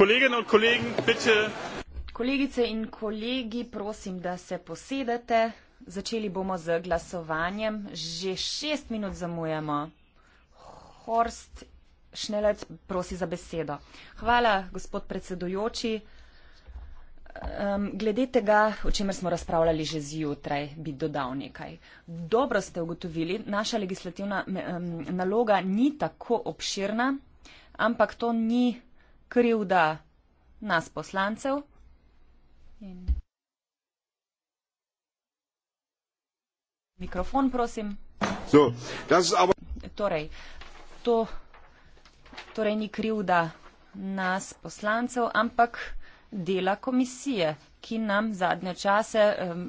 Kolegen und Kollegen, bitte. Kolegice in kolegi, prosim, da se posedete. Začeli bomo z glasovanjem. Že šest minut zamujamo. Horst Šnelec prosi za besedo. Hvala, gospod predsedujoči. Um, glede tega, o čemer smo razpravljali že zjutraj, bi dodal nekaj. Dobro ste ugotovili, naša legislativna um, naloga ni tako obširna, ampak to ni krivda nas poslancev. Mikrofon, prosim. So, aber... torej, to, torej, ni krivda nas poslancev, ampak dela komisije, ki nam zadnje čase um,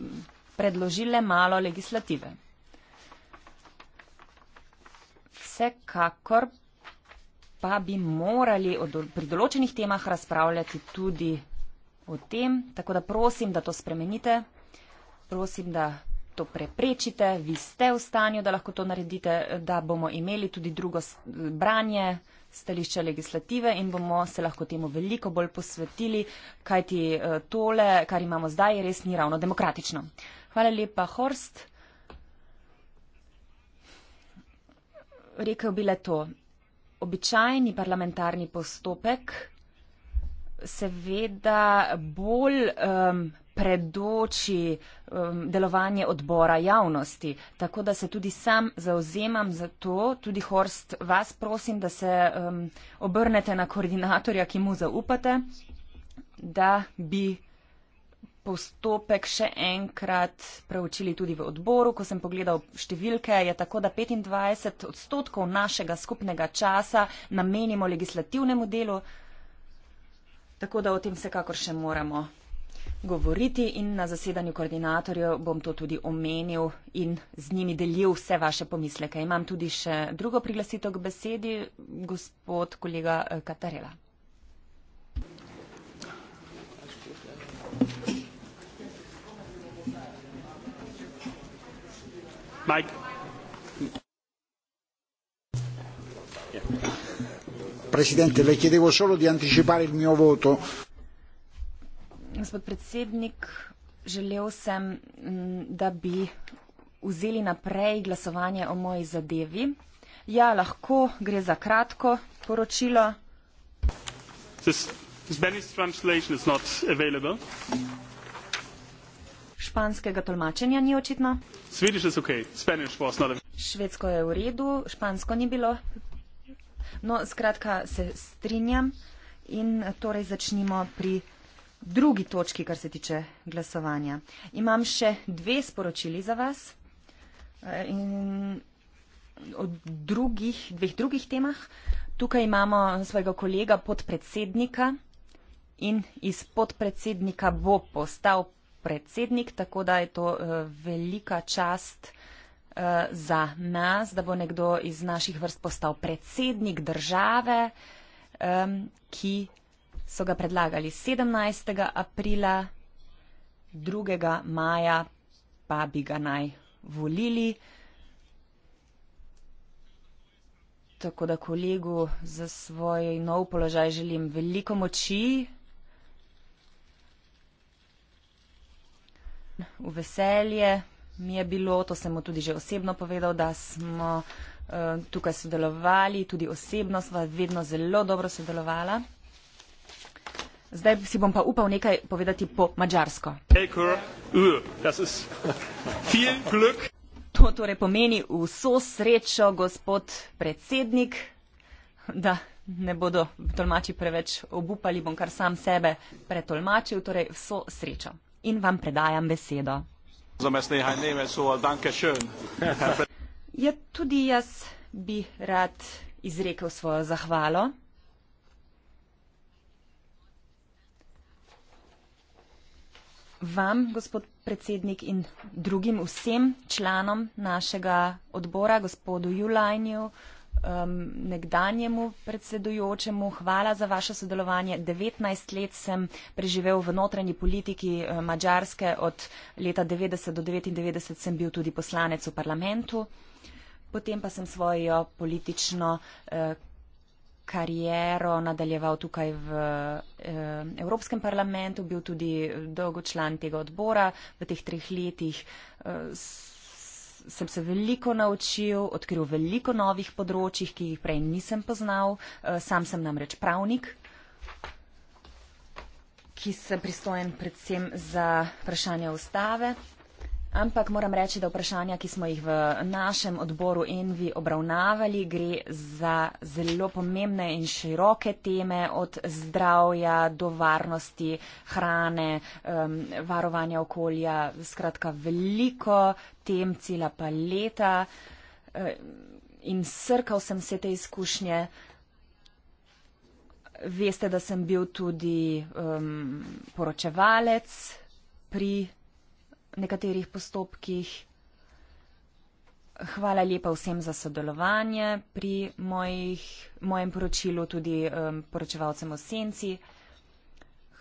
predložile malo legislative. Vsekakor pa bi morali do, pri določenih temah razpravljati tudi o tem. Tako da prosim, da to spremenite, prosim, da to preprečite, vi ste v stanju, da lahko to naredite, da bomo imeli tudi drugo branje stališča legislative in bomo se lahko temu veliko bolj posvetili, kajti eh, tole, kar imamo zdaj, res ni ravno demokratično. Hvala lepa, Horst. Rekel bi le to običajni parlamentarni postopek seveda bolj um, predoči um, delovanje odbora javnosti. Tako da se tudi sam zauzemam za to, tudi Horst, vas prosim, da se um, obrnete na koordinatorja, ki mu zaupate, da bi postopek še enkrat preučili tudi v odboru. Ko sem pogledal številke, je tako, da 25 odstotkov našega skupnega časa namenimo legislativnemu delu, tako da o tem vsekakor še moramo govoriti in na zasedanju koordinatorjev bom to tudi omenil in z njimi delil vse vaše pomisleke. Imam tudi še drugo priglasitev k besedi, gospod kolega eh, Katarela. Presidente, le chiedevo solo di anticipare il mio voto. Gospod predsednik, želel sem, mm, da bi vzeli naprej glasovanje o moji zadevi. Ja, lahko gre za kratko poročilo. This, this španskega tolmačenja ni očitno. Okay. Not... Švedsko je v redu, špansko ni bilo. No, skratka, se strinjam in torej začnimo pri drugi točki, kar se tiče glasovanja. Imam še dve sporočili za vas eh, in o drugih, dveh drugih temah. Tukaj imamo svojega kolega podpredsednika in iz podpredsednika bo postal predsednik, tako da je to eh, velika čast eh, za nas, da bo nekdo iz naših vrst postal predsednik države, ki so ga predlagali 17. aprila, 2. maja pa bi ga naj volili. Tako da kolegu za svoj nov položaj želim veliko moči. v veselje mi je bilo, to sem mu tudi že osebno povedal, da smo eh, tukaj sodelovali, tudi osebno sva vedno zelo dobro sodelovala. Zdaj si bom pa upal nekaj povedati po mađarsko. Uh, to torej pomeni vso srečo, gospod predsednik, da ne bodo tolmači preveč obupali, bom kar sam sebe pretolmačil, torej vso srečo in vam predajam besedo. Ja, tudi jaz bi rad izrekel svojo zahvalo. Vam, gospod predsednik, in drugim vsem članom našega odbora, gospodu Juliniju, um, nekdanjemu predsedujočemu. Hvala za vaše sodelovanje. 19 let sem preživel v notranji politiki eh, Mačarske, od leta 90 do 99 sem bil tudi poslanec v parlamentu. Potem pa sem svojo politično eh, kariero nadaljeval tukaj v eh, Evropskem parlamentu, bil tudi eh, dolgo član tega odbora v teh treh letih. Eh, sem se veliko naučil, odkril veliko novih področjih, ki jih prej nisem poznal. Eh, sam sem namreč pravnik, ki sem pristojen predvsem za vprašanje ustave. Ampak moram reči, da vprašanja, ki smo jih v našem odboru Envi obravnavali, gre za zelo pomembne in široke teme, od zdravja do varnosti, hrane, um, varovanja okolja. Skratka, veliko tem, cela pa leta um, eh, in srkal sem vse te izkušnje. Veste, da sem bil tudi um, poročevalec pri nekaterih postopkih. Hvala lepa vsem za sodelovanje pri mojih, mojem poročilu, tudi um, poročevalcem o senci.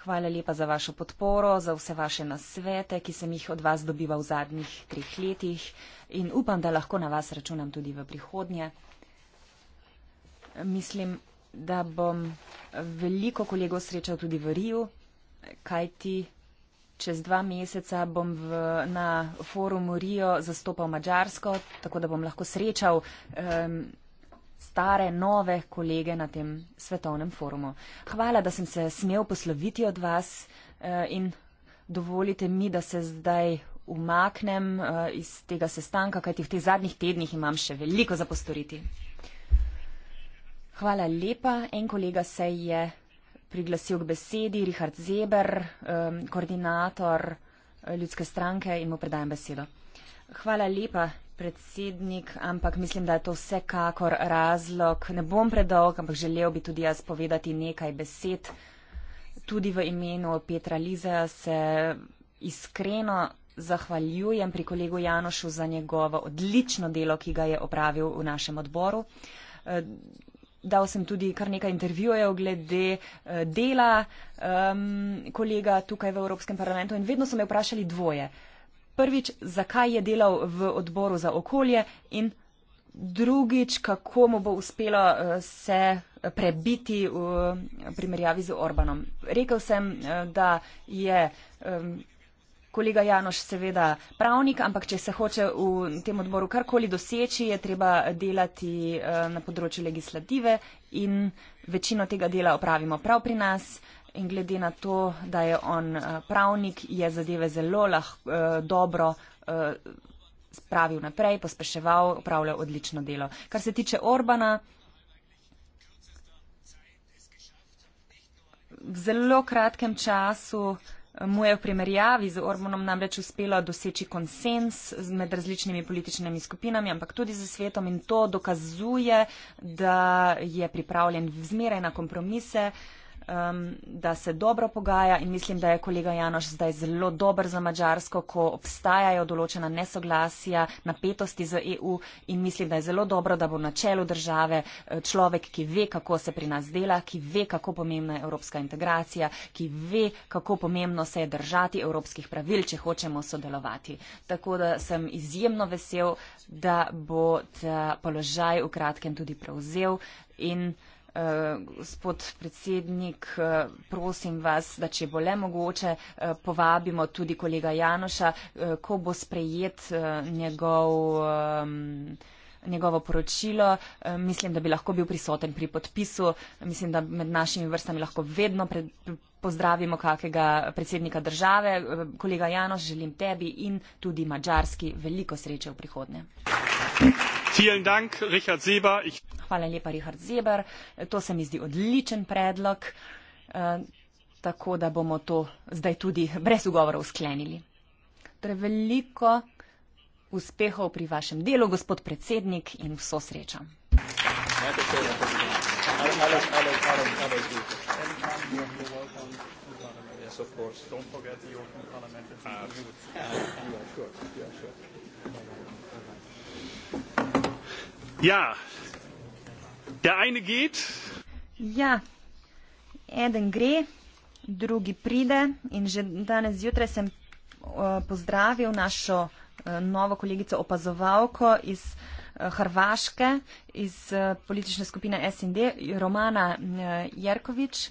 Hvala lepa za vašo podporo, za vse vaše nasvete, ki sem jih od vas dobival v zadnjih treh letih in upam, da lahko na vas računam tudi v prihodnje. Mislim, da bom veliko kolegov srečal tudi v Riju, kajti čez dva meseca bom v, na forumu Rio zastopal Mačarsko, tako da bom lahko srečal um, stare, nove kolege na tem svetovnem forumu. Hvala, da sem se smel posloviti od vas uh, in dovolite mi, da se zdaj umaknem uh, iz tega sestanka, kajti v teh zadnjih tednih imam še veliko za postoriti. Hvala lepa, en kolega se je priglasil k besedi Richard Zeber, um, koordinator eh, ljudske stranke in mu predajam besedo. Hvala lepa, predsednik, ampak mislim, da je to vsekakor razlog. Ne bom predolg, ampak želel bi tudi jaz povedati nekaj besed. Tudi v imenu Petra Lizeja se iskreno zahvaljujem pri kolegu Janošu za njegovo odlično delo, ki ga je opravil v našem odboru. Eh, dal sem tudi kar nekaj intervjujev glede eh, dela um, kolega tukaj v Evropskem parlamentu in vedno so me vprašali dvoje. Prvič, zakaj je delal v odboru za okolje in drugič, kako mu bo uspelo eh, se prebiti v primerjavi z Orbanom. Rekl sem, eh, da je kolega Janoš seveda pravnik, ampak če se hoče v tem odboru karkoli doseči, je treba delati eh, na področju legislative in večino tega dela opravimo prav pri nas. In glede na to, da je on eh, pravnik, je zadeve zelo lahko eh, dobro spravil naprej, pospeševal, upravljal odlično delo. Kar se tiče Orbana, v zelo kratkem času Mu je v primerjavi z Ormonom namreč uspelo doseči konsens med različnimi političnimi skupinami, ampak tudi z svetom in to dokazuje, da je pripravljen vzmeraj na kompromise, Um, da se dobro pogaja in mislim, da je kolega Janoš zdaj zelo dober za Mačarsko, ko obstajajo določena nesoglasja, napetosti z EU in mislim, da je zelo dobro, da bo na čelu države eh, človek, ki ve, kako se pri nas dela, ki ve, kako pomembna je evropska integracija, ki ve, kako pomembno se je držati evropskih pravil, če hočemo sodelovati. Tako da sem izjemno vesel, da bo ta položaj v kratkem tudi prevzel in gospod predsednik, prosim vas, da če bo le mogoče, povabimo tudi kolega Janoša, ko bo sprejet eh, njegov, njegovo poročilo. Eh, mislim, da bi lahko bil prisoten pri podpisu. Mislim, da med našimi vrstami lahko vedno pred, pozdravimo kakega predsednika države. Eh, kolega Janoš, želim tebi in tudi mačarski veliko sreče v prihodnje. Hvala lepa, Richard Zeber. To se mi zdi odličen predlog, eh, tako da bomo to zdaj tudi brez ugovorov sklenili. Torej veliko uspehov pri vašem delu, gospod predsednik, in vso srečo. Of course, don't forget the European Parliament. Uh, yeah, sure. yeah, sure. Ja, der eine geht. Ja, eden gre, drugi pride in že danes zjutraj sem uh, pozdravil našo uh, novo kolegico opazovalko iz uh, Hrvaške, iz uh, politične skupine SND, Romana uh, Jerkovič.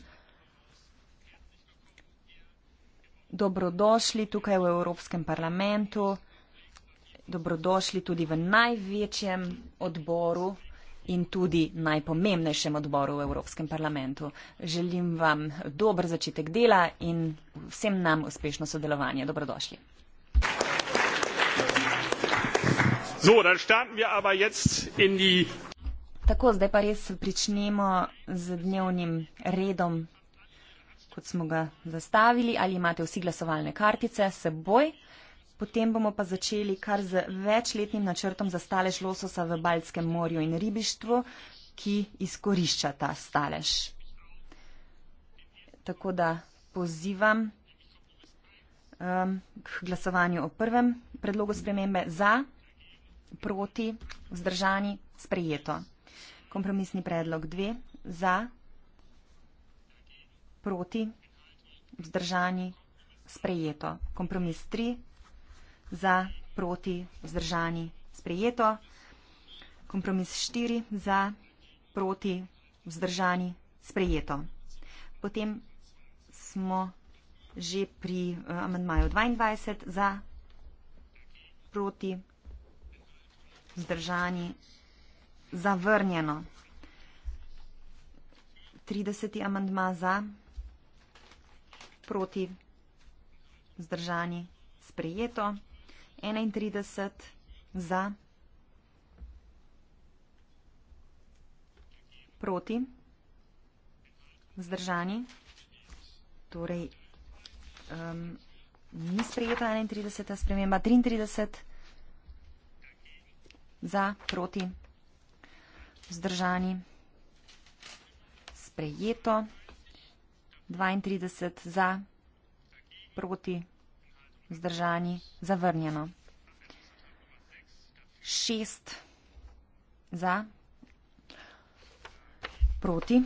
Dobrodošli tukaj v Evropskem parlamentu dobrodošli tudi v največjem odboru in tudi najpomembnejšem odboru v Evropskem parlamentu. Želim vam dober začetek dela in vsem nam uspešno sodelovanje. Dobrodošli. So, Tako, zdaj pa res pričnemo z dnevnim redom, kot smo ga zastavili. Ali imate vsi glasovalne kartice s seboj? Uh, potem bomo pa začeli kar z večletnim načrtom za stalež lososa v Baljskem morju in ribištvu, ki izkorišča ta stalež. Tako da pozivam um, k glasovanju o prvem predlogu spremembe za, proti, vzdržani, sprejeto. Kompromisni predlog dve za, proti, vzdržani, sprejeto. Kompromis tri za, proti, vzdržani, sprejeto. Kompromis štiri za, proti, vzdržani, sprejeto. Potem smo že pri eh, amandmaju 22 za, proti, vzdržani, zavrnjeno. 30. amandma za, proti, vzdržani, sprejeto. 31 za, proti, vzdržani, torej um, ni sprejeta 31. sprememba, 33 za, proti, vzdržani, sprejeto, 32 za, proti, vzdržani vzdržani, zavrnjeno. Šest za, proti,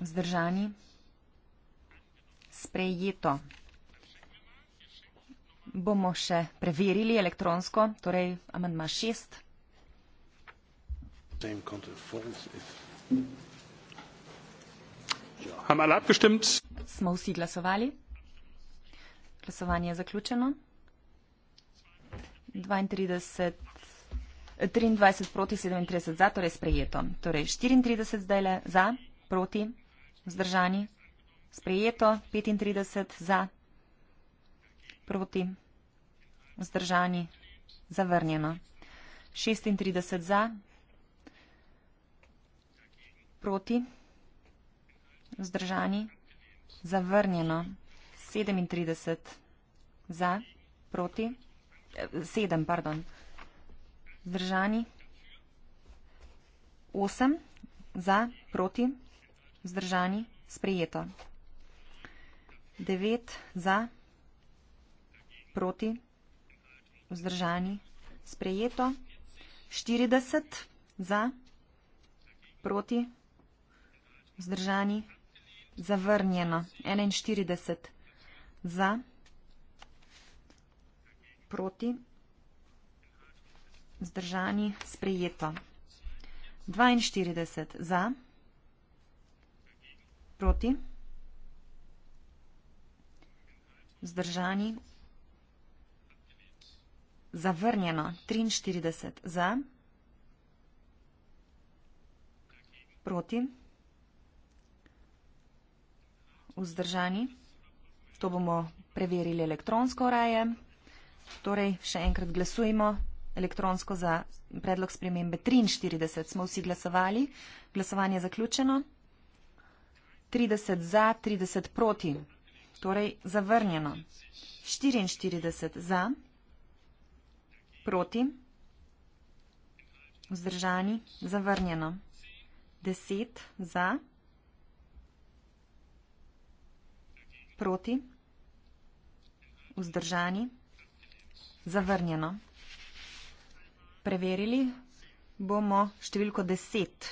vzdržani, sprejeto. Bomo še preverili elektronsko, torej amandma šest. Haben alle abgestimmt? Smo vsi glasovali? Glasovanje je zaključeno. 32, 23 proti 37 za, torej sprejeto. Torej 34 zdaj le za, proti, vzdržani, sprejeto, 35 za, proti, vzdržani, zavrnjeno. 36 za, proti, vzdržani, zavrnjeno. 37 za, proti, 7, eh, pardon, vzdržani, 8 za, proti, vzdržani, sprejeto. 9 za, proti, vzdržani, sprejeto. 40 za, proti, vzdržani, zavrnjeno. 41 za. Za. Proti. Zdržani. Sprejeto. 42. Za. Proti. Zdržani. Zavrnjeno. 43. Za. Proti. Vzdržani. To bomo preverili elektronsko raje. Torej, še enkrat glasujemo elektronsko za predlog spremembe 43. Smo vsi glasovali. Glasovanje je zaključeno. 30 za, 30 proti. Torej, zavrnjeno. 44 za, proti, vzdržani, zavrnjeno. 10 za, proti. Vzdržani. Zavrnjeno. Preverili bomo številko 10.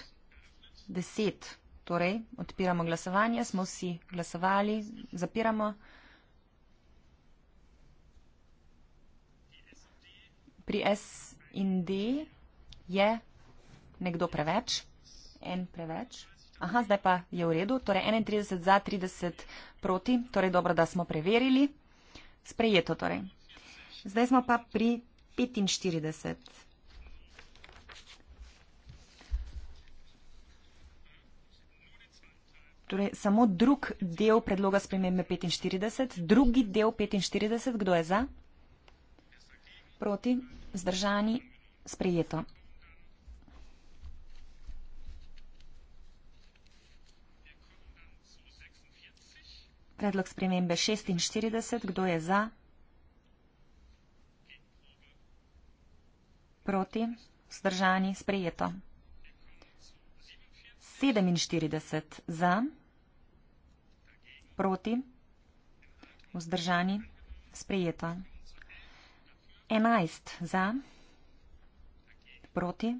10. Torej, odpiramo glasovanje, smo vsi glasovali, zapiramo. Pri S in D je nekdo preveč, en preveč. Aha, zdaj pa je v redu, torej 31 za 30 proti, torej dobro, da smo preverili. Sprejeto torej. Zdaj smo pa pri 45. Torej, samo drug del predloga spremembe 45, drugi del 45, kdo je za? Proti, zdržani, sprejeto. Predlog spremembe 46, kdo je za? Proti, vzdržani, sprejeto. 47 za, proti, vzdržani, sprejeto. 11 za, proti,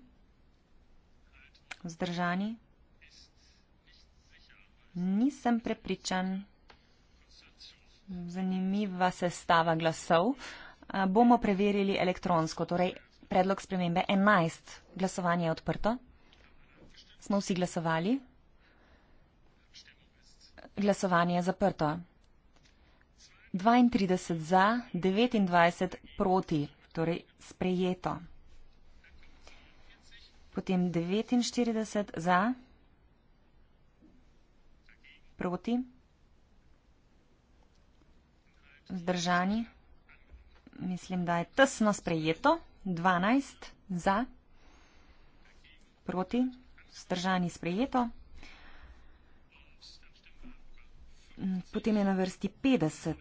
vzdržani, nisem prepričan. Zanimiva sestava glasov. Bomo preverili elektronsko, torej predlog spremembe 11. Glasovanje je odprto. Smo vsi glasovali. Glasovanje je zaprto. 32 za, 29 proti, torej sprejeto. Potem 49 za, proti vzdržani. Mislim, da je tesno sprejeto. 12 za, proti, vzdržani sprejeto. Potem je na vrsti 50,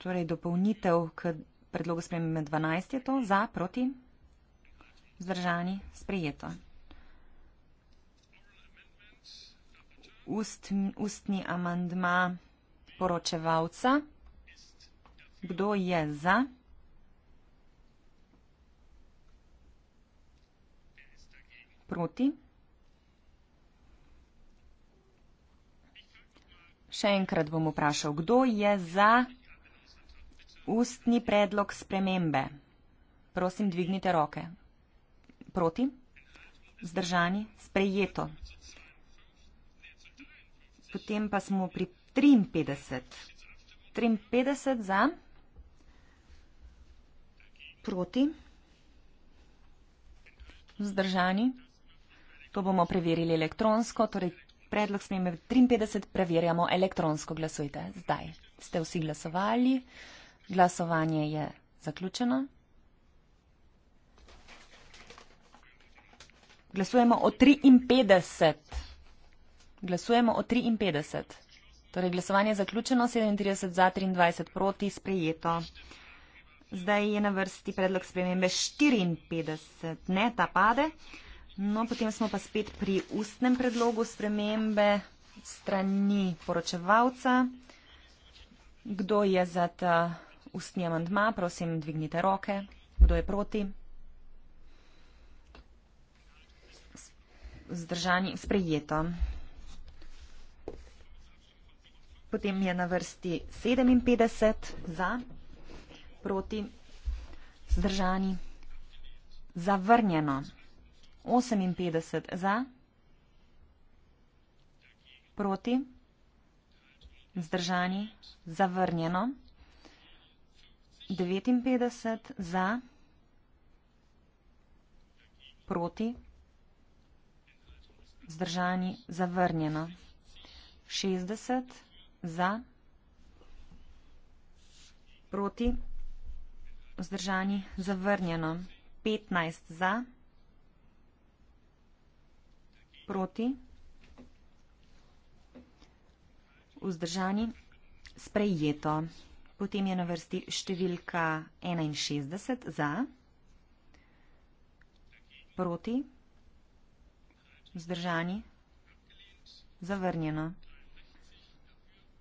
torej dopolnitev k predlogu spremembe 12 je to, za, proti, vzdržani sprejeto. ust, ustni amandma poročevalca. Kdo je za? Proti? Še enkrat bom vprašal, kdo je za ustni predlog spremembe? Prosim, dvignite roke. Proti? Zdržani? Sprejeto. Potem pa smo pri 53. 53 za, proti, vzdržani. To bomo preverili elektronsko, torej predlog smeme 53 preverjamo elektronsko. Glasujte zdaj. Ste vsi glasovali, glasovanje je zaključeno. Glasujemo o 53. Glasujemo o 53. Torej, glasovanje je zaključeno, 37 za, 23 proti, sprejeto. Zdaj je na vrsti predlog spremembe 54, ne ta pade. No, potem smo pa spet pri ustnem predlogu spremembe strani poročevalca. Kdo je za ta ustni amandma? Prosim, dvignite roke. Kdo je proti? Zdržani, sprejeto. Potem je na vrsti 57 za, proti, zdržani, zavrnjeno. 58 za, proti, zdržani, zavrnjeno. 59 za, proti, zdržani, zavrnjeno. 60 za. Za. Proti. Vzdržani. Zavrnjeno. 15 za. Proti. Vzdržani. Sprejeto. Potem je na vrsti številka 61 za. Proti. Vzdržani. Zavrnjeno.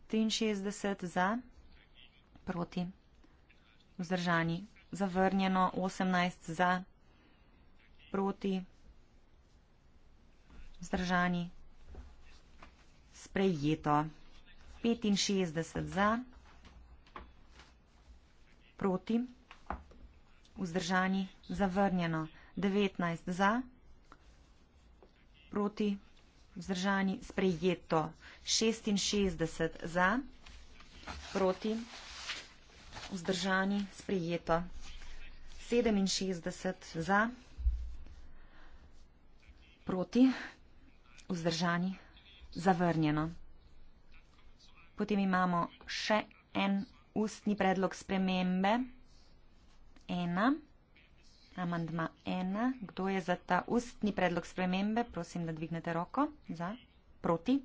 63 za, proti, vzdržani, zavrnjeno, 18 za, proti, vzdržani, sprejeto, 65 za, proti, vzdržani, zavrnjeno, 19 za, proti, vzdržani, vzdržani, sprejeto 66 za, proti, vzdržani, sprejeto 67 za, proti, vzdržani, zavrnjeno. Potem imamo še en ustni predlog spremembe. Ena, amandma ena. Kdo je za ta ustni predlog spremembe? Prosim, da dvignete roko. Za? Proti?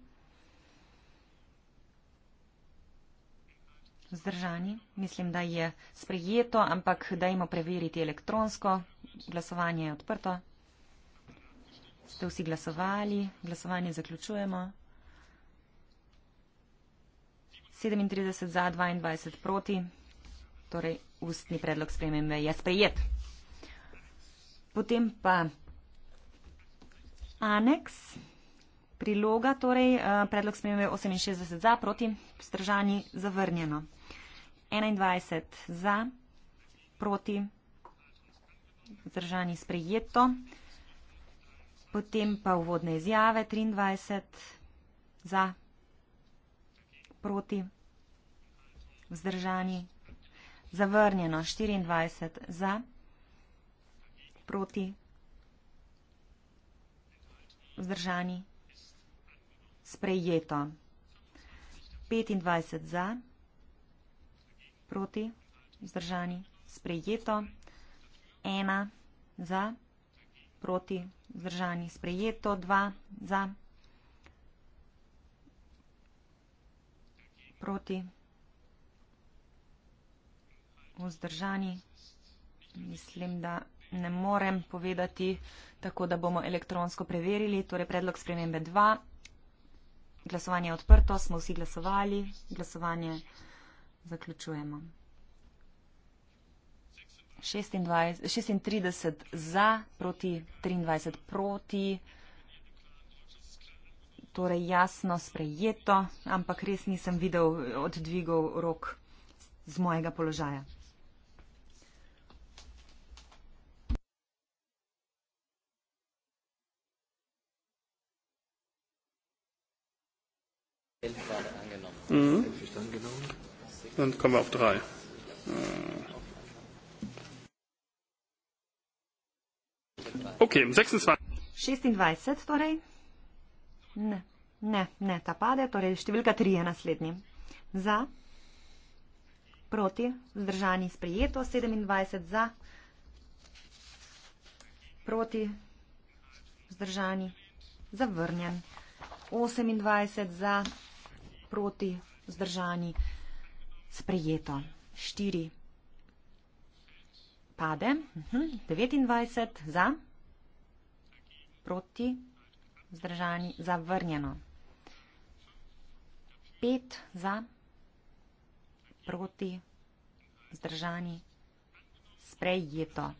Zdržani? Mislim, da je sprejeto, ampak dajmo preveriti elektronsko. Glasovanje je odprto. Ste vsi glasovali? Glasovanje zaključujemo. 37 za, 22 proti. Torej, ustni predlog spremembe je sprejet. Potem pa aneks, priloga, torej eh, predlog smeme 68 za, proti, stržani zavrnjeno. 21 za, proti, stržani sprejeto. Potem pa uvodne izjave, 23 za, proti, vzdržani, zavrnjeno, 24 za, proti proti, vzdržani, sprejeto. 25 za, proti, vzdržani, sprejeto. 1 za, proti, vzdržani, sprejeto. 2 za, proti, vzdržani, mislim, da vzdržani ne morem povedati, tako da bomo elektronsko preverili. Torej, predlog spremembe 2. Glasovanje je odprto, smo vsi glasovali, glasovanje zaključujemo. 26, 36 za, proti 23 proti. Torej jasno sprejeto, ampak res nisem videl oddvigov rok z mojega položaja. Mhm. Dann kommen wir auf drei. Okay, 26. 26, torej. Ne, ne, ne, ta pade, torej je naslednji. Za, proti, zdržani, sprijeto, 27 za, proti, zdržani, zavrnjen, 28 za proti, vzdržani, sprejeto. Štiri pade, 29 mhm. za, proti, vzdržani, zavrnjeno. Pet za, proti, vzdržani, sprejeto.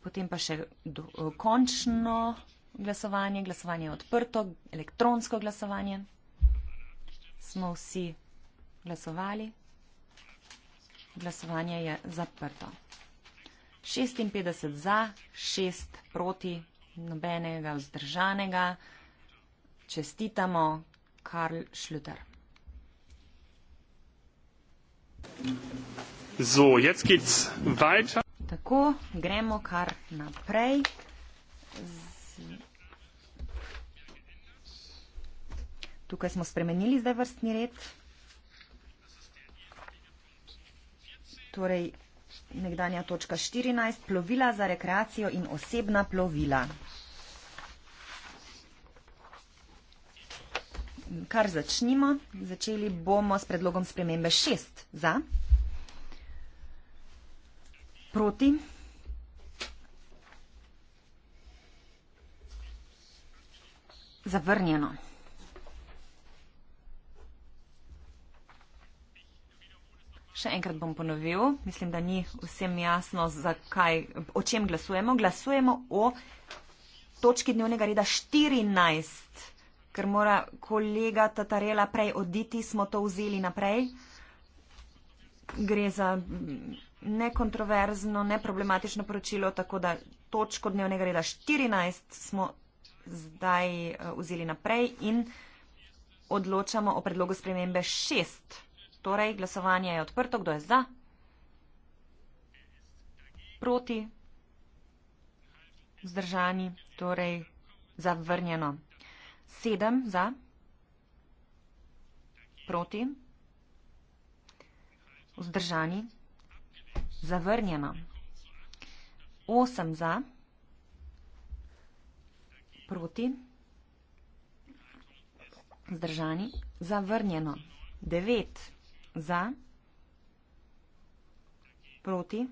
Potem pa še do, končno glasovanje, glasovanje je odprto, elektronsko glasovanje smo vsi glasovali. Glasovanje je zaprto. 56 za, 6 proti, nobenega vzdržanega. Čestitamo, Karl Schlüter. So, Tako, gremo kar naprej. Z... Tukaj smo spremenili zdaj vrstni red. Torej, nekdanja točka 14, plovila za rekreacijo in osebna plovila. Kar začnimo, začeli bomo s predlogom spremembe 6. Za, proti, zavrnjeno. Še enkrat bom ponovil, mislim, da ni vsem jasno, zakaj, o čem glasujemo. Glasujemo o točki dnevnega reda 14, ker mora kolega Tatarela prej oditi, smo to vzeli naprej. Gre za mm, nekontroverzno, neproblematično poročilo, tako da točko dnevnega reda 14 smo zdaj eh, vzeli naprej in odločamo o predlogu spremembe 6. Torej, glasovanje je odprto. Kdo je za? Proti? Zdržani? Torej, zavrnjeno. Sedem za? Proti? Vzdržani? Zavrnjeno. Osem za? Proti? Zdržani? Zavrnjeno. Devet. Za. Proti.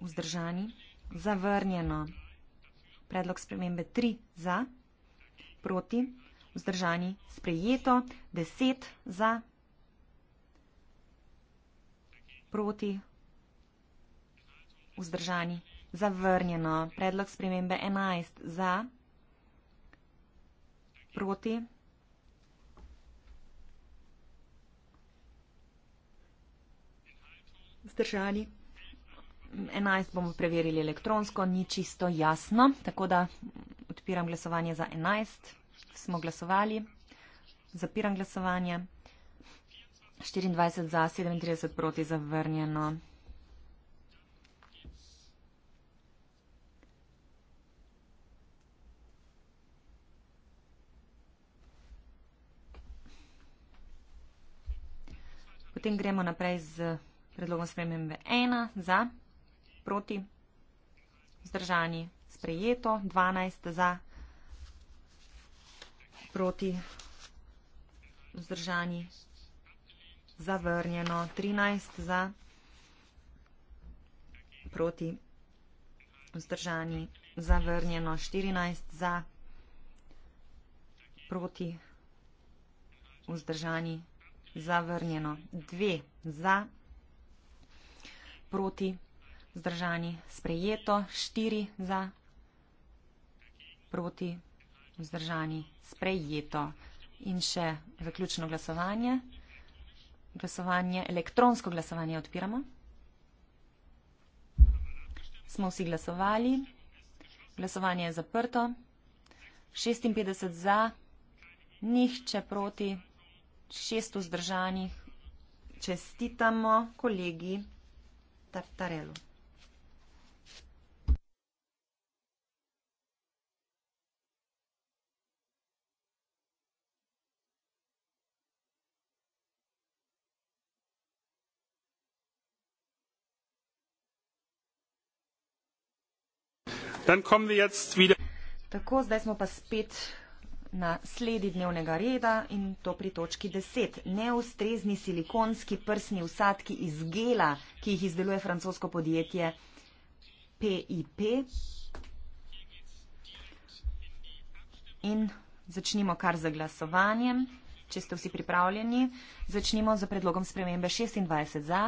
Vzdržani. Zavrnjeno. Predlog spremembe 3 za, proti, vzdržani, sprejeto, 10 za, proti, vzdržani, zavrnjeno. Predlog spremembe 11 za, proti, vzdržani. obdržali. 11 bomo preverili elektronsko, ni čisto jasno, tako da odpiram glasovanje za 11. Smo glasovali, zapiram glasovanje. 24 za, 37 proti zavrnjeno. Potem gremo naprej z Predlogom spremembe 1 za, proti, vzdržani, sprejeto, 12 za, proti, vzdržani, zavrnjeno, 13 za, proti, vzdržani, zavrnjeno, 14 za, proti, vzdržani, zavrnjeno, 2 za, proti, vzdržani, zavrnjeno, 2 za, proti, vzdržani, sprejeto, štiri za, proti, vzdržani, sprejeto. In še zaključno glasovanje. Glasovanje, elektronsko glasovanje odpiramo. Smo vsi glasovali. Glasovanje je zaprto. 56 za, nihče proti, šest vzdržanih. Čestitamo kolegi. Tartarello. Tako, zdaj smo pa spet na sledi dnevnega reda in to pri točki 10. Neustrezni silikonski prsni usadki iz gela, ki jih izdeluje francosko podjetje PIP. In začnimo kar z glasovanjem, če ste vsi pripravljeni. Začnimo z predlogom spremembe 26 za,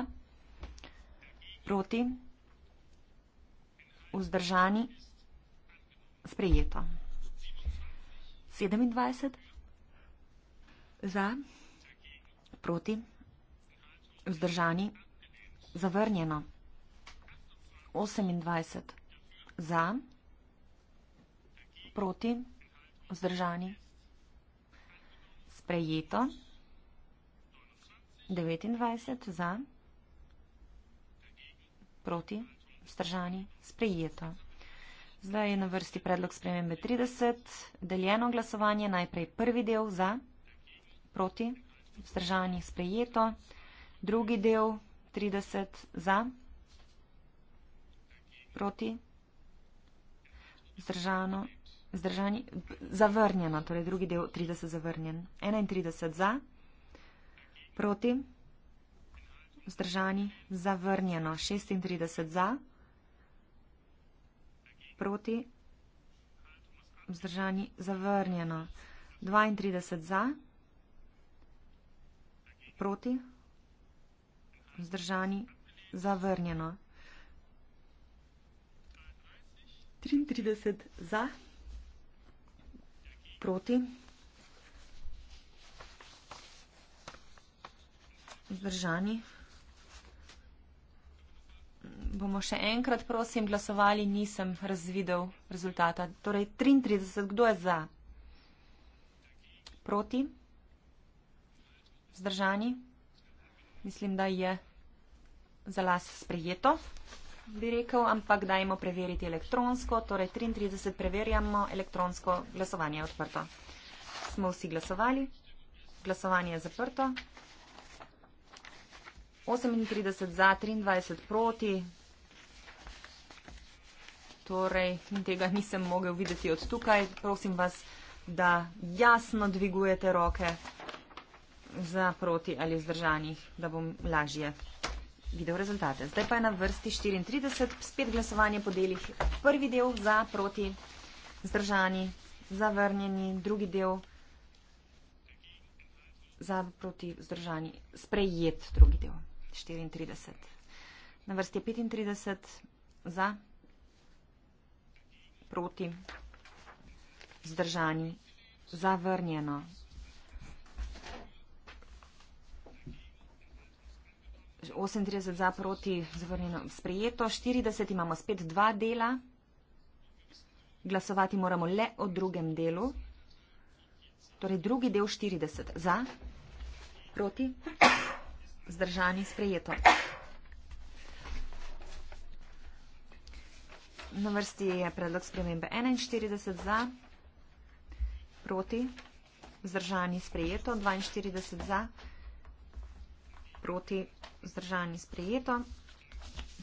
proti, vzdržani, sprejeto. 27. Za, proti, vzdržani, zavrnjeno. 28. Za, proti, vzdržani, sprejeto. 29. Za, proti, vzdržani, sprejeto. Zdaj je na vrsti predlog spremembe 30. Deljeno glasovanje, najprej prvi del za, proti, vzdržanih sprejeto, drugi del 30 za, proti, vzdržano, vzdržani, zavrnjeno, torej drugi del 30 zavrnjen, 31 za, proti, vzdržani, zavrnjeno, 36 za proti. Vzdržani zavrnjeno. 32 za. Proti. Vzdržani zavrnjeno. 33 za. Proti. Vzdržani zavrnjeno bomo še enkrat, prosim, glasovali, nisem razvidel rezultata. Torej, 33, kdo je za? Proti? Zdržani? Mislim, da je za las sprejeto, bi rekel, ampak dajmo preveriti elektronsko. Torej, 33 preverjamo, elektronsko glasovanje je odprto. Smo vsi glasovali, glasovanje je zaprto. 38 za, 23 proti, torej tega nisem mogel videti od tukaj. Prosim vas, da jasno dvigujete roke za proti ali vzdržanih, da bom lažje videl rezultate. Zdaj pa je na vrsti 34, spet glasovanje po delih. Prvi del za proti, vzdržani, zavrnjeni, drugi del za proti, vzdržani, sprejet drugi del. 34. Na vrsti je 35 za proti. Zdržani. Zavrnjeno. Osemintrideset za proti, zavrnjeno, sprejeto. Štirideset imamo spet dva dela. Glasovati moramo le o drugem delu. Torej drugi del štirideset za, proti, zdržani, sprejeto. Na vrsti je predlog spremembe 41 za, proti, vzdržani sprejeto, 42 za, proti, vzdržani sprejeto,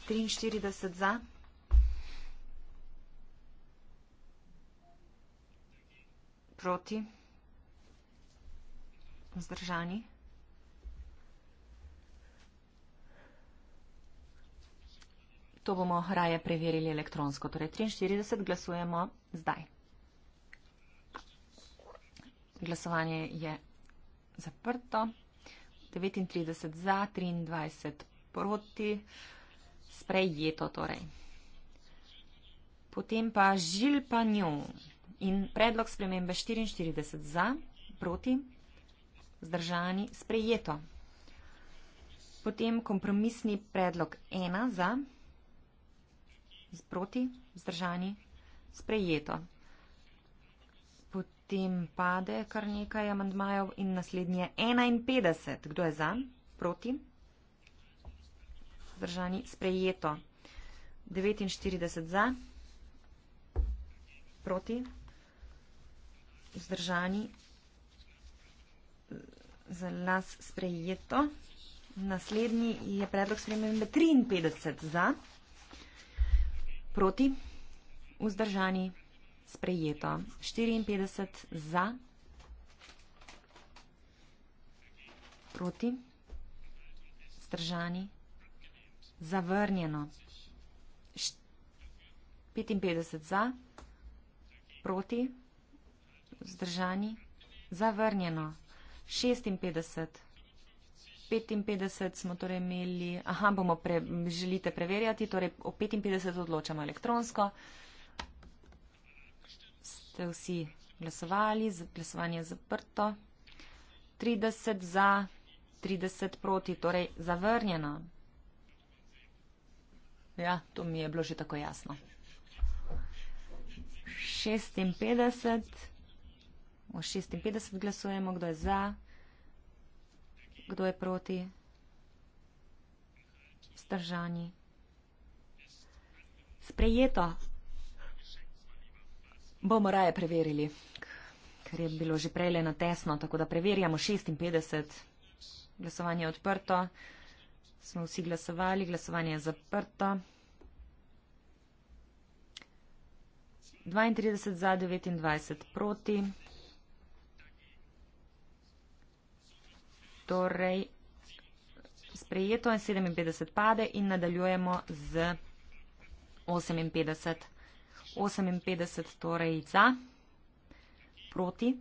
43 za, proti, vzdržani sprejeto. To bomo raje preverili elektronsko. Torej 43 glasujemo zdaj. Glasovanje je zaprto. 39 za, 23 proti. Sprejeto torej. Potem pa žil pa njo in predlog spremembe 44 za, proti, zdržani, sprejeto. Potem kompromisni predlog 1 za, proti, vzdržani, sprejeto. Potem pade kar nekaj amandmajev in naslednji je 51. Kdo je za? Proti. Vzdržani, sprejeto. 49 za. Proti. Vzdržani. Za las sprejeto. Naslednji je predlog spremembe 53 za. Proti, vzdržani, sprejeto. 54 za, proti, vzdržani, zavrnjeno. 55 za, proti, vzdržani, zavrnjeno. 56 za. 55 smo torej imeli, aha, bomo pre, želite preverjati, torej o 55 odločamo elektronsko. Ste vsi glasovali, glasovanje je zaprto. 30 za, 30 proti, torej zavrnjeno. Ja, to mi je bilo že tako jasno. 56, o 56 glasujemo, kdo je za kdo je proti zdržani. Sprejeto. Bomo raje preverili, ker je bilo že prej le na tesno, tako da preverjamo 56. Glasovanje je odprto. Smo vsi glasovali, glasovanje je zaprto. 32 za 29 proti. Torej, sprejeto je 57 pade in nadaljujemo z 58. 58 torej za, proti,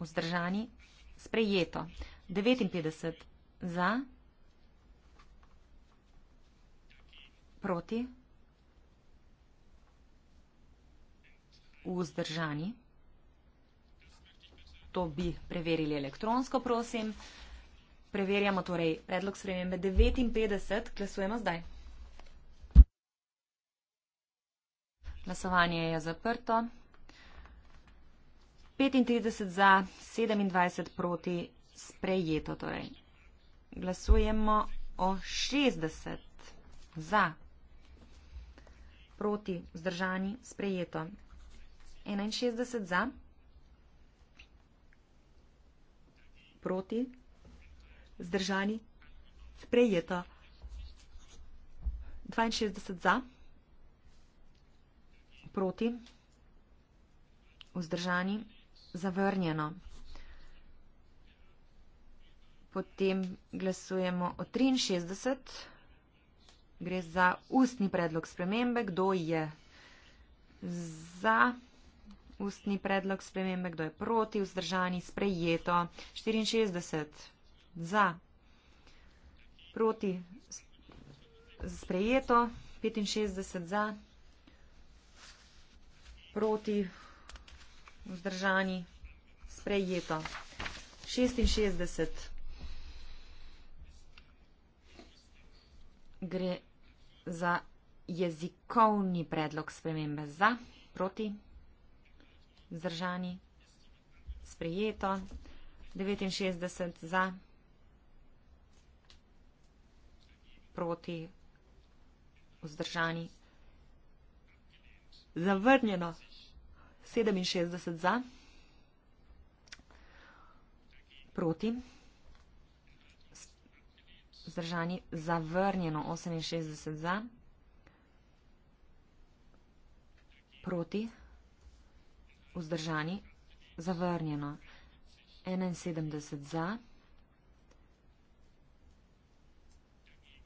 vzdržani, sprejeto. 59 za, proti, vzdržani. To bi preverili elektronsko, prosim. Preverjamo torej predlog spremembe 59. Glasujemo zdaj. Glasovanje je zaprto. 35 za, 27 proti, sprejeto torej. Glasujemo o 60 za, proti, vzdržani, sprejeto. 61 za. Proti? Zdržani? Sprejeto. 62 za. Proti? Vzdržani? Zavrnjeno. Potem glasujemo o 63. Gre za ustni predlog spremembe. Kdo je za? Za? ustni predlog spremembe, kdo je proti, vzdržani, sprejeto, 64 za, proti, sprejeto, 65 za, proti, vzdržani, sprejeto, 66 gre za jezikovni predlog spremembe za, proti, vzdržani, sprejeto, 69 za, proti, vzdržani, zavrnjeno, 67 za, proti, vzdržani, zavrnjeno, 68 za, proti, Vzdržani? Zavrnjeno. 71 za.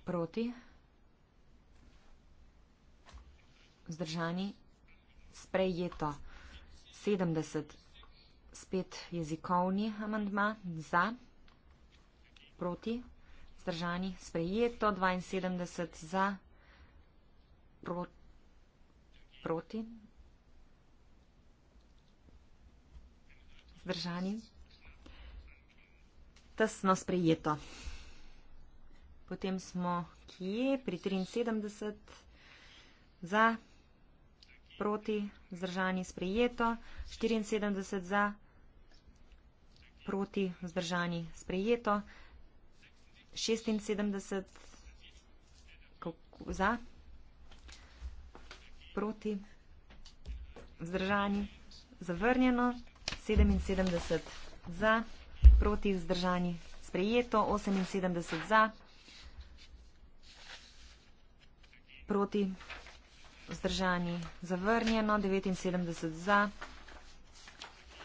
Proti? Vzdržani? Sprejeto. 70. Spet jezikovni amandma. Za. Proti? Vzdržani? Sprejeto. 72 za. Pro, proti? vzdržani. Tesno sprejeto. Potem smo kje pri 73 za, proti, vzdržani, sprejeto. 74 za, proti, vzdržani, sprejeto. 76 za, proti, vzdržani, zavrnjeno. 77 za, proti vzdržani sprejeto, 78 za, proti vzdržani zavrnjeno, 79 za,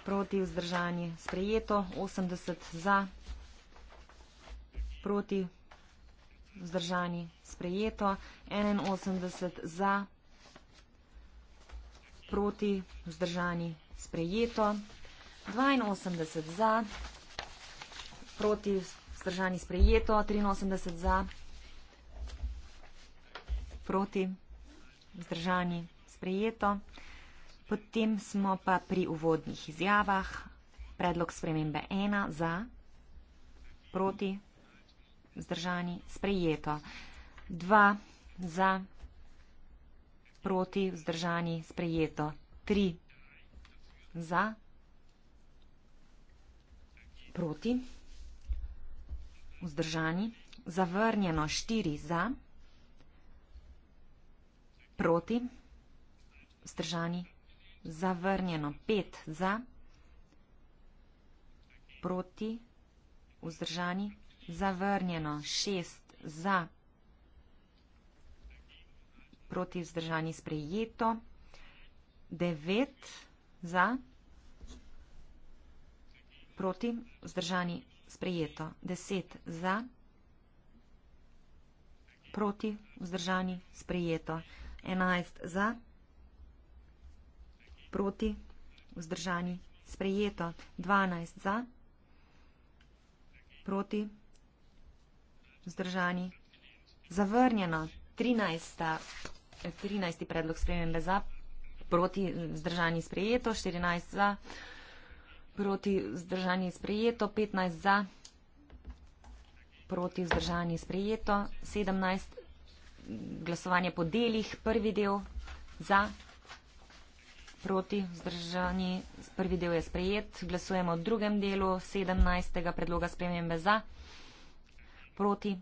proti vzdržani sprejeto, 80 za, proti vzdržani sprejeto, 81 za, proti vzdržani sprejeto. 82 za, proti vzdržani sprejeto, 83 za, proti vzdržani sprejeto. Potem smo pa pri uvodnih izjavah. Predlog spremembe 1 za, proti vzdržani sprejeto. 2 za, proti vzdržani sprejeto. 3 za, proti vzdržani sprejeto proti, vzdržani, zavrnjeno 4 za, proti, vzdržani, zavrnjeno 5 za, proti, vzdržani, zavrnjeno 6 za, proti, vzdržani, sprejeto, 9 za, proti, vzdržani, proti, vzdržani sprejeto, deset za, proti, vzdržani sprejeto, enajst za, proti, vzdržani sprejeto, dvanajst za, proti, vzdržani zavrnjeno, trinajsta, eh, trinajsti predlog spremembe za, proti, vzdržani sprejeto, štirinajst za, proti, Proti zdržanje sprejeto, 15 za, proti zdržanje sprejeto, 17 glasovanje po delih, prvi del za, proti zdržanje, prvi del je sprejet, glasujemo v drugem delu, 17. predloga spremembe za, proti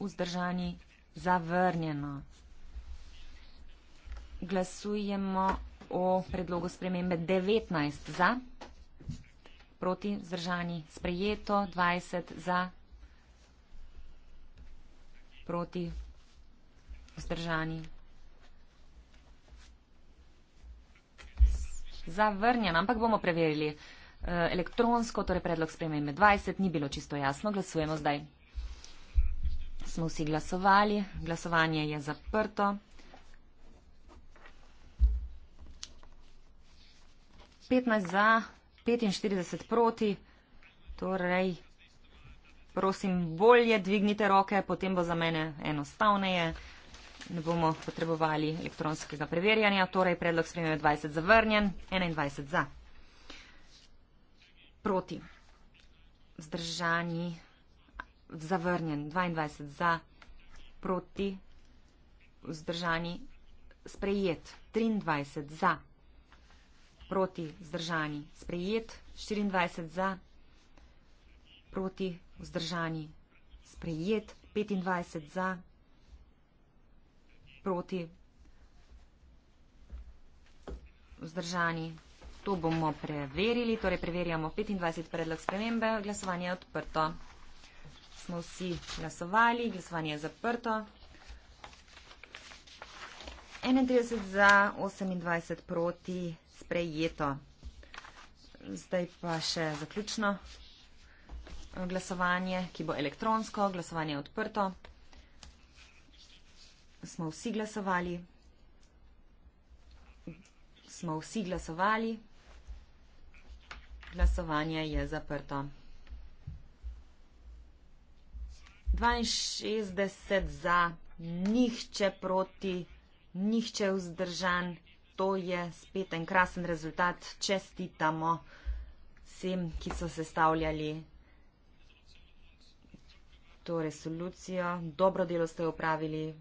vzdržanje zavrnjeno. Glasujemo o predlogu spremembe 19 za, proti zdržani sprejeto, 20 za, proti zdržani. Zavrnjen, ampak bomo preverili eh, elektronsko, torej predlog spremembe 20, ni bilo čisto jasno, glasujemo zdaj. Smo vsi glasovali, glasovanje je zaprto. 15 za, 45 proti. Torej, prosim, bolje dvignite roke, potem bo za mene enostavneje. Ne bomo potrebovali elektronskega preverjanja. Torej, predlog sprejme 20 zavrnjen, 21 za. Proti. Zdržani. Zavrnjen. 22 za. Proti. Vzdržani. Sprejet. 23 za proti vzdržani sprejet, 24 za, proti vzdržani sprejet, 25 za, proti vzdržani. To bomo preverili, torej preverjamo 25 predlog spremembe, glasovanje je odprto. Smo vsi glasovali, glasovanje je zaprto. 31 za, 28 proti sprejeto. Zdaj pa še zaključno glasovanje, ki bo elektronsko. Glasovanje je odprto. Smo vsi glasovali. Smo vsi glasovali. Glasovanje je zaprto. 62 za, nihče proti, nihče vzdržan to je spet en krasen rezultat. Čestitamo vsem, ki so sestavljali to resolucijo. Dobro delo ste upravili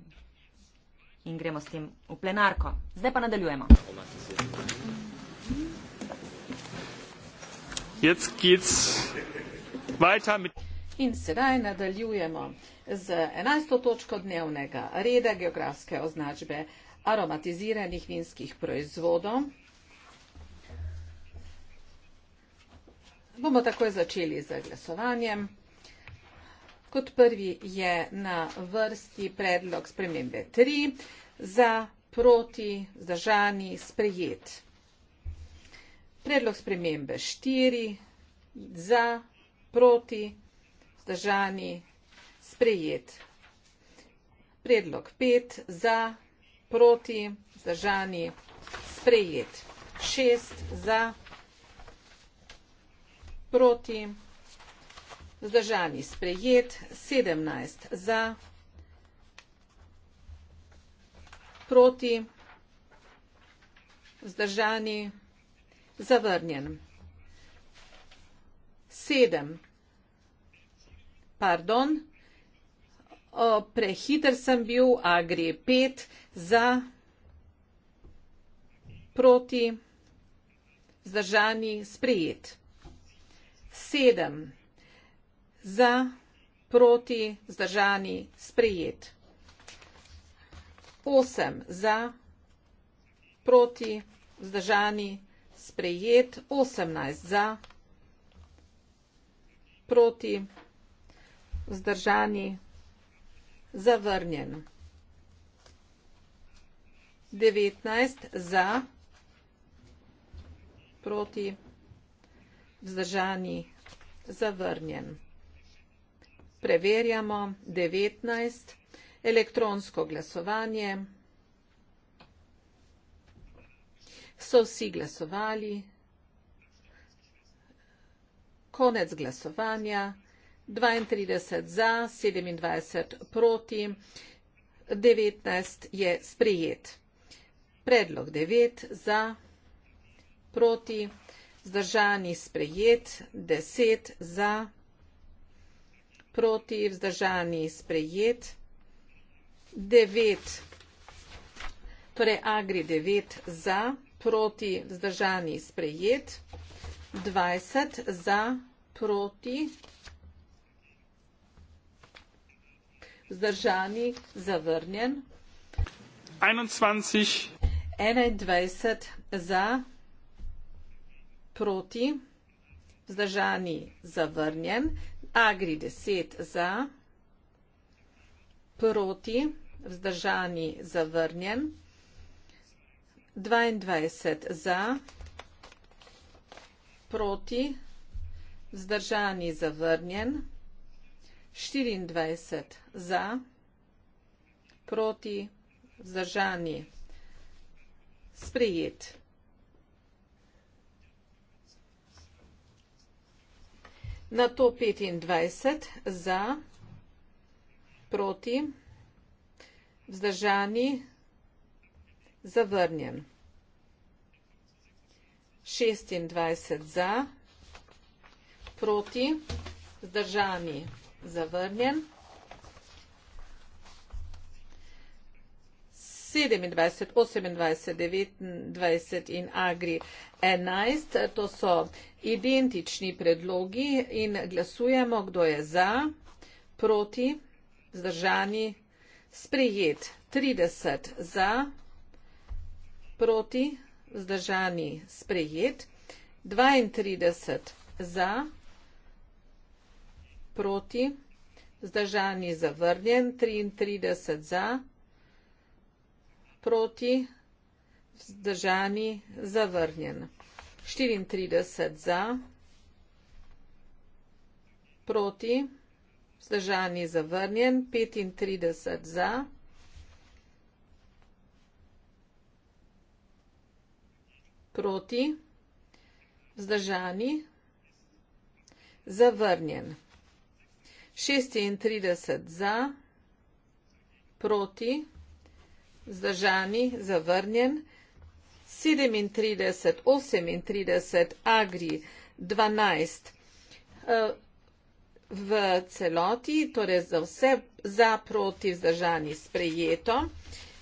in gremo s tem v plenarko. Zdaj pa nadaljujemo. In sedaj nadaljujemo z 11. točko dnevnega reda geografske označbe aromatiziranih vinskih proizvodov. Bomo takoj začeli z glasovanjem. Kot prvi je na vrsti predlog spremembe 3 za proti zdržani sprejet. Predlog spremembe 4 za proti zdržani sprejet. Predlog 5 za proti, zdržani, sprejet. Šest za, proti, zdržani, sprejet. Sedemnajst za, proti, zdržani, zavrnjen. Sedem, pardon, o, prehiter sem bil, a gre pet za proti zdržani sprejet. Sedem za proti zdržani sprejet. Osem za proti zdržani sprejet. Osemnajst za proti zdržani sprejet zavrnjen. 19 za, proti, vzdržani, zavrnjen. Preverjamo 19, elektronsko glasovanje. So vsi glasovali. Konec glasovanja. 32 za, 27 proti, 19 je sprejet. Predlog 9 za, proti, vzdržani sprejet, 10 za, proti, vzdržani sprejet, 9, torej agri 9 za, proti, vzdržani sprejet, 20 za, proti, vzdržani sprejet. vzdržani, zavrnjen. 21. 21 za, proti, vzdržani, zavrnjen. Agri 10 za, proti, vzdržani, zavrnjen. 22 za, proti, vzdržani, zavrnjen. 24 za, proti vzdržani. Sprejet. Na to 25 za, proti vzdržani. Zavrnjen. 26 za, proti vzdržani. Zavrnjen zavrnjen. 27, 28, 29 in agri 11, to so identični predlogi in glasujemo, kdo je za, proti, zdržani, sprejet 30 za, proti, zdržani, sprejet 32 za, proti, zdržani, sprejet proti, zdržani zavrnjen, 33 za, proti, zdržani zavrnjen, 34 za, proti, zdržani zavrnjen, 35 za, proti, zdržani zavrnjen šestintrideset za, proti, vzdržani, zavrnjen. Sedemintrideset, osemintrideset, agri, dvanajst. Eh, v celoti, torej za vse, za, proti, vzdržani, sprejeto.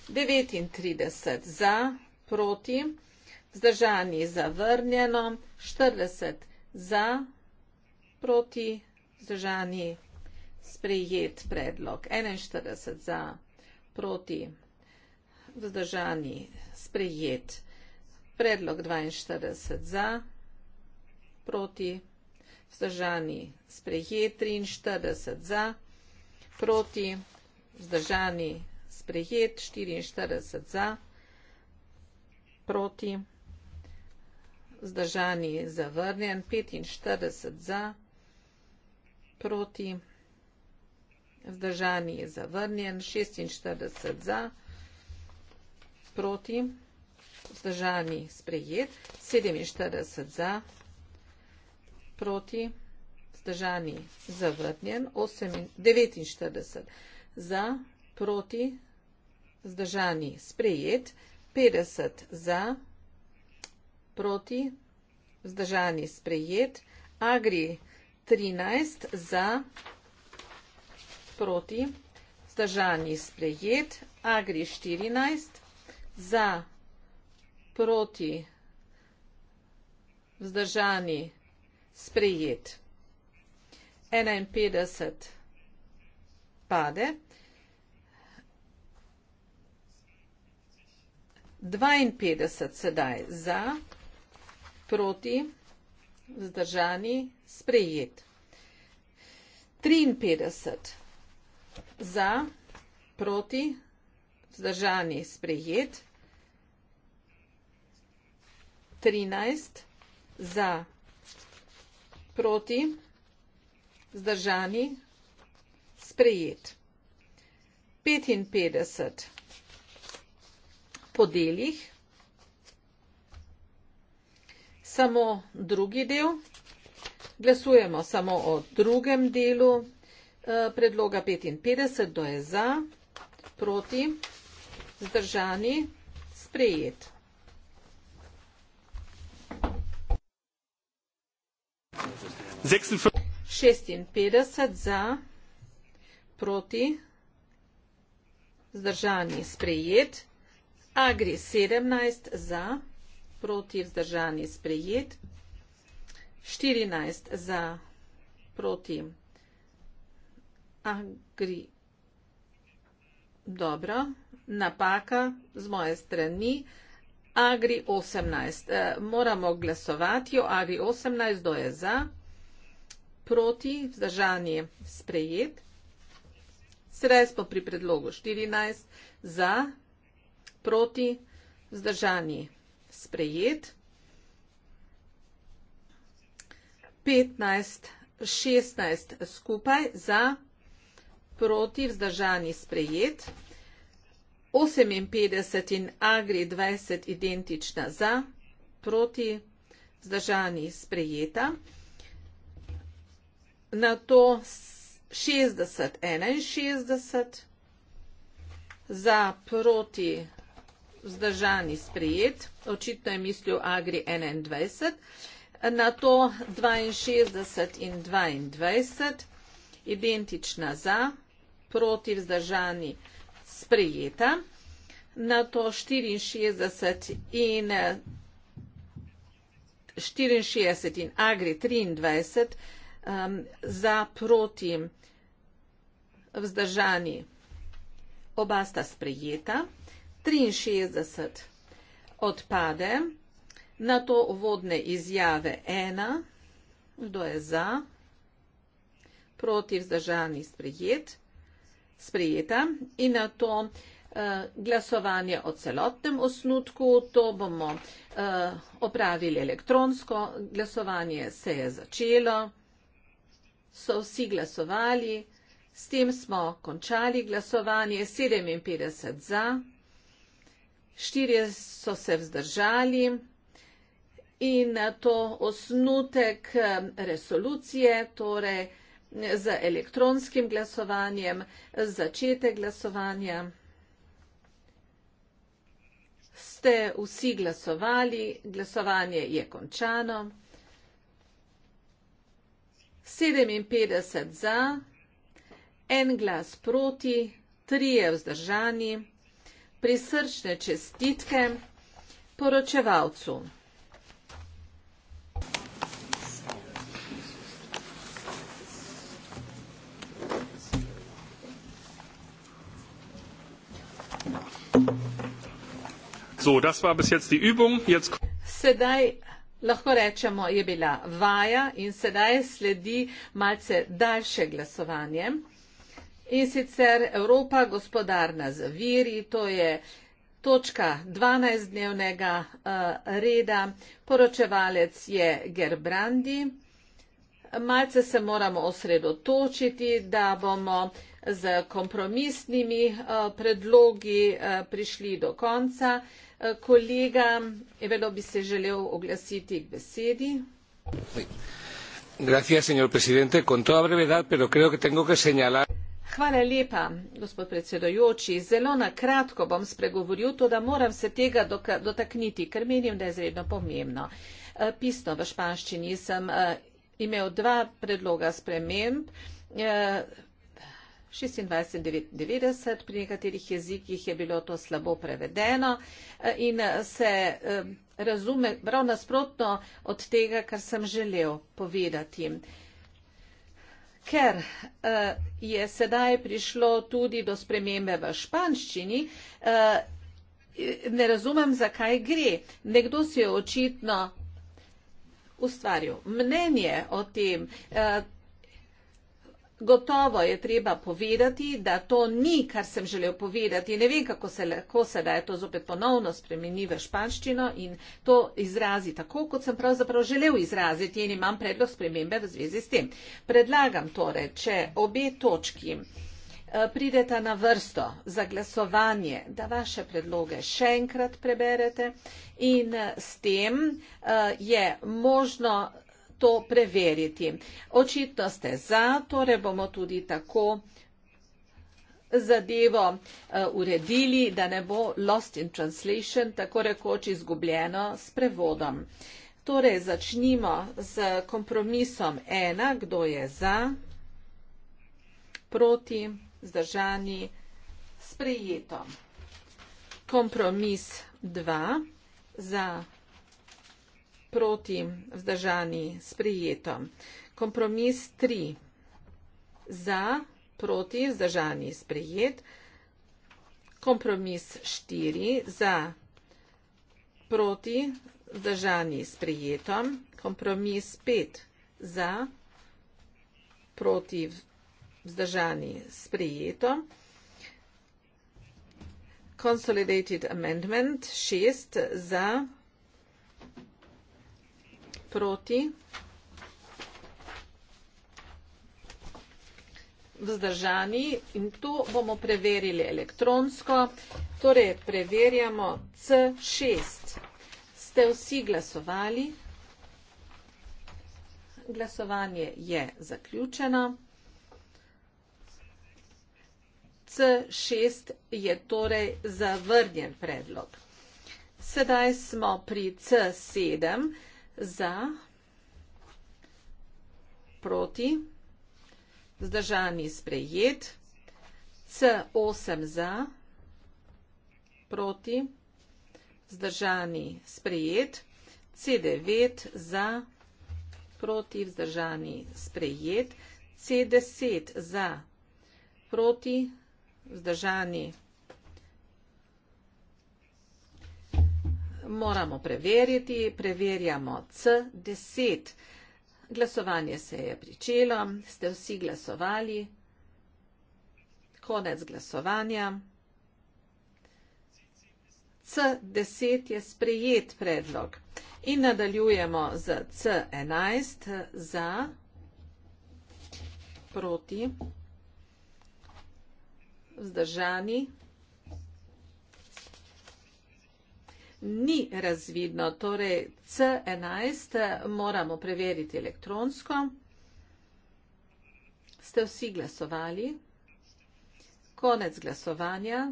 Devetintrideset za, proti, vzdržani, zavrnjeno. Štirideset za, proti, vzdržani, zavrnjeno sprejet predlog. 41 za, proti, vzdržani, sprejet. Predlog 42 za, proti, vzdržani, sprejet. 43 za, proti, vzdržani, sprejet. 44 za, proti, vzdržani, zavrnjen. 45 za, proti, vzdržani, zavrnjen. Vzdržani je zavrnjen, 46 za, proti, vzdržani sprejet, 47 za, proti, vzdržani zavrnjen, 49 za, proti, vzdržani sprejet, 50 za, proti, vzdržani sprejet, agri 13 za, proti, proti, zdržani sprejet, agri 14, za proti, zdržani sprejet, 51 pade, 52 sedaj za, proti, zdržani, sprejet. 53 pade za, proti, vzdržani, sprejet. Trinajst za, proti, vzdržani, sprejet. Petinpetdeset po delih. Samo drugi del. Glasujemo samo o drugem delu. Eh, predloga 55, do je za, proti, zdržani, sprejet. Šestinpetdeset za, proti, zdržani, sprejet. Agri sedemnajst za, proti, vzdržani, sprejet. Štirinajst za, proti, vzdržani, sprejet agri. Dobro, napaka z moje strani. Agri 18. E, moramo glasovati o agri 18, kdo je za, proti, vzdržanje, sprejet. Sredstvo pri predlogu 14, za, proti, vzdržanje, sprejet. 15, 16 skupaj, za, proti vzdržani sprejet, 58 in agri 20 identična za, proti vzdržani sprejeta, na to 60, 61 za, proti vzdržani sprejet, očitno je mislil agri 21, na to 62 in 22 identična za, proti vzdržani sprejeta, proti vzdržani sprejeta. Na to 64 in 64 in agri 23 um, ehm, za proti vzdržani oba sta sprejeta. 63 odpade. Na to vodne izjave 1. Kdo je za? Proti vzdržani sprejet sprejeta in na to eh, glasovanje o celotnem osnutku. To bomo eh, opravili elektronsko. Glasovanje se je začelo. So vsi glasovali. S tem smo končali glasovanje. 57 za. Štirje so se vzdržali in to osnutek eh, resolucije, torej z elektronskim glasovanjem, začetek glasovanja. Ste vsi glasovali, glasovanje je končano. 57 za, en glas proti, trije vzdržani, prisrčne čestitke poročevalcu. So, das war bis jetzt die Übung. Jetzt sedaj lahko rečemo, je bila vaja in sedaj sledi malce daljše glasovanje. In sicer Evropa gospodarna z viri, to je točka 12 dnevnega uh, reda, poročevalec je Gerbrandi. Malce se moramo osredotočiti, da bomo uh, z kompromisnimi eh, predlogi eh, prišli do konca. Eh, kolega Evelo bi se želel oglasiti k besedi. Hvala lepa, gospod predsedojoči. Zelo na kratko bom spregovoril, to da moram se tega dotakniti, ker menim, da je izredno pomembno. Pisno v španščini sem imel dva predloga sprememb. 1996, pri nekaterih jezikih je bilo to slabo prevedeno e, in e, se e, razume prav nasprotno od tega, kar sem želel povedati. Ker je sedaj prišlo tudi do spremembe v španščini, ne razumem, zakaj gre. Nekdo si je očitno ustvaril mnenje o tem, Gotovo je treba povedati, da to ni, kar sem želel povedati. Ne vem, kako se lahko sedaj to zopet ponovno spremeni v španščino in to izrazi tako, kot sem pravzaprav želel izraziti in imam predlog spremembe v zvezi s tem. Predlagam torej, če obe točki eh, prideta na vrsto za glasovanje, da vaše predloge še enkrat preberete in eh, s tem eh, je možno to preveriti. Očitno ste za, torej bomo tudi tako zadevo eh, uredili, da ne bo lost in translation tako rekoč izgubljeno s prevodom. Torej, začnimo z kompromisom ena, kdo je za, proti, zdržani, sprejeto. Kompromis dva, za, proti, vzdržani, sprijeto. Kompromis tri. Za, proti, vzdržani, sprijet. Kompromis štiri. Za, proti, vzdržani, sprijeto. Kompromis pet. Za, proti, vzdržani, sprijeto. Consolidated amendment šest. Za, proti, vzdržani, sprijeto proti, vzdržani in tu bomo preverili elektronsko. Torej, preverjamo C6. Ste vsi glasovali? Glasovanje je zaključeno. C6 je torej zavrnjen predlog. Sedaj smo pri C7. C7 za, proti, zdržani sprejet, C8 za, proti, zdržani sprejet, C9 za, proti, vzdržani sprejet, C10 za, proti, vzdržani sprejet, moramo preveriti. Preverjamo C10. Glasovanje se je pričelo. Ste vsi glasovali? Konec glasovanja. C10 je sprejet predlog. In nadaljujemo z C11 za proti vzdržani. ni razvidno. Torej, C11 moramo preveriti elektronsko. Ste vsi glasovali? Konec glasovanja.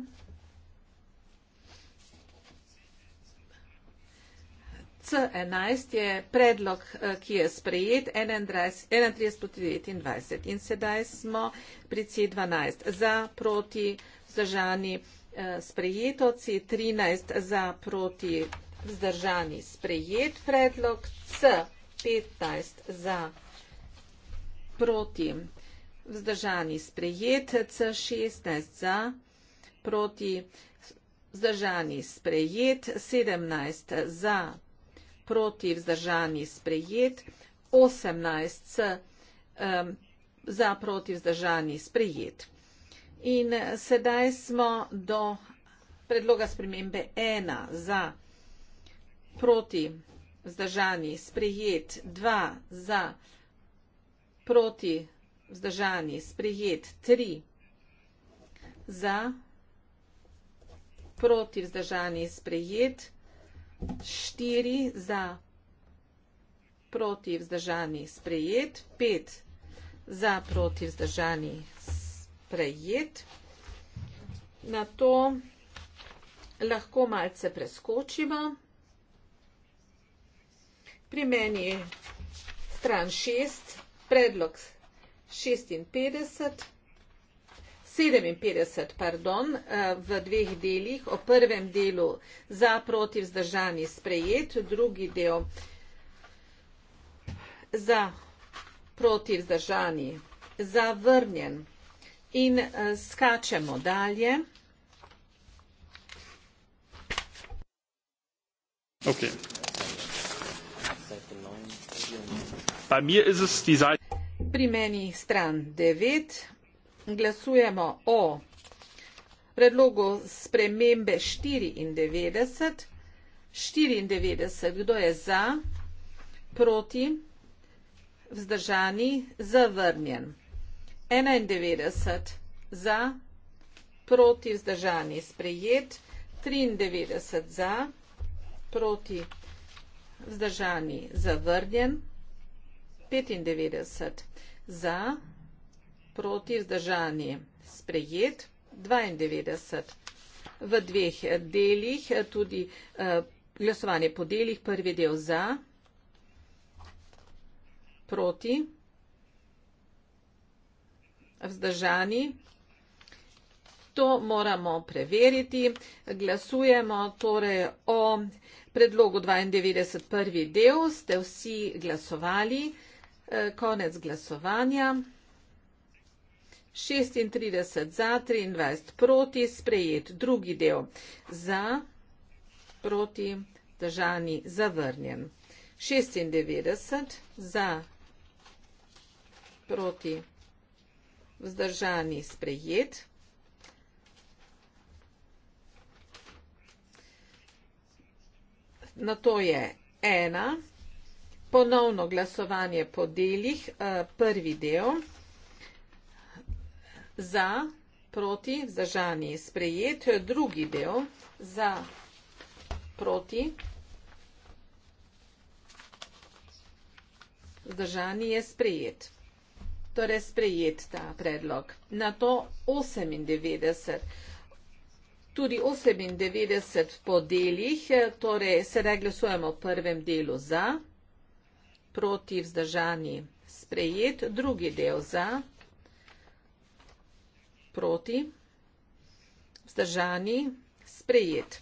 C11 je predlog, eh, ki je sprejet 31 proti 29 in sedaj smo pri C12 za proti zdržani Eh, sprejeto, C13 za proti vzdržani sprejet predlog, C15 za proti vzdržani sprejet, C16 za proti vzdržani sprejet, 17 za proti vzdržani sprejet, 18 za proti vzdržani sprejet. In eh, sedaj smo do predloga spremembe ena za proti vzdržani sprejet, dva za proti vzdržani sprejet, tri za proti vzdržani sprejet, štiri za proti vzdržani sprejet, pet za proti vzdržani sprejet prejet. Na to lahko malce preskočimo. Pri meni je stran 6, predlog 56, 57, pardon, eh, v dveh delih. O prvem delu za proti vzdržani sprejet, drugi del za proti vzdržani zavrnjen. In eh, skačemo dalje. Okay. Pri meni stran 9 glasujemo o predlogu spremembe 94. 94, kdo je za, proti, vzdržani, zavrnjen. 91 za, proti vzdržani sprejet, 93 za, proti vzdržani zavrnjen, 95 za, proti vzdržani sprejet, 92 v dveh delih, tudi eh, glasovanje po delih, prvi del za, proti vzdržani sprejet vzdržani. To moramo preveriti. Glasujemo torej o predlogu 92. prvi del. Ste vsi glasovali. E, konec glasovanja. 36 za, 23 proti, sprejet drugi del za, proti, držani, zavrnjen. 96 za, proti, držani vzdržani sprejet. Na to je ena. Ponovno glasovanje po delih, eh, prvi del. Za, proti, vzdržani sprejet, drugi del. Za, proti, vzdržani je sprejet torej sprejet ta predlog. Na to 98, tudi 98 po delih, torej sedaj glasujemo v prvem delu za, proti vzdržani sprejet, drugi del za, proti vzdržani sprejet.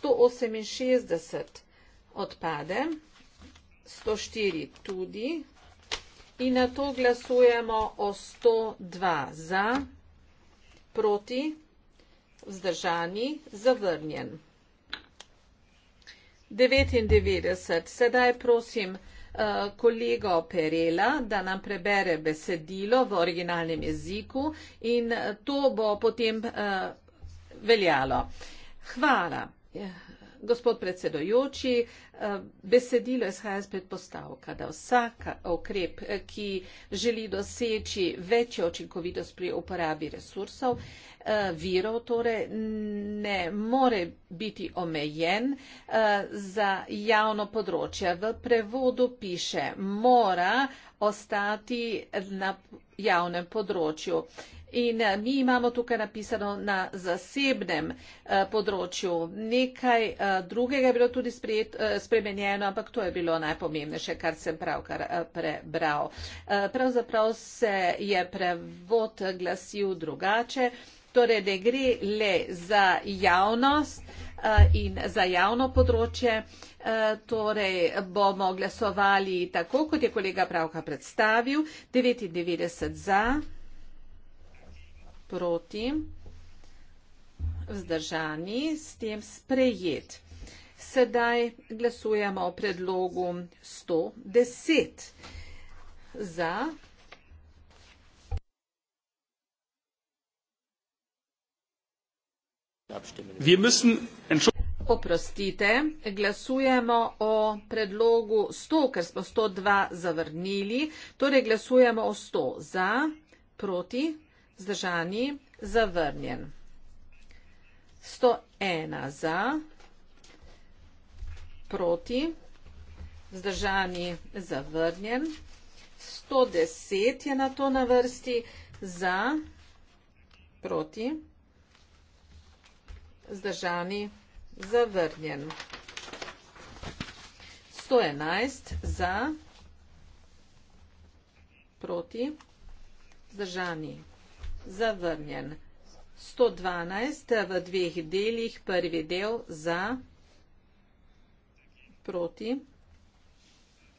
168 odpade, 104 tudi, In na to glasujemo o 102 za, proti, vzdržani, zavrnjen. 99. Sedaj prosim eh, kolego Perela, da nam prebere besedilo v originalnem jeziku in to bo potem eh, veljalo. Hvala. Yeah. Gospod predsedojoči, eh, besedilo izhaja z predpostavka, da vsak okrep, eh, ki želi doseči večjo očinkovitost pri uporabi resursov, eh, virov, torej ne more biti omejen za javno področje. V prevodu piše, mora ostati na javnem področju. In eh, mi imamo tukaj napisano na zasebnem eh, področju. Nekaj eh, drugega je bilo tudi sprejet, spremenjeno, ampak to je bilo najpomembnejše, kar sem pravkar prebral. Pravzaprav se je prevod glasil drugače. Torej, ne gre le za javnost in za javno področje, torej bomo glasovali tako, kot je kolega pravka predstavil, 99 za, proti, vzdržani, s tem sprejet. Sedaj glasujemo o predlogu 110 za. Oprostite, glasujemo o predlogu 100, ker smo 102 zavrnili, torej glasujemo o 100 za, proti, vzdržani, zavrnjen. 101 za, proti, vzdržani, zavrnjen. 110 je na to na vrsti, za, proti, vzdržani, zavrnjen. 111 za, proti, vzdržani, zavrnjen zavrnjen. 112 v dveh delih, prvi del za, proti,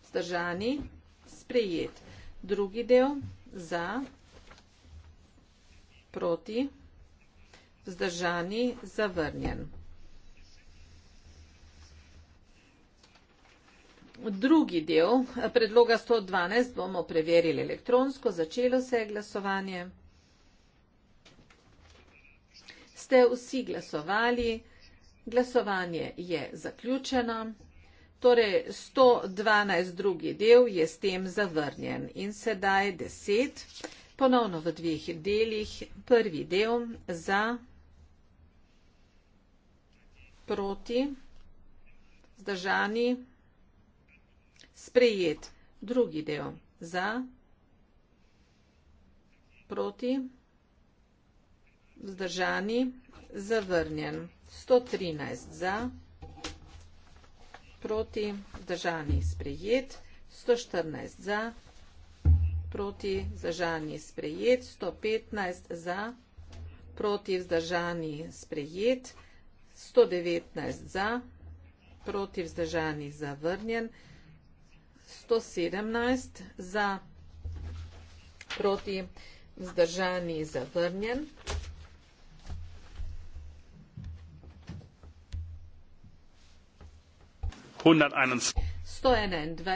zdržani, sprejet. Drugi del za, proti, zdržani, zavrnjen. Drugi del predloga 112 bomo preverili elektronsko, začelo se je glasovanje ste vsi glasovali, glasovanje je zaključeno, torej 112 drugi del je s tem zavrnjen in sedaj 10, ponovno v dveh delih, prvi del za proti, zdržani, sprejet, drugi del za proti, zdržani, sprejet vzdržani, zavrnjen, 113 za, proti, vzdržani, sprejet, 114 za, proti, vzdržani, sprejet, 115 za, proti, vzdržani, sprejet, 119 za, proti, vzdržani, zavrnjen, 117 za, proti, vzdržani, zavrnjen, 117 za, proti, vzdržani, zavrnjen, 121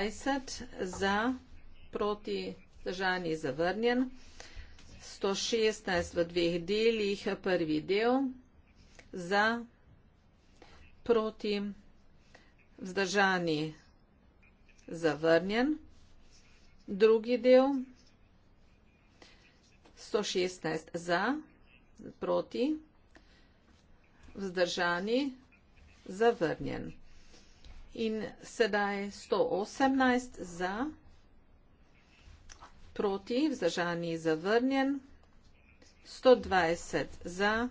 za, proti držanji zavrnjen, 116 v dveh delih, prvi del za, proti vzdržani zavrnjen, drugi del 116 za, proti vzdržani zavrnjen in sedaj 118 za, proti, vzdržani zavrnjen, 120 za,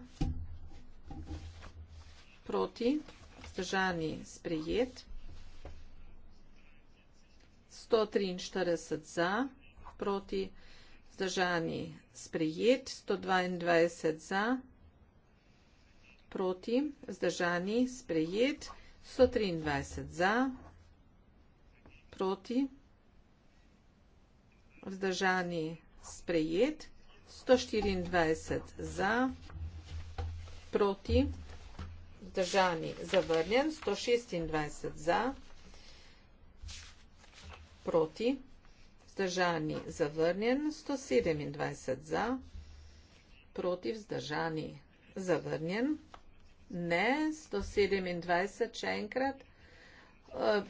proti, vzdržani sprejet, 143 za, proti, vzdržani sprejet, 122 za, proti, vzdržani sprejet, 143 za, proti, vzdržani sprejet, 123 za, proti, vzdržani sprejet, 124 za, proti, vzdržani zavrnjen, 126 za, proti, vzdržani zavrnjen, 127 za, proti, vzdržani zavrnjen ne, 127 še enkrat. Eh,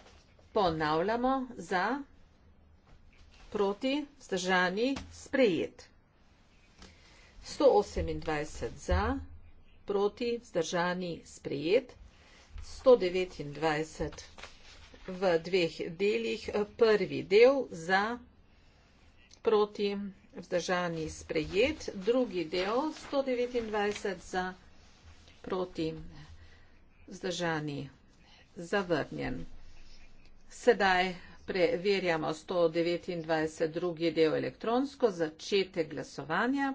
ponavljamo za, proti, vzdržani, sprejet. 128 za, proti, vzdržani, sprejet. 129 v dveh delih, prvi del za, proti, vzdržani, sprejet. Drugi del 129 za, proti, vzdržani, sprejet proti, zdržani, zavrnjen. Sedaj preverjamo 129. drugi del elektronsko, začete glasovanja.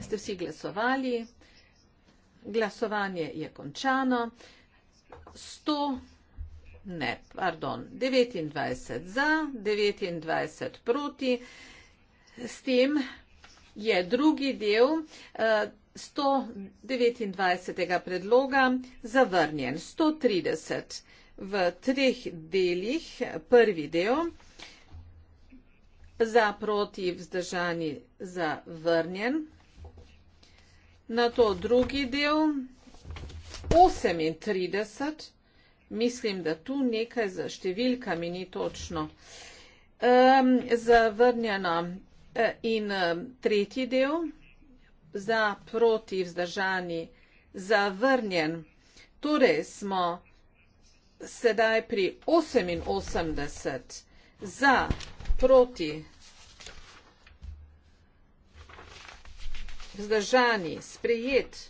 Ste vsi glasovali? Glasovanje je končano. 100, ne, pardon, 29 za, 29 proti. S tem je drugi del 129. Eh, predloga zavrnjen. 130 v treh delih, prvi del za proti vzdržani zavrnjen. Na to drugi del 38, mislim, da tu nekaj za številkami ni točno. Um, zavrnjeno In um, tretji del, za proti vzdržani zavrnjen. Torej smo sedaj pri 88 za proti vzdržani sprejet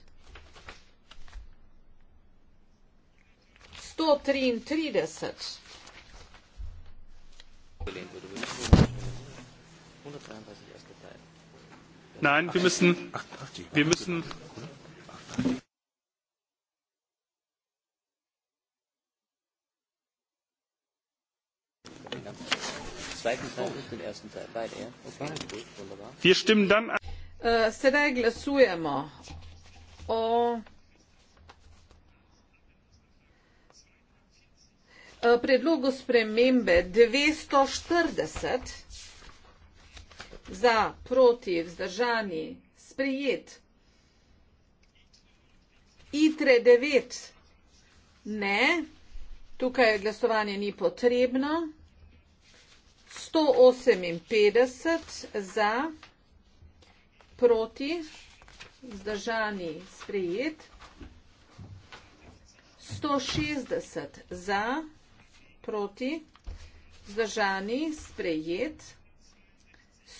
133. 133 ausgeteilt. Nein, wir müssen. Wir müssen. Wir stimmen dann. Äh, eh, predlogu spremembe 940 za, proti, vzdržani, sprijet. Itre 9, ne, tukaj glasovanje ni potrebno. 158 za, proti, vzdržani, sprijet. 160 za, proti, vzdržani, sprijet.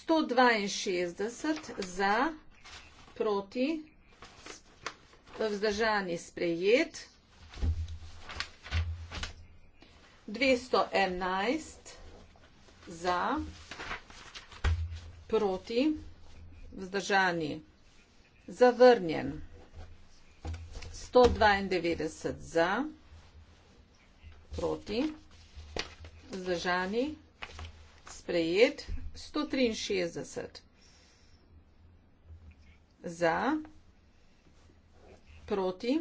162 za, proti, vzdržani sprejet. 211 za, proti, vzdržani zavrnjen. 192 za, proti, vzdržani sprejet. 163 za, proti,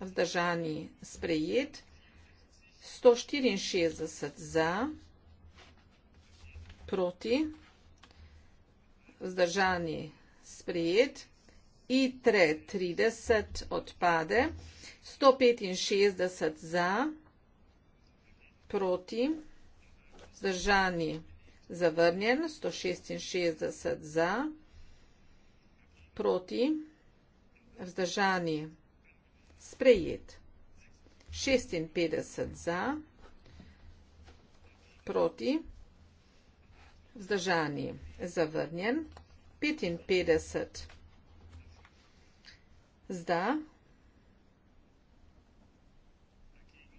vzdržani, sprejet, 164 za, proti, vzdržani, sprejet, ITRE 30 odpade, 165 za, proti, vzdržani, sprejet, zavrnjen, 166 za, proti, vzdržani, sprejet, 56 za, proti, vzdržani, zavrnjen, 55 za,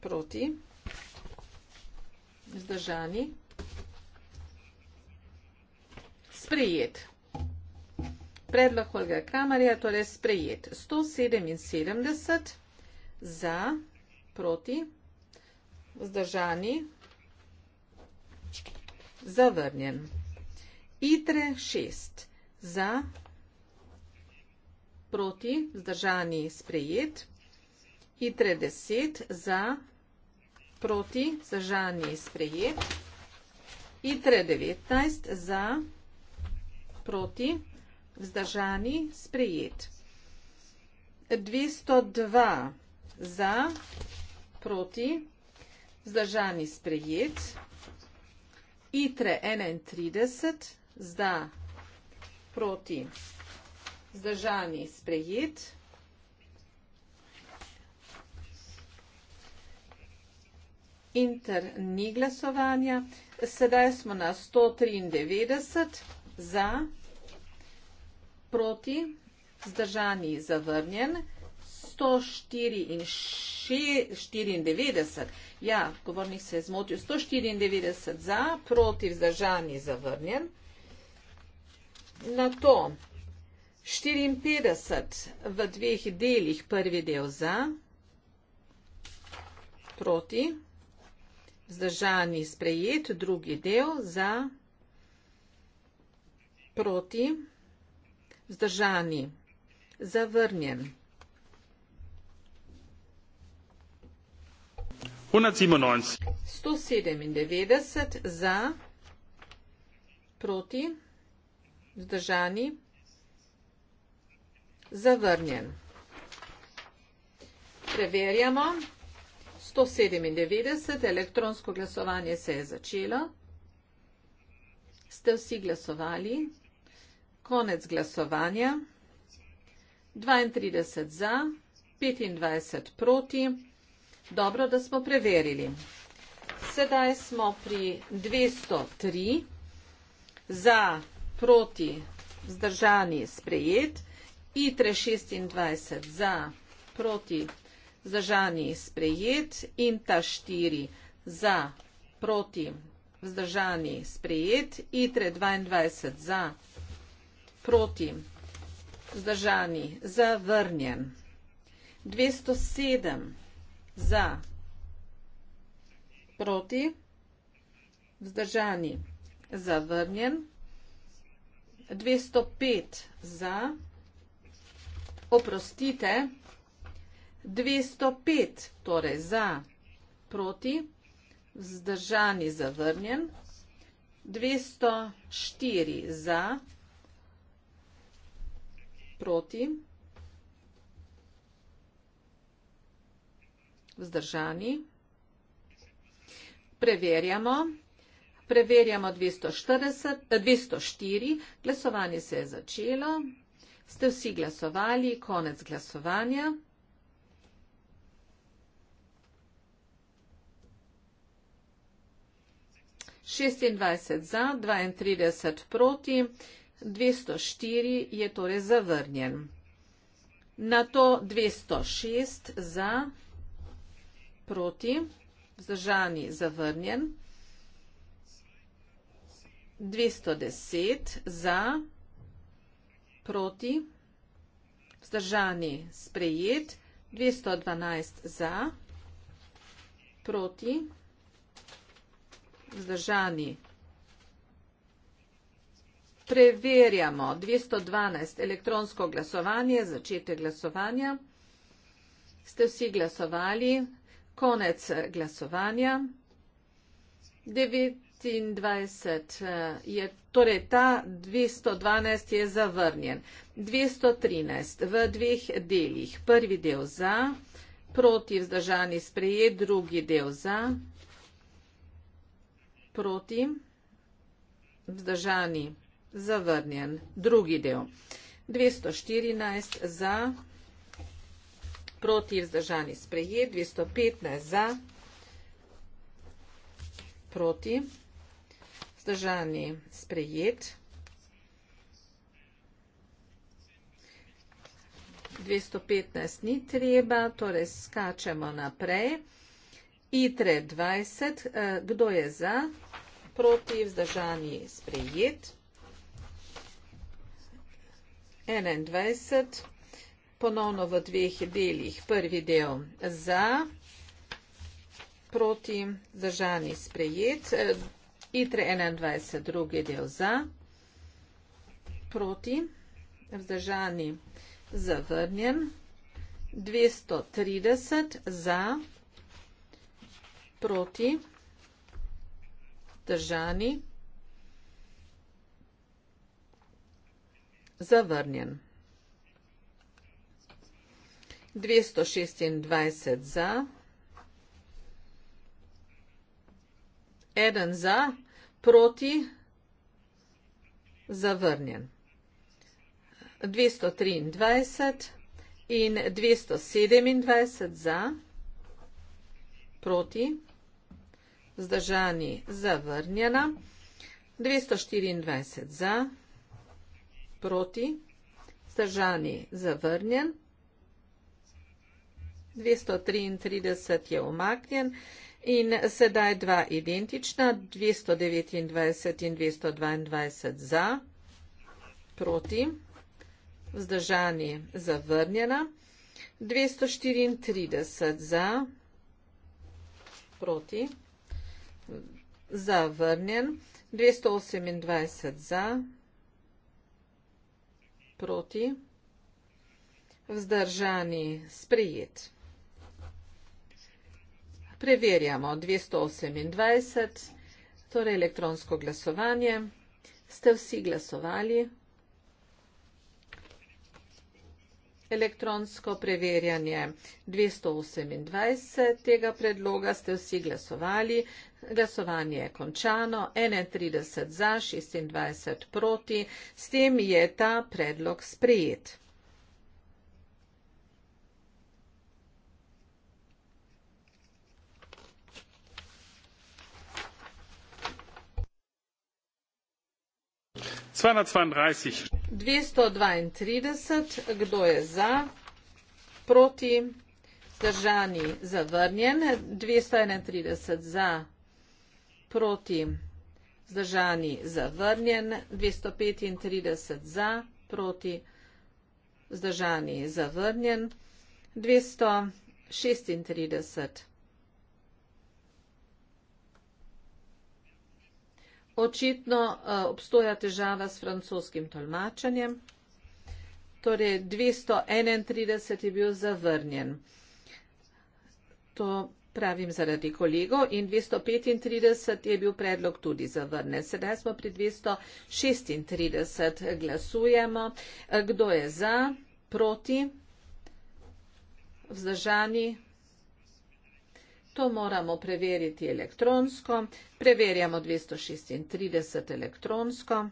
proti, vzdržani, vzdržani, sprejet. Predlog Olga Kramarja je torej sprejet. 177 za, proti, vzdržani, zavrnjen. ITRE 6 za, proti, vzdržani, sprejet. ITRE 10 za, proti, vzdržani, sprejet. ITRE 19 za, proti, vzdržani, sprejet proti, vzdržani, sprejet. 202 za, proti, vzdržani, sprejet. ITRE 31 za, proti, vzdržani, sprejet. Inter ni glasovanja. Sedaj smo na 193 za, proti, zdržani, zavrnjen, 194, ja, govornik se je zmotil, 194 za, proti, zdržani, zavrnjen, na to 54 v dveh delih prvi del za, proti, zdržani, sprejet, drugi del za, proti, proti, vzdržani, zavrnjen. Sto sedemindevetdeset za, proti, vzdržani, zavrnjen. Preverjamo. Sto sedemindevetdeset, elektronsko glasovanje se je začelo. Ste vsi glasovali? Konec glasovanja. 32 za, 25 proti. Dobro, da smo preverili. Sedaj smo pri 203 za, proti, zdržani, sprejet. ITRE 26 za, proti, zdržani, sprejet. INTA 4 za, proti, zdržani, sprejet. ITRE 22 za, proti, zdržani, sprejet proti, zdržani, zavrnjen, 207 za, proti, zdržani, zavrnjen, 205 za, oprostite, 205, torej za, proti, zdržani, zavrnjen, 204 za, proti, proti, vzdržani. Preverjamo. Preverjamo 240, 204. Eh, Glasovanje se je začelo. Ste vsi glasovali, konec glasovanja. Šestindvajset za, dvaintrideset proti. 204 je torej zavrnjen. Na to 206 za, proti, vzdržani zavrnjen. 210 za, proti, vzdržani sprejet. 212 za, proti, vzdržani sprejet. Preverjamo 212 elektronsko glasovanje, začete glasovanja. Ste vsi glasovali, konec eh, glasovanja. 29 eh, je, torej ta 212 je zavrnjen. 213 v dveh delih. Prvi del za, proti vzdržani sprejet, drugi del za, proti vzdržani sprejet zavrnjen. Drugi del. 214 za, proti vzdržani spreje, 215 za, proti vzdržani spreje, 215 ni treba, torej skačemo naprej. ITRE 20, eh, kdo je za, proti vzdržani sprejet, 215. 21, ponovno v dveh delih. Prvi del za, proti, zdržani sprejet, ITRE 21, drugi del za, proti, vzdržani zavrnjen, 230 za, proti, držani zavrnjen. zavrnjen. 226 za. Eden za, proti, zavrnjen. 223 in 227 za, proti, zdržani, zavrnjena. 224 za, proti proti, zdržani zavrnjen, 233 je omaknjen in sedaj dva identična, 229 in 222 za, proti, vzdržani zavrnjena, 234 za, proti, zavrnjen, 228 za, proti, proti, vzdržani, sprijet. Preverjamo 228, torej elektronsko glasovanje. Ste vsi glasovali? Elektronsko preverjanje 228 tega predloga ste vsi glasovali, Glasovanje je končano, 31 za, 26 proti, s tem je ta predlog sprejet. 232, kdo je za? Proti? Vzdržani? Zavrnjen. 231 za, proti vzdržani zavrnjen, 235 za proti vzdržani zavrnjen, 236 Očitno eh, obstoja težava s francoskim tolmačanjem, torej 231 je bil zavrnjen. To pravim zaradi kolegov in 235 je bil predlog tudi zavrnen. Sedaj smo pri 236 glasujemo. Kdo je za, proti, vzdržani? To moramo preveriti elektronsko. Preverjamo 236 elektronsko.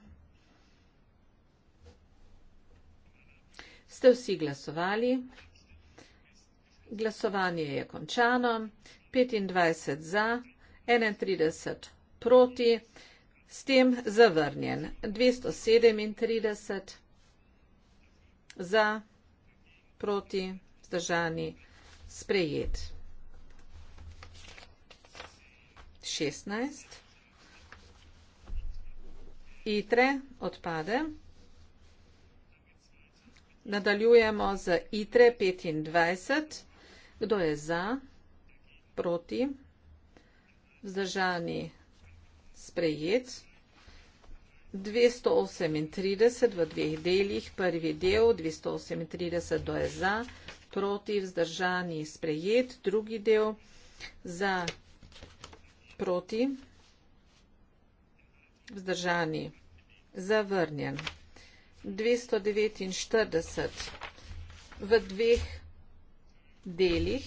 Ste vsi glasovali? Glasovanje je končano. 25 za, 31 proti, s tem zavrnjen. 237 za, proti, zdržani, sprejet. 16. ITRE odpade. Nadaljujemo z ITRE 25. Kdo je za? Proti? Zdržani? Sprejet? 238 v dveh delih, prvi del, 238 do je za, proti, vzdržani, sprejet, drugi del, za, proti, vzdržani, zavrnjen. 249 v dveh delih delih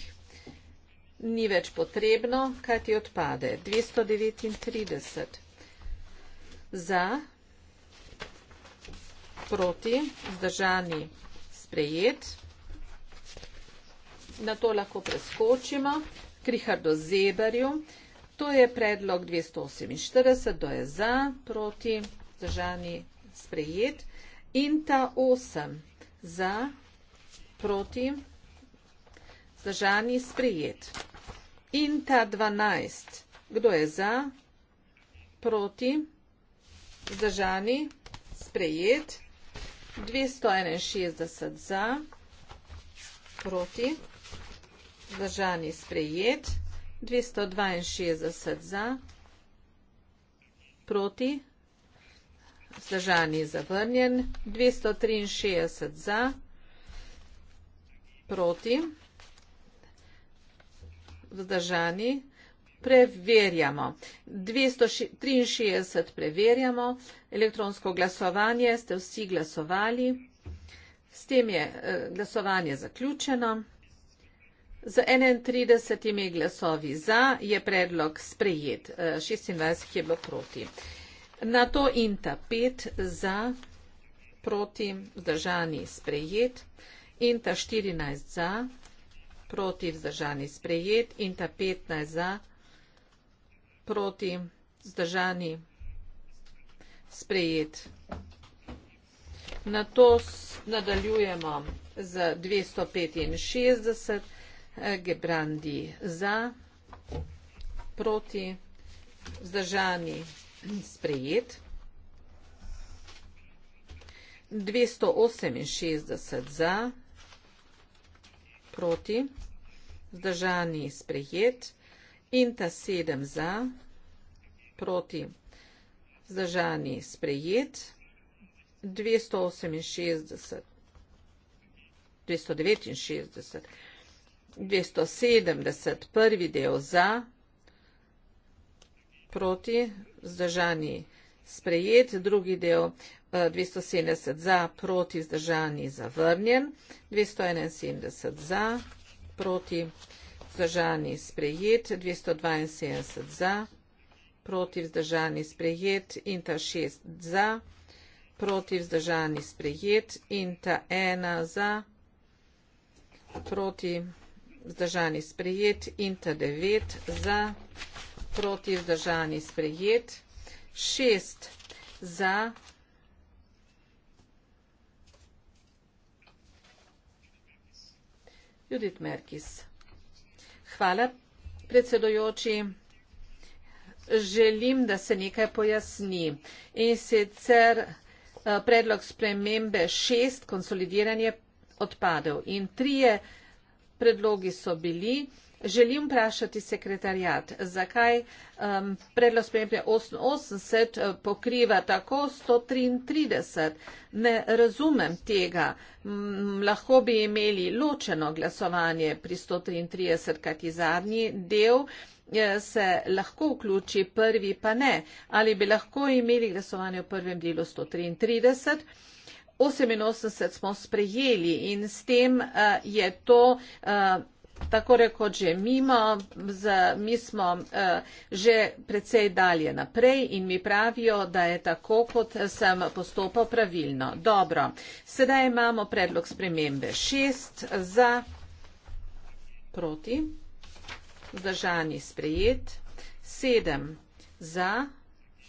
ni več potrebno, kaj ti odpade. 239 za, proti, zdržani, sprejet. Na to lahko preskočimo. Krihar do zebarju. To je predlog 248, to je za, proti, zdržani, sprejet. In ta 8 za, proti, zdržani, sprejet vzdržani, sprijet. In ta dvanajst, kdo je za, proti, vzdržani, sprijet. 261 za, proti, vzdržani, sprijet. 262 za, proti, vzdržani, zavrnjen. 263 za, proti, vzdržani, zavrnjen vzdržani, preverjamo. 263 preverjamo, elektronsko glasovanje, ste vsi glasovali. S tem je eh, glasovanje zaključeno. Z 31 glasovi za je predlog sprejet, 26 eh, je bilo proti. Na to in ta 5 za, proti, vzdržani sprejet, in ta 14 za, proti vzdržani sprejet in ta 15 za proti vzdržani sprejet. Na to nadaljujemo z 265 gebrandi za proti vzdržani sprejet. 268 za proti vzdržani sprejet proti, zdržani sprejet, in ta sedem za, proti, zdržani sprejet, 268, 269, 270, prvi del za, proti, zdržani sprejet, drugi del 270 za, proti zdržani zavrnjen, 271 za, proti zdržani sprejet, 272 za, proti vzdržani sprejet, INTA 6 za, proti vzdržani sprejet, INTA 1 za, proti vzdržani sprejet, INTA 9 za, proti vzdržani sprejet, 6 za, proti vzdržani sprejet, Judith Merkis. Hvala, predsedojoči. Želim, da se nekaj pojasni. In sicer eh, predlog spremembe šest konsolidiranje odpadev. In trije predlogi so bili, Želim vprašati sekretarjat, zakaj um, predlog spremembe 88 uh, pokriva tako 133. Ne razumem tega. M, lahko bi imeli ločeno glasovanje pri 133, kajti zadnji del eh, se lahko vključi, prvi pa ne. Ali bi lahko imeli glasovanje v prvem delu 133? 88 smo sprejeli in s tem uh, je to. Uh, tako rekoč že mimo, z, mi smo uh, že precej dalje naprej in mi pravijo, da je tako, kot sem postopal pravilno. Dobro, sedaj imamo predlog spremembe. Šest za proti, zdržani sprejet, sedem za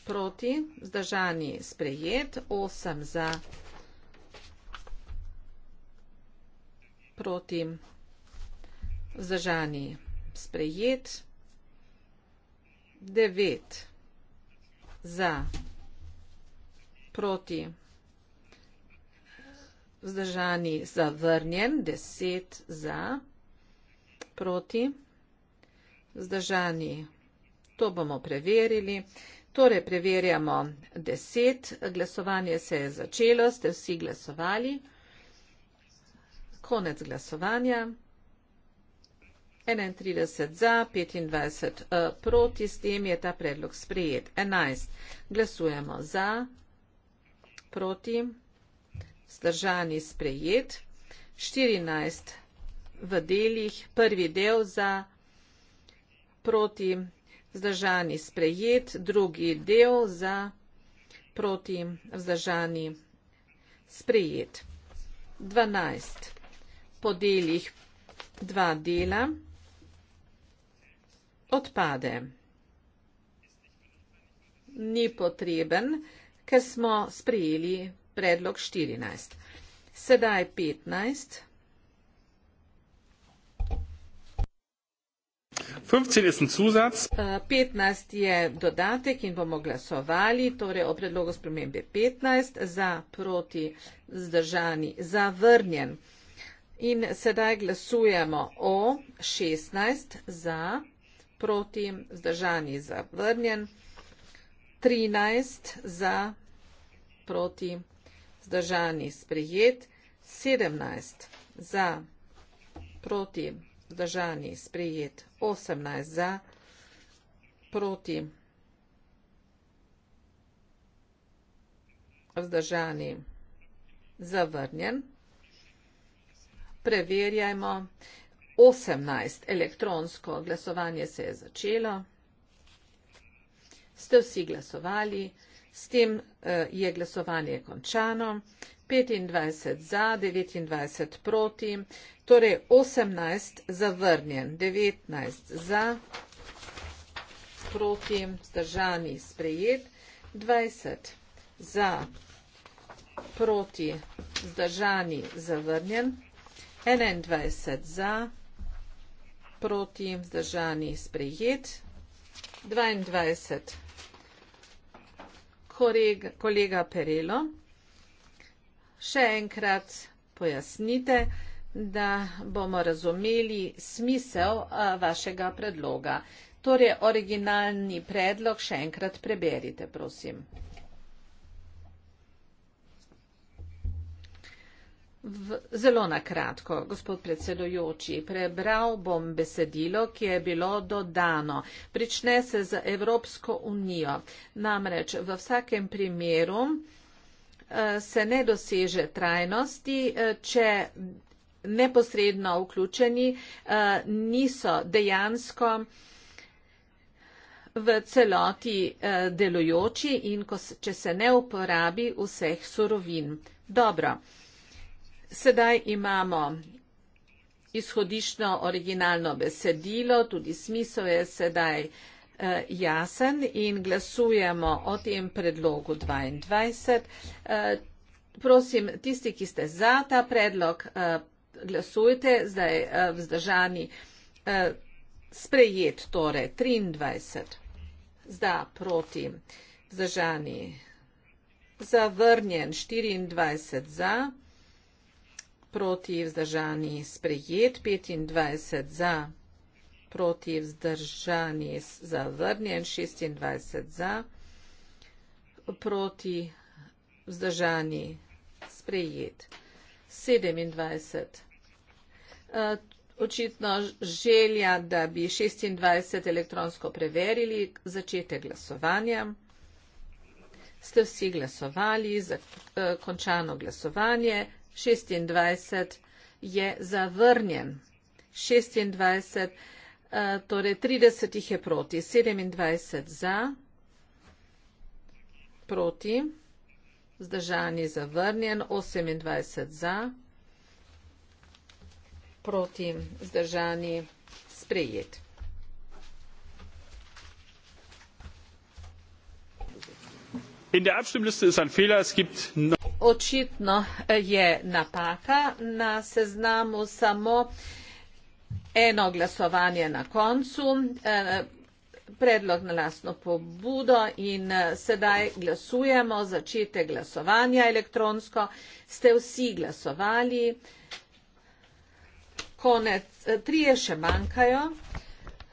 proti, zdržani sprejet, osem za proti. Zažani sprejet. Devet za proti. Zdržani zavrnjen, deset za, proti, zdržani, to bomo preverili. Torej, preverjamo deset, glasovanje se je začelo, ste vsi glasovali, konec glasovanja. 31 za, 25 uh, eh, proti, s tem je ta predlog sprejet. 11. Glasujemo za, proti, zdržani sprejet. 14 v delih, prvi del za, proti, zdržani sprejet, drugi del za, proti, zdržani sprejet. 12. Po delih dva dela odpade. Ni potreben, ker smo sprejeli predlog 14. Sedaj 15. 15 je, 15 je dodatek in bomo glasovali, torej o predlogu spremembe 15 za proti zdržani zavrnjen. In sedaj glasujemo o 16 za proti, zdržani zavrnjen, 13 za proti, zdržani sprejet, 17 za proti, zdržani sprejet, 18 za proti, vzdržani zavrnjen. Preverjajmo. Preverjajmo. 18. Elektronsko glasovanje se je začelo. Ste vsi glasovali, s tem eh, je glasovanje končano. 25 za, 29 proti, torej 18 zavrnjen, 19 za, proti, zdržani, sprejet, 20 za, proti, zdržani, zavrnjen, 21 za, proti, zdržani, zavrnjen, proti vzdržani sprejet. 22. Korega, kolega Perelo, še enkrat pojasnite, da bomo razumeli smisel vašega predloga. Torej, originalni predlog še enkrat preberite, prosim. V, zelo nakratko, gospod predsedujoči, prebral bom besedilo, ki je bilo dodano. Prične se z Evropsko unijo. Namreč v vsakem primeru eh, se ne doseže trajnosti, eh, če neposredno vključeni eh, niso dejansko v celoti delujoči in ko, če se ne uporabi vseh surovin. Dobro. Sedaj imamo izhodiščno originalno besedilo, tudi smisel je sedaj eh, jasen in glasujemo o tem predlogu 22. Eh, prosim, tisti, ki ste za ta predlog, eh, glasujte, zdaj vzdržani sprejet, torej 23. Zda proti vzdržani zavrnjen 24 za proti vzdržani sprejet, 25 za, proti vzdržani zavrnjen, 26 za, proti vzdržani sprejet, 27. E, očitno želja, da bi 26 elektronsko preverili začetek glasovanja. Ste vsi glasovali za e, končano glasovanje, 26 je zavrnjen. 26, eh, torej 30 jih je proti, 27 za, proti, zdržani zavrnjen, 28 za, proti, zdržani sprejet. In der Abstimmliste ist ein Fehler. Es gibt očitno eh, je napaka na seznamu samo eno glasovanje na koncu, eh, predlog na lastno pobudo in eh, sedaj glasujemo, začete glasovanja elektronsko. Ste vsi glasovali? Konec, trije še manjkajo,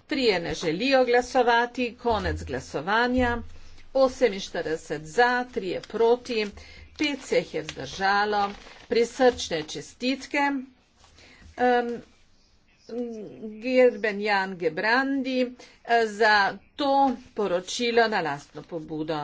trije ne želijo glasovati, konec glasovanja, 48 za, trije proti pet se jih je vzdržalo, prisrčne čestitke. Um, Gerben Jan Gebrandi eh, za to poročilo na lastno pobudo.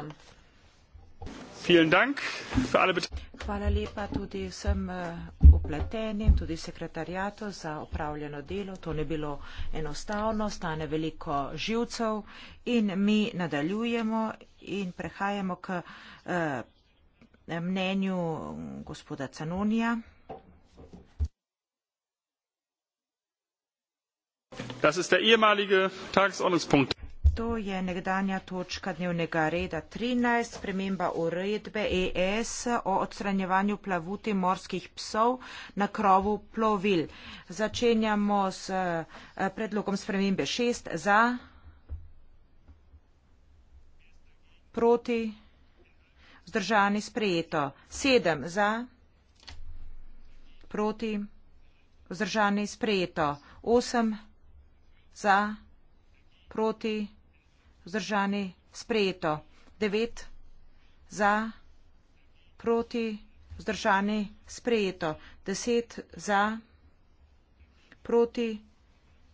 Hvala lepa tudi vsem eh, upletenim, tudi sekretarjatu za opravljeno delo. To ne bilo enostavno, stane veliko živcev in mi nadaljujemo in prehajamo k. Uh, mnenju gospoda Canonija. To je nekdanja točka dnevnega reda 13, sprememba uredbe ES o odstranjevanju plavuti morskih psov na krovu plovil. Začenjamo s eh, predlogom spremembe 6 za proti vzdržani sprejeto. Sedem za, proti, vzdržani sprejeto. Osem za, proti, vzdržani sprejeto. Devet za, proti, vzdržani sprejeto. Deset za, proti,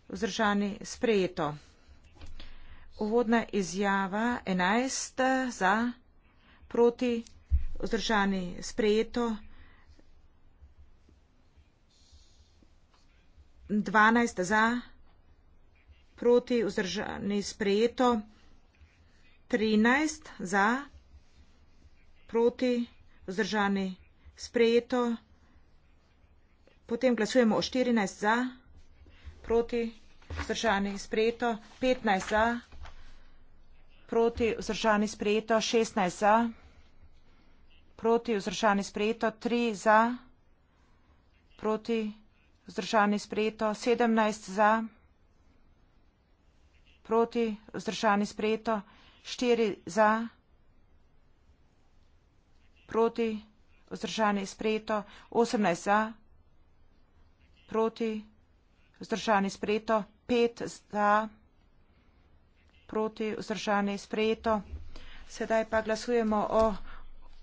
vzdržani sprejeto. Uvodna izjava enajst za proti, vzdržani sprejeto. 12 za, proti, vzdržani sprejeto. 13 za, proti, vzdržani sprejeto. Potem glasujemo o 14 za, proti, vzdržani sprejeto. 15 za, proti, vzdržani sprejeto. 16 za. Proti vzdržani sprejeto. Tri za. Proti vzdržani sprejeto. Sedemnajst za. Proti vzdržani sprejeto. Štiri za. Proti vzdržani sprejeto. Osemnajst za. Proti vzdržani sprejeto. Pet za. Proti vzdržani sprejeto. Sedaj pa glasujemo o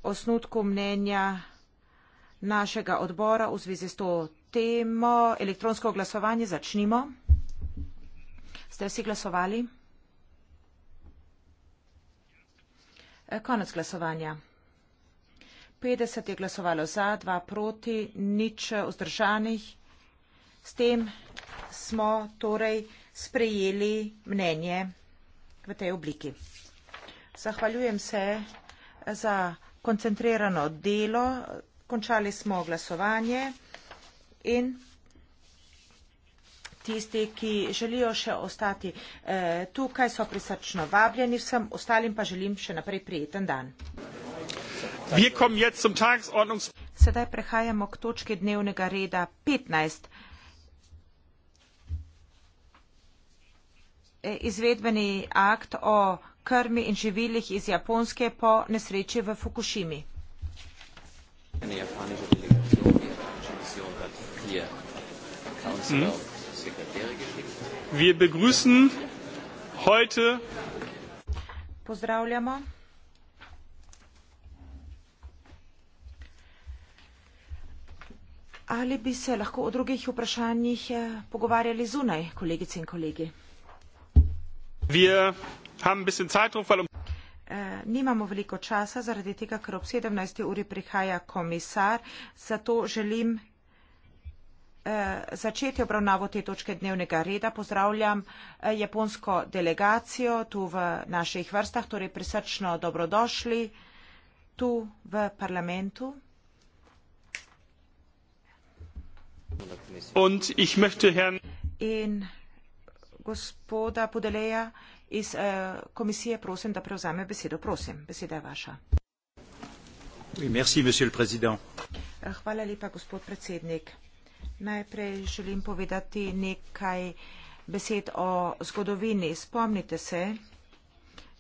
osnutku mnenja našega odbora v zvezi s to temo. Elektronsko glasovanje začnimo. Ste vsi glasovali? E, konec glasovanja. 50 je glasovalo za, 2 proti, nič vzdržanih. S tem smo torej sprejeli mnenje v tej obliki. Zahvaljujem se za koncentrirano delo, končali smo glasovanje in tisti, ki želijo še ostati eh, tukaj, so prisrčno vabljeni, vsem ostalim pa želim še naprej prijeten dan. Sedaj prehajamo k točki dnevnega reda 15. E, izvedbeni akt o krmi in živilih iz Japonske po nesreči v Fukushimi. Hm? Pozdravljamo. Ali bi se lahko o drugih vprašanjih eh, pogovarjali zunaj, kolegice in kolegi? Um eh, nimamo veliko časa, zaradi tega, ker ob 17. uri prihaja komisar, zato želim eh, začeti obravnavo te točke dnevnega reda. Pozdravljam eh, japonsko delegacijo tu v naših vrstah, torej prisrčno dobrodošli tu v parlamentu. In gospoda Podeleja iz eh, komisije prosim, da prevzame besedo. Prosim, beseda je vaša. Eh, hvala lepa, gospod predsednik. Najprej želim povedati nekaj besed o zgodovini. Spomnite se,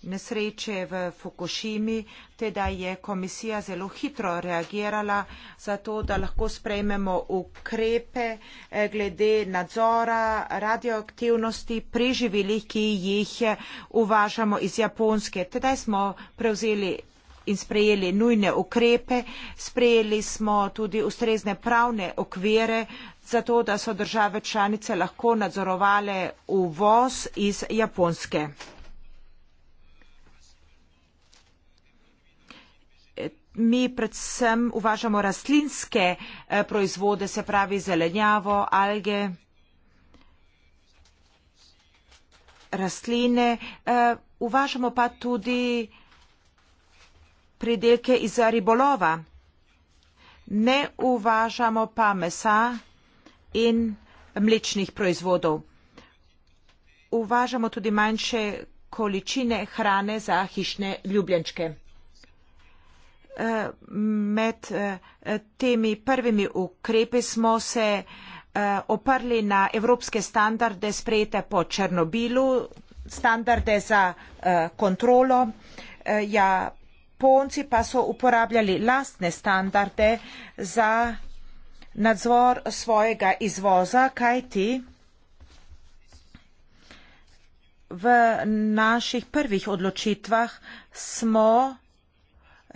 nesreče v Fukushimi, teda je komisija zelo hitro reagirala za to, da lahko sprejmemo ukrepe eh, glede nadzora radioaktivnosti pri živilih, ki jih eh, uvažamo iz Japonske. Teda smo prevzeli in sprejeli nujne ukrepe, sprejeli smo tudi ustrezne pravne okvire za to, da so države članice lahko nadzorovale uvoz iz Japonske. mi predvsem uvažamo rastlinske eh, proizvode, se pravi zelenjavo, alge, rastline, eh, uvažamo pa tudi pridelke iz ribolova. Ne uvažamo pa mesa in mlečnih proizvodov. Uvažamo tudi manjše količine hrane za hišne ljubljenčke med eh, temi prvimi ukrepi smo se eh, oprli na evropske standarde sprejete po Černobilu, standarde za eh, kontrolo. Japonci pa so uporabljali lastne standarde za nadzor svojega izvoza, kajti v naših prvih odločitvah smo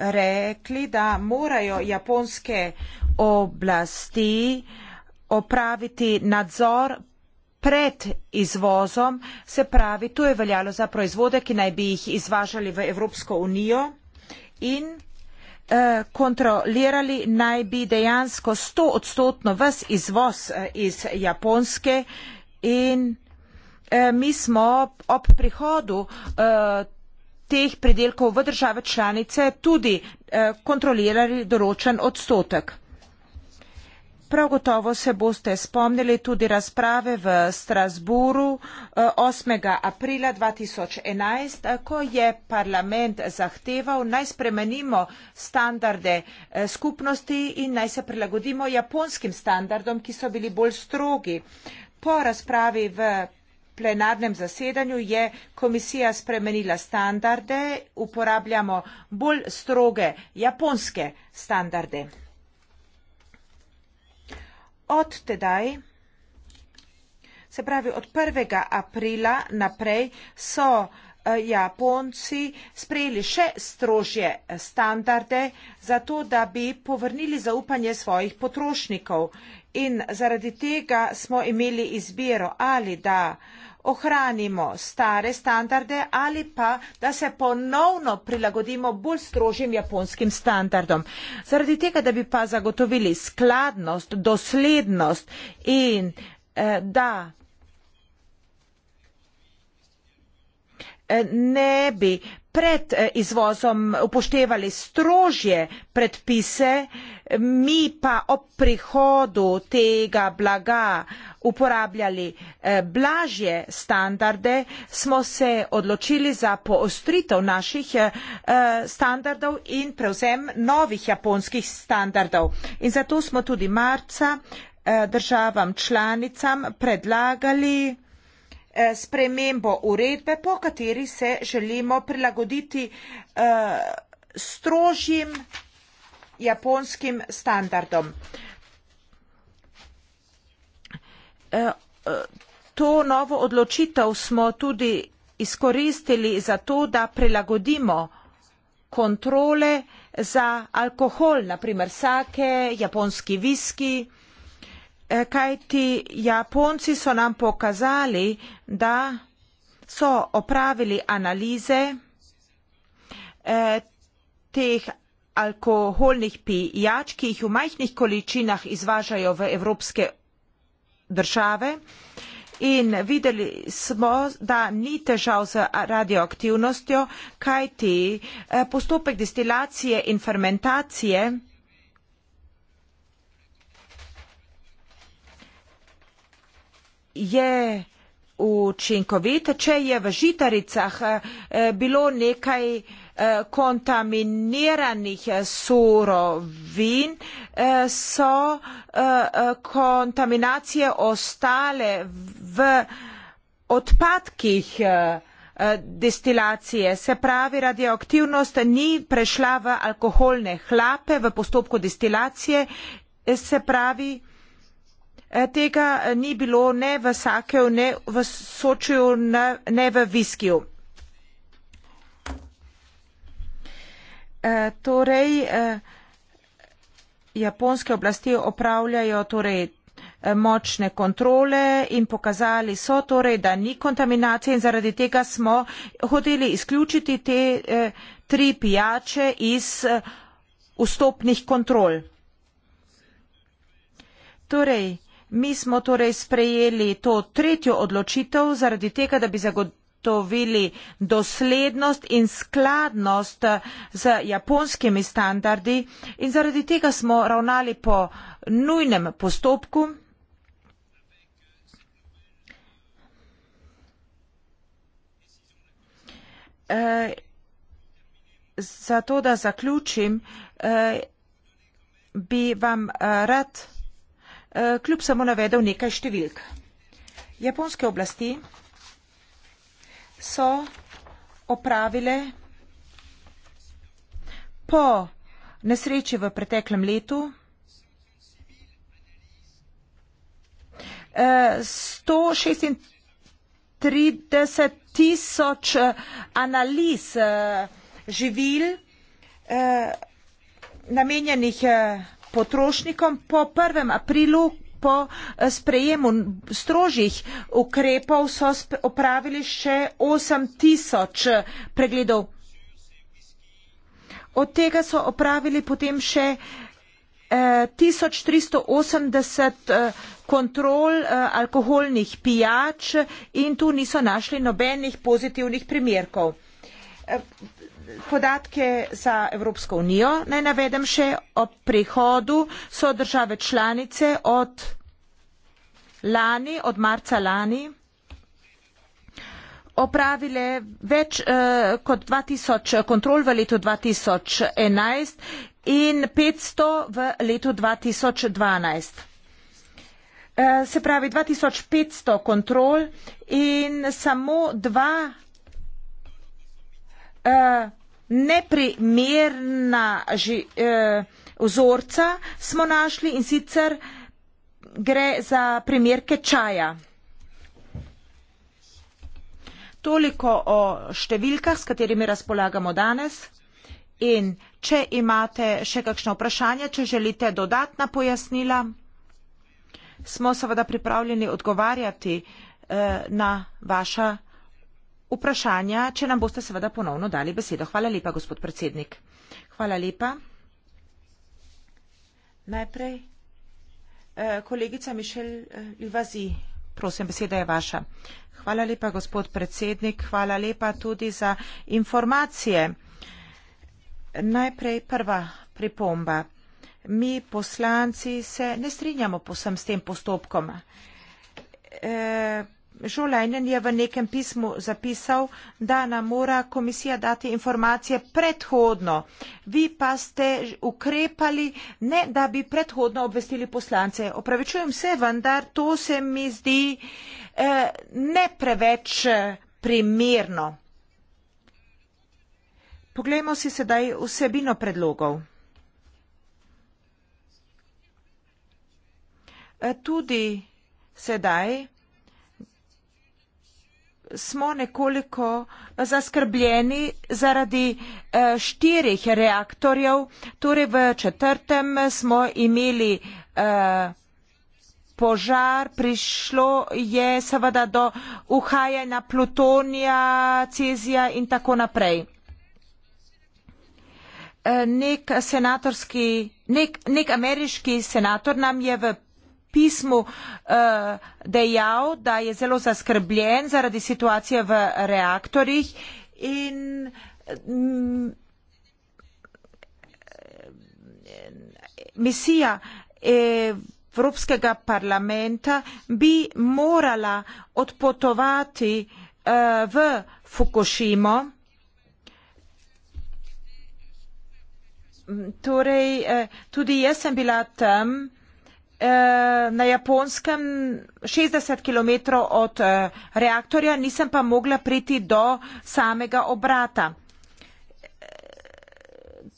rekli, da morajo japonske oblasti opraviti nadzor pred izvozom, se pravi, to je veljalo za proizvode, ki naj bi jih izvažali v Evropsko unijo in eh, kontrolirali naj bi dejansko 100 odstotno vs izvoz eh, iz Japonske in eh, mi smo ob prihodu teh predelkov v države članice tudi eh, kontrolirali določen odstotek. Prav gotovo se boste spomnili tudi razprave v Strasburu 8. Eh, aprila 2011, eh, ko je parlament zahteval naj spremenimo standarde skupnosti in naj se prilagodimo japonskim standardom, ki so bili bolj strogi. Po razpravi v plenarnem zasedanju je komisija spremenila standarde, uporabljamo bolj stroge japonske standarde. Od tedaj, se pravi od 1. aprila naprej, so eh, Japonci sprejeli še strožje standarde, zato da bi povrnili zaupanje svojih potrošnikov. In zaradi tega smo imeli izbiro ali da uh, ohranimo stare standarde ali pa, da se ponovno prilagodimo bolj strožjim japonskim standardom. Zaradi tega, da bi pa zagotovili skladnost, doslednost in eh, da Eh, ne bi pred eh, izvozom upoštevali strožje predpise mi pa ob prihodu tega blaga uporabljali eh, blažje standarde smo se odločili za poostritev naših standardov in prevzem novih japonskih standardov in zato smo tudi marca državam članicam predlagali Eh, spremembo uredbe, po kateri se želimo prilagoditi eh, strožjim japonskim standardom. Eh, to novo odločitev smo tudi izkoristili za to, da prilagodimo kontrole za alkohol, naprimer sake, japonski viski, kajti Japonci so nam pokazali, da so opravili analize eh, teh alkoholnih pijač, ki jih v majhnih količinah izvažajo v evropske države. In videli smo, da ni težav z radioaktivnostjo, kajti eh, postopek destilacije in fermentacije je učinkovita, če je v žitaricah eh, bilo nekaj eh, kontaminiranih eh, surovin, so kontaminacije ostale v odpadkih destilacije. Se pravi, radioaktivnost ni prešla v alkoholne hlape v postopku destilacije, se pravi, Eh, tega eh, ni bilo ne v Sakev, ne v Sočiju, ne v Viskiju. Eh, torej, japonske oblasti opravljajo torej močne kontrole in pokazali so torej, da ni kontaminacije in zaradi tega smo hoteli izključiti te tri pijače iz vstopnih kontrol. Torej, Mi smo torej sprejeli to tretjo odločitev zaradi tega, da bi zagotovili doslednost in skladnost z japonskimi standardi in zaradi tega smo ravnali po nujnem postopku. Eh, zato, da zaključim, eh, bi vam eh, rad povedal, Eh, kljub samo navedel nekaj številk. Japonske oblasti so opravile po nesreči v preteklem letu 136 eh, tisoč eh, analiz živil namenjenih potrošnikom po 1. aprilu. Po eh, sprejemu strožjih ukrepov so opravili še 8000 eh, pregledov. Od tega so opravili potem še eh, 1380 eh, kontrol eh, alkoholnih pijač in tu niso našli nobenih pozitivnih primerkov. Eh, podatke za Evropsko unijo. Naj navedem še o prihodu so države članice od lani, od marca lani opravile več eh, kot 2000 eh, kontrol v letu 2011 in 500 v letu 2012. Eh, se pravi 2500 kontrol in samo dva eh, neprimerna že, eh, vzorca smo našli in sicer gre za primerke čaja. Toliko o številkah, s katerimi razpolagamo danes. In če imate še kakšno vprašanje, če želite dodatna pojasnila, smo seveda pripravljeni odgovarjati eh, na vaša vprašanja vprašanja, če nam boste seveda ponovno dali besedo. Hvala lepa, gospod predsednik. Hvala lepa. Najprej eh, kolegica Mišel eh, Ilvazi. Prosim, beseda je vaša. Hvala lepa, gospod predsednik. Hvala lepa tudi za informacije. Najprej prva pripomba. Mi poslanci se ne strinjamo posem s tem postopkom. E, Žulajnen je v nekem pismu zapisal, da nam mora komisija dati informacije predhodno. Vi pa ste ukrepali, ne da bi predhodno obvestili poslance. Opravičujem se, vendar to se mi zdi eh, ne preveč eh, primerno. Poglejmo si sedaj vsebino predlogov. Eh, tudi sedaj smo nekoliko zaskrbljeni zaradi eh, štirih reaktorjev, torej v četrtem smo imeli eh, požar, prišlo je seveda do uhajanja plutonija, cezija in tako naprej. Eh, nek, senatorski, nek, nek ameriški senator nam je v pismu eh, dejal, da je zelo zaskrbljen zaradi situacije v reaktorjih in mm, misija eh, Evropskega parlamenta bi morala odpotovati eh, v Fukushimo. Torej, tudi jaz sem bila tam, Eh, na japonskem 60 km od eh, reaktorja, nisem pa mogla priti do samega obrata. Eh,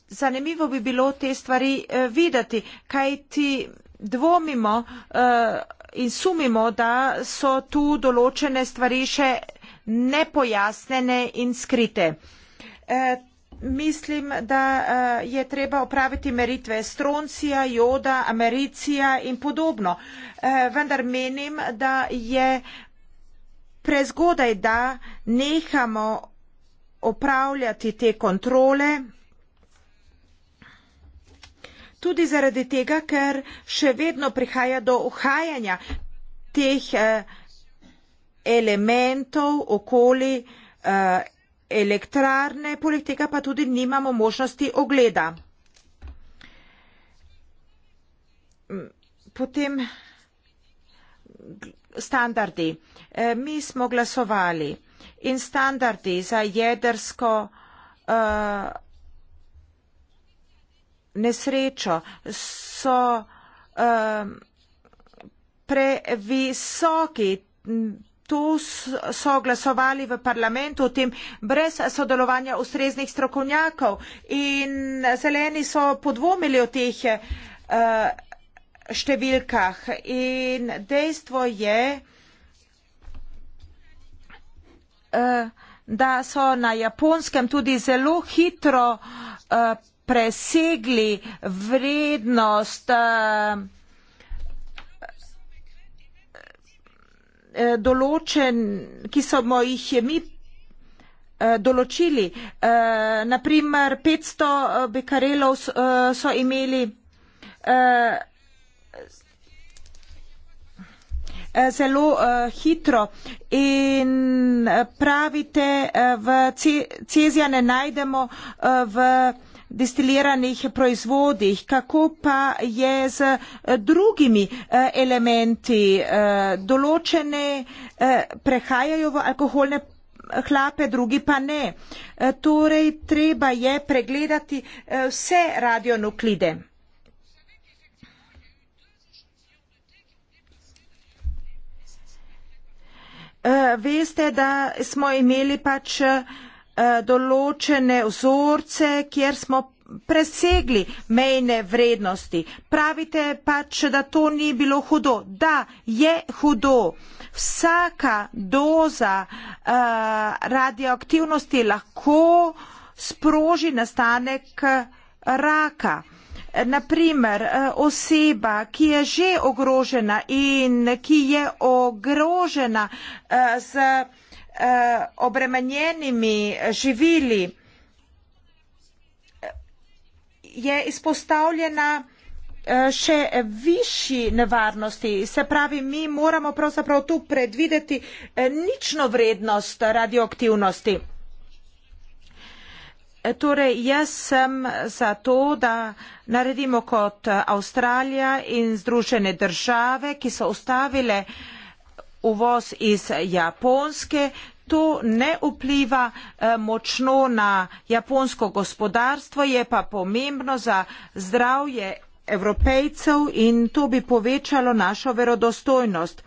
zanimivo bi bilo te stvari videti, kaj ti dvomimo in sumimo, da so tu določene stvari še nepojasnene in skrite mislim, da eh, je treba opraviti meritve stroncija, joda, americija in podobno. Eh, vendar menim, da je prezgodaj, da nehamo opravljati te kontrole. Tudi zaradi tega, ker še vedno prihaja do uhajanja teh eh, elementov okoli elektrarne, poleg tega pa tudi nimamo možnosti ogleda. Potem standardi. E, mi smo glasovali in standardi za jedrsko e, nesrečo so e, previsoki, to so glasovali v parlamentu o tem brez sodelovanja ustreznih strokovnjakov in zeleni so podvomili o teh eh, številkah in dejstvo je, eh, da so na japonskem tudi zelo hitro eh, presegli vrednost uh, Eh, določen, ki smo jih mi eh, določili. Eh, Naprimer, 500 bekarelov so imeli. Zelo uh, hitro in pravite, uh, v Cezija ne najdemo uh, v destiliranih proizvodih, kako pa je z eh, drugimi eh, elementi, eh, določene prehajajo v alkoholne hlape, drugi pa ne. Torej, treba je pregledati vse radionuklide. Veste, da smo imeli pač Eh, določene vzorce, kjer smo presegli mejne vrednosti. Pravite pač, da to ni bilo hudo. Da, je hudo. Vsaka doza uh, radioaktivnosti lahko sproži nastanek eh, raka. Naprimer, oseba, ki je že ogrožena in ki je ogrožena uh, z uh, obremenjenimi živili je izpostavljena eh, še višji nevarnosti. Se pravi, mi moramo pravzaprav tu predvideti eh, nično vrednost radioaktivnosti. Torej, jaz sem za to, da naredimo kot Avstralija in Združene države, ki so ustavile uh, uvoz iz Japonske. To ne vpliva eh, močno na japonsko gospodarstvo, je pa pomembno za zdravje evropejcev in to bi povečalo našo verodostojnost.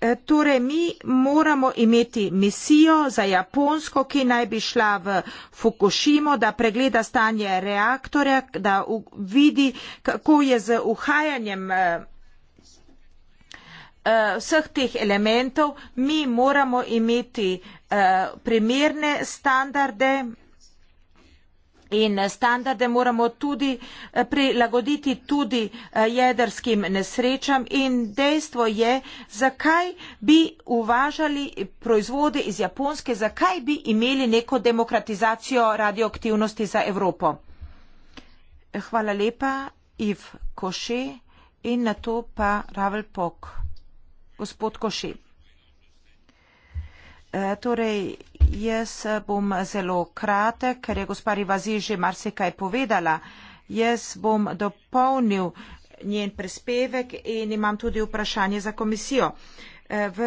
Eh, torej, mi moramo imeti misijo za Japonsko, ki naj bi šla v Fukushimo, da pregleda stanje reaktorja, da vidi, kako je z uhajanjem eh, Eh, vseh teh elementov mi moramo imeti eh, primerne standarde in standarde moramo tudi eh, prilagoditi tudi jedrskim nesrečam in dejstvo je, zakaj bi uvažali proizvode iz Japonske, zakaj bi imeli neko demokratizacijo radioaktivnosti za Evropo. Hvala lepa, Iv Koše in na to pa Ravel Pok gospod Koši. E, torej, jaz bom zelo kratek, ker je gospa Rivazi že marsikaj povedala. Jaz bom dopolnil njen prispevek in imam tudi vprašanje za komisijo. E, v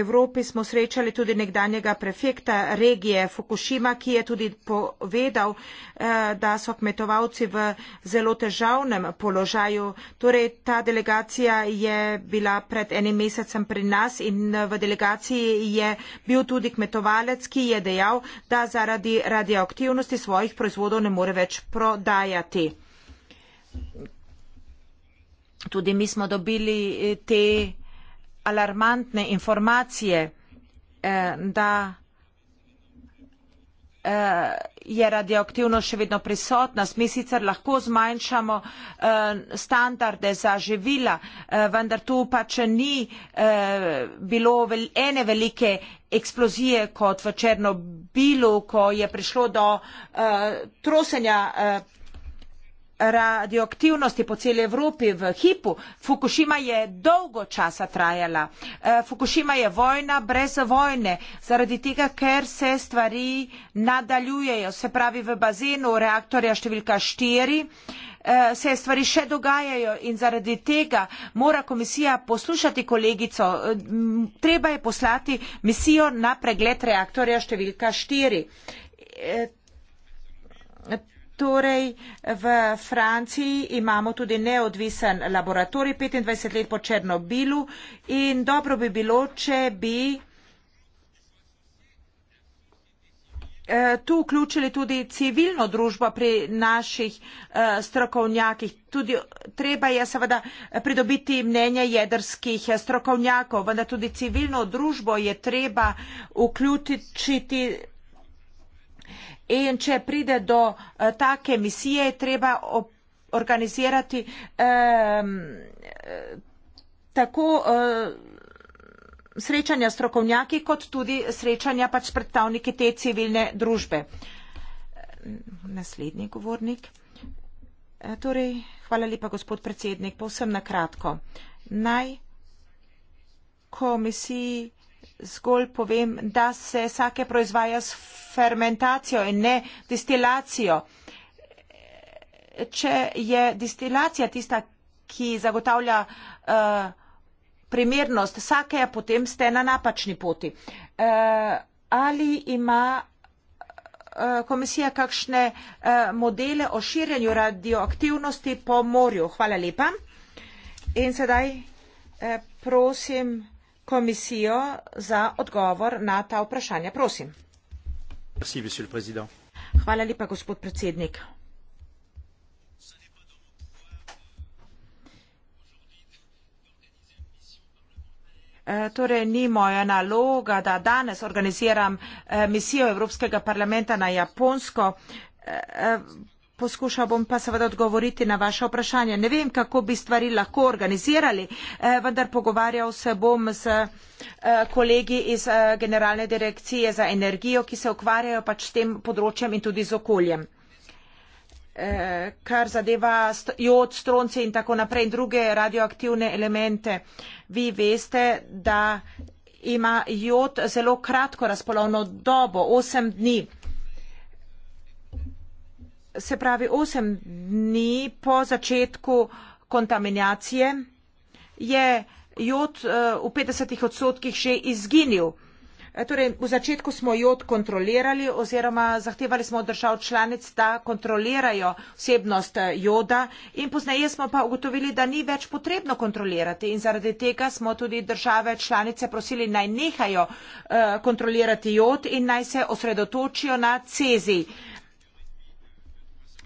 Evropi smo srečali tudi nekdanjega prefekta regije Fukushima, ki je tudi povedal, eh, da so kmetovalci v zelo težavnem položaju. Torej, ta delegacija je bila pred enim mesecem pri nas in v delegaciji je bil tudi kmetovalec, ki je dejal, da zaradi radioaktivnosti svojih proizvodov ne more več prodajati. Tudi mi smo dobili te alarmantne informacije, eh, da eh, je radioaktivno še vedno prisotnost. Mi sicer lahko zmanjšamo eh, standarde za živila, vendar tu pa če ni bilo ene velike eksplozije kot v Černobilu, ko je prišlo do trosenja radioaktivnosti po celi Evropi v hipu. Fukushima je dolgo časa trajala. Eh, Fukushima je vojna brez vojne, zaradi tega, ker se stvari nadaljujejo. Se pravi, v bazenu reaktorja številka štiri eh, se stvari še dogajajo in zaradi tega mora komisija poslušati kolegico. Eh, treba je poslati misijo na pregled reaktorja številka štiri. Torej, v Franciji imamo tudi neodvisen laboratorij 25 let po Černobilu in dobro bi bilo, če bi eh, tu vključili tudi civilno družbo pri naših eh, strokovnjakih. Tudi treba je seveda pridobiti mnenje jedrskih eh, strokovnjakov, vendar tudi civilno družbo je treba vključiti In če pride do uh, take misije, je treba organizirati um, tako uh, srečanja strokovnjaki, kot tudi srečanja pač predstavniki te civilne družbe. Naslednji govornik. Torej, hvala lepa, gospod predsednik. Povsem na kratko. Naj komisiji zgolj povem, da se sake proizvaja s fermentacijo in ne distilacijo. Če je distilacija tista, ki zagotavlja uh, primernost sake, potem ste na napačni poti. Uh, ali ima uh, komisija kakšne uh, modele o širjenju radioaktivnosti po morju? Hvala lepa. In sedaj uh, prosim komisijo za odgovor na ta vprašanja. Prosim. Merci, Hvala lepa, gospod predsednik. E, torej, ni moja naloga, da danes organiziram e, misijo Evropskega parlamenta na Japonsko. E, Poskušal bom pa seveda odgovoriti na vaše vprašanje. Ne vem, kako bi stvari lahko organizirali, eh, vendar pogovarjal se bom z eh, kolegi iz eh, Generalne direkcije za energijo, ki se ukvarjajo pač s tem področjem in tudi z okoljem. Kar zadeva jod, stronce in tako naprej in druge radioaktivne elemente, vi veste, da ima jod zelo kratko razpolovno dobo, 8 dni se pravi, osem dni po začetku kontaminacije je jod eh, v 50 odstotkih še izginil. Eh, torej, v začetku smo jod kontrolirali oziroma zahtevali smo od držav članic, da kontrolirajo vsebnost eh, joda in pozneje smo pa ugotovili, da ni več potrebno kontrolirati in zaradi tega smo tudi države članice prosili naj nehajo kontrolirati jod in naj se osredotočijo na cezi.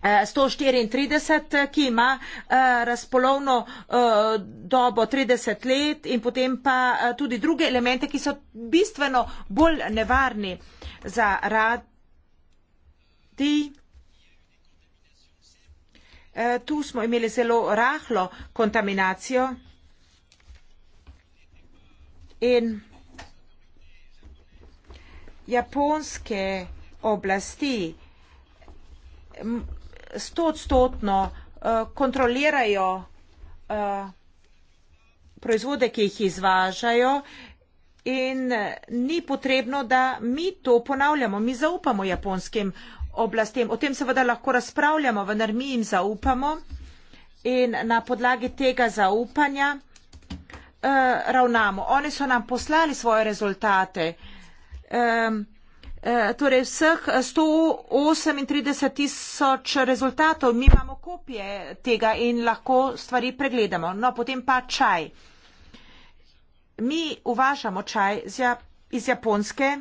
134, eh, eh, ki ima eh, razpolovno dobo 30 let in potem pa tudi druge elemente, ki so bistveno bolj nevarni za radi. Tu smo imeli zelo rahlo kontaminacijo in japonske oblasti stotstotno eh, kontrolirajo eh, proizvode, ki jih izvažajo in eh, ni potrebno, da mi to ponavljamo. Mi zaupamo japonskim oblastem. O tem seveda lahko razpravljamo, vendar mi jim zaupamo in na podlagi tega zaupanja ravnamo. Oni so nam poslali svoje rezultate. Eh, torej vseh 138 tisoč rezultatov, mi imamo kopije tega in lahko stvari pregledamo. No, potem pa čaj. Mi uvažamo čaj ja-, iz Japonske.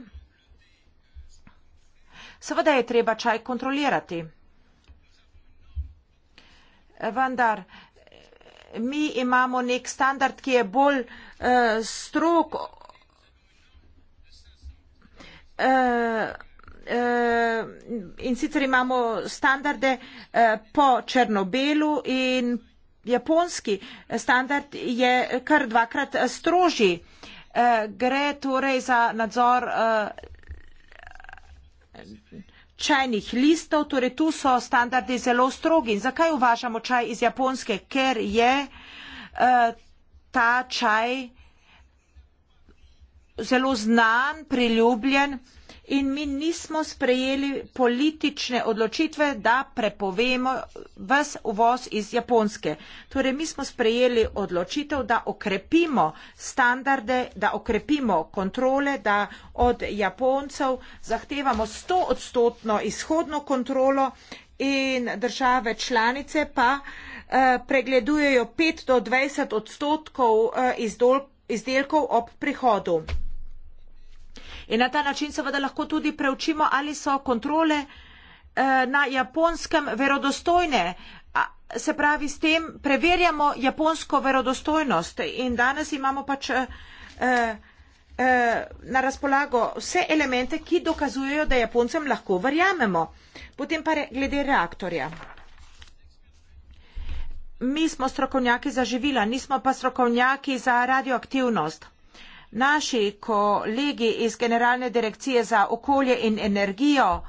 Seveda je treba čaj kontrolirati. Eh, vendar, eh, mi imamo nek standard, ki je bolj strok Eh, eh, in sicer imamo standarde eh, po Črnobelu in japonski standard je kar dvakrat stroži. Gre torej za nadzor čajnih listov, torej tu so standardi zelo strogi. In zakaj uvažamo čaj iz Japonske? Ker je ta čaj zelo znan, priljubljen in mi nismo sprejeli politične odločitve, da prepovemo vas uvoz iz Japonske. Torej, mi smo sprejeli odločitev, da okrepimo standarde, da okrepimo kontrole, da od Japoncev zahtevamo 100 odstotno izhodno kontrolo in države članice pa eh, pregledujejo 5 do 20 odstotkov eh, izdolkov izdelkov ob prihodu. In na ta način seveda lahko tudi preučimo, ali so kontrole eh, na japonskem verodostojne. Se pravi, s tem preverjamo japonsko verodostojnost in danes imamo pač eh, eh, na razpolago vse elemente, ki dokazujejo, da japoncem lahko verjamemo. Potem pa glede reaktorja. Mi smo strokovnjaki za živila, nismo pa strokovnjaki za radioaktivnost naši kolegi iz Generalne direkcije za okolje in energijo,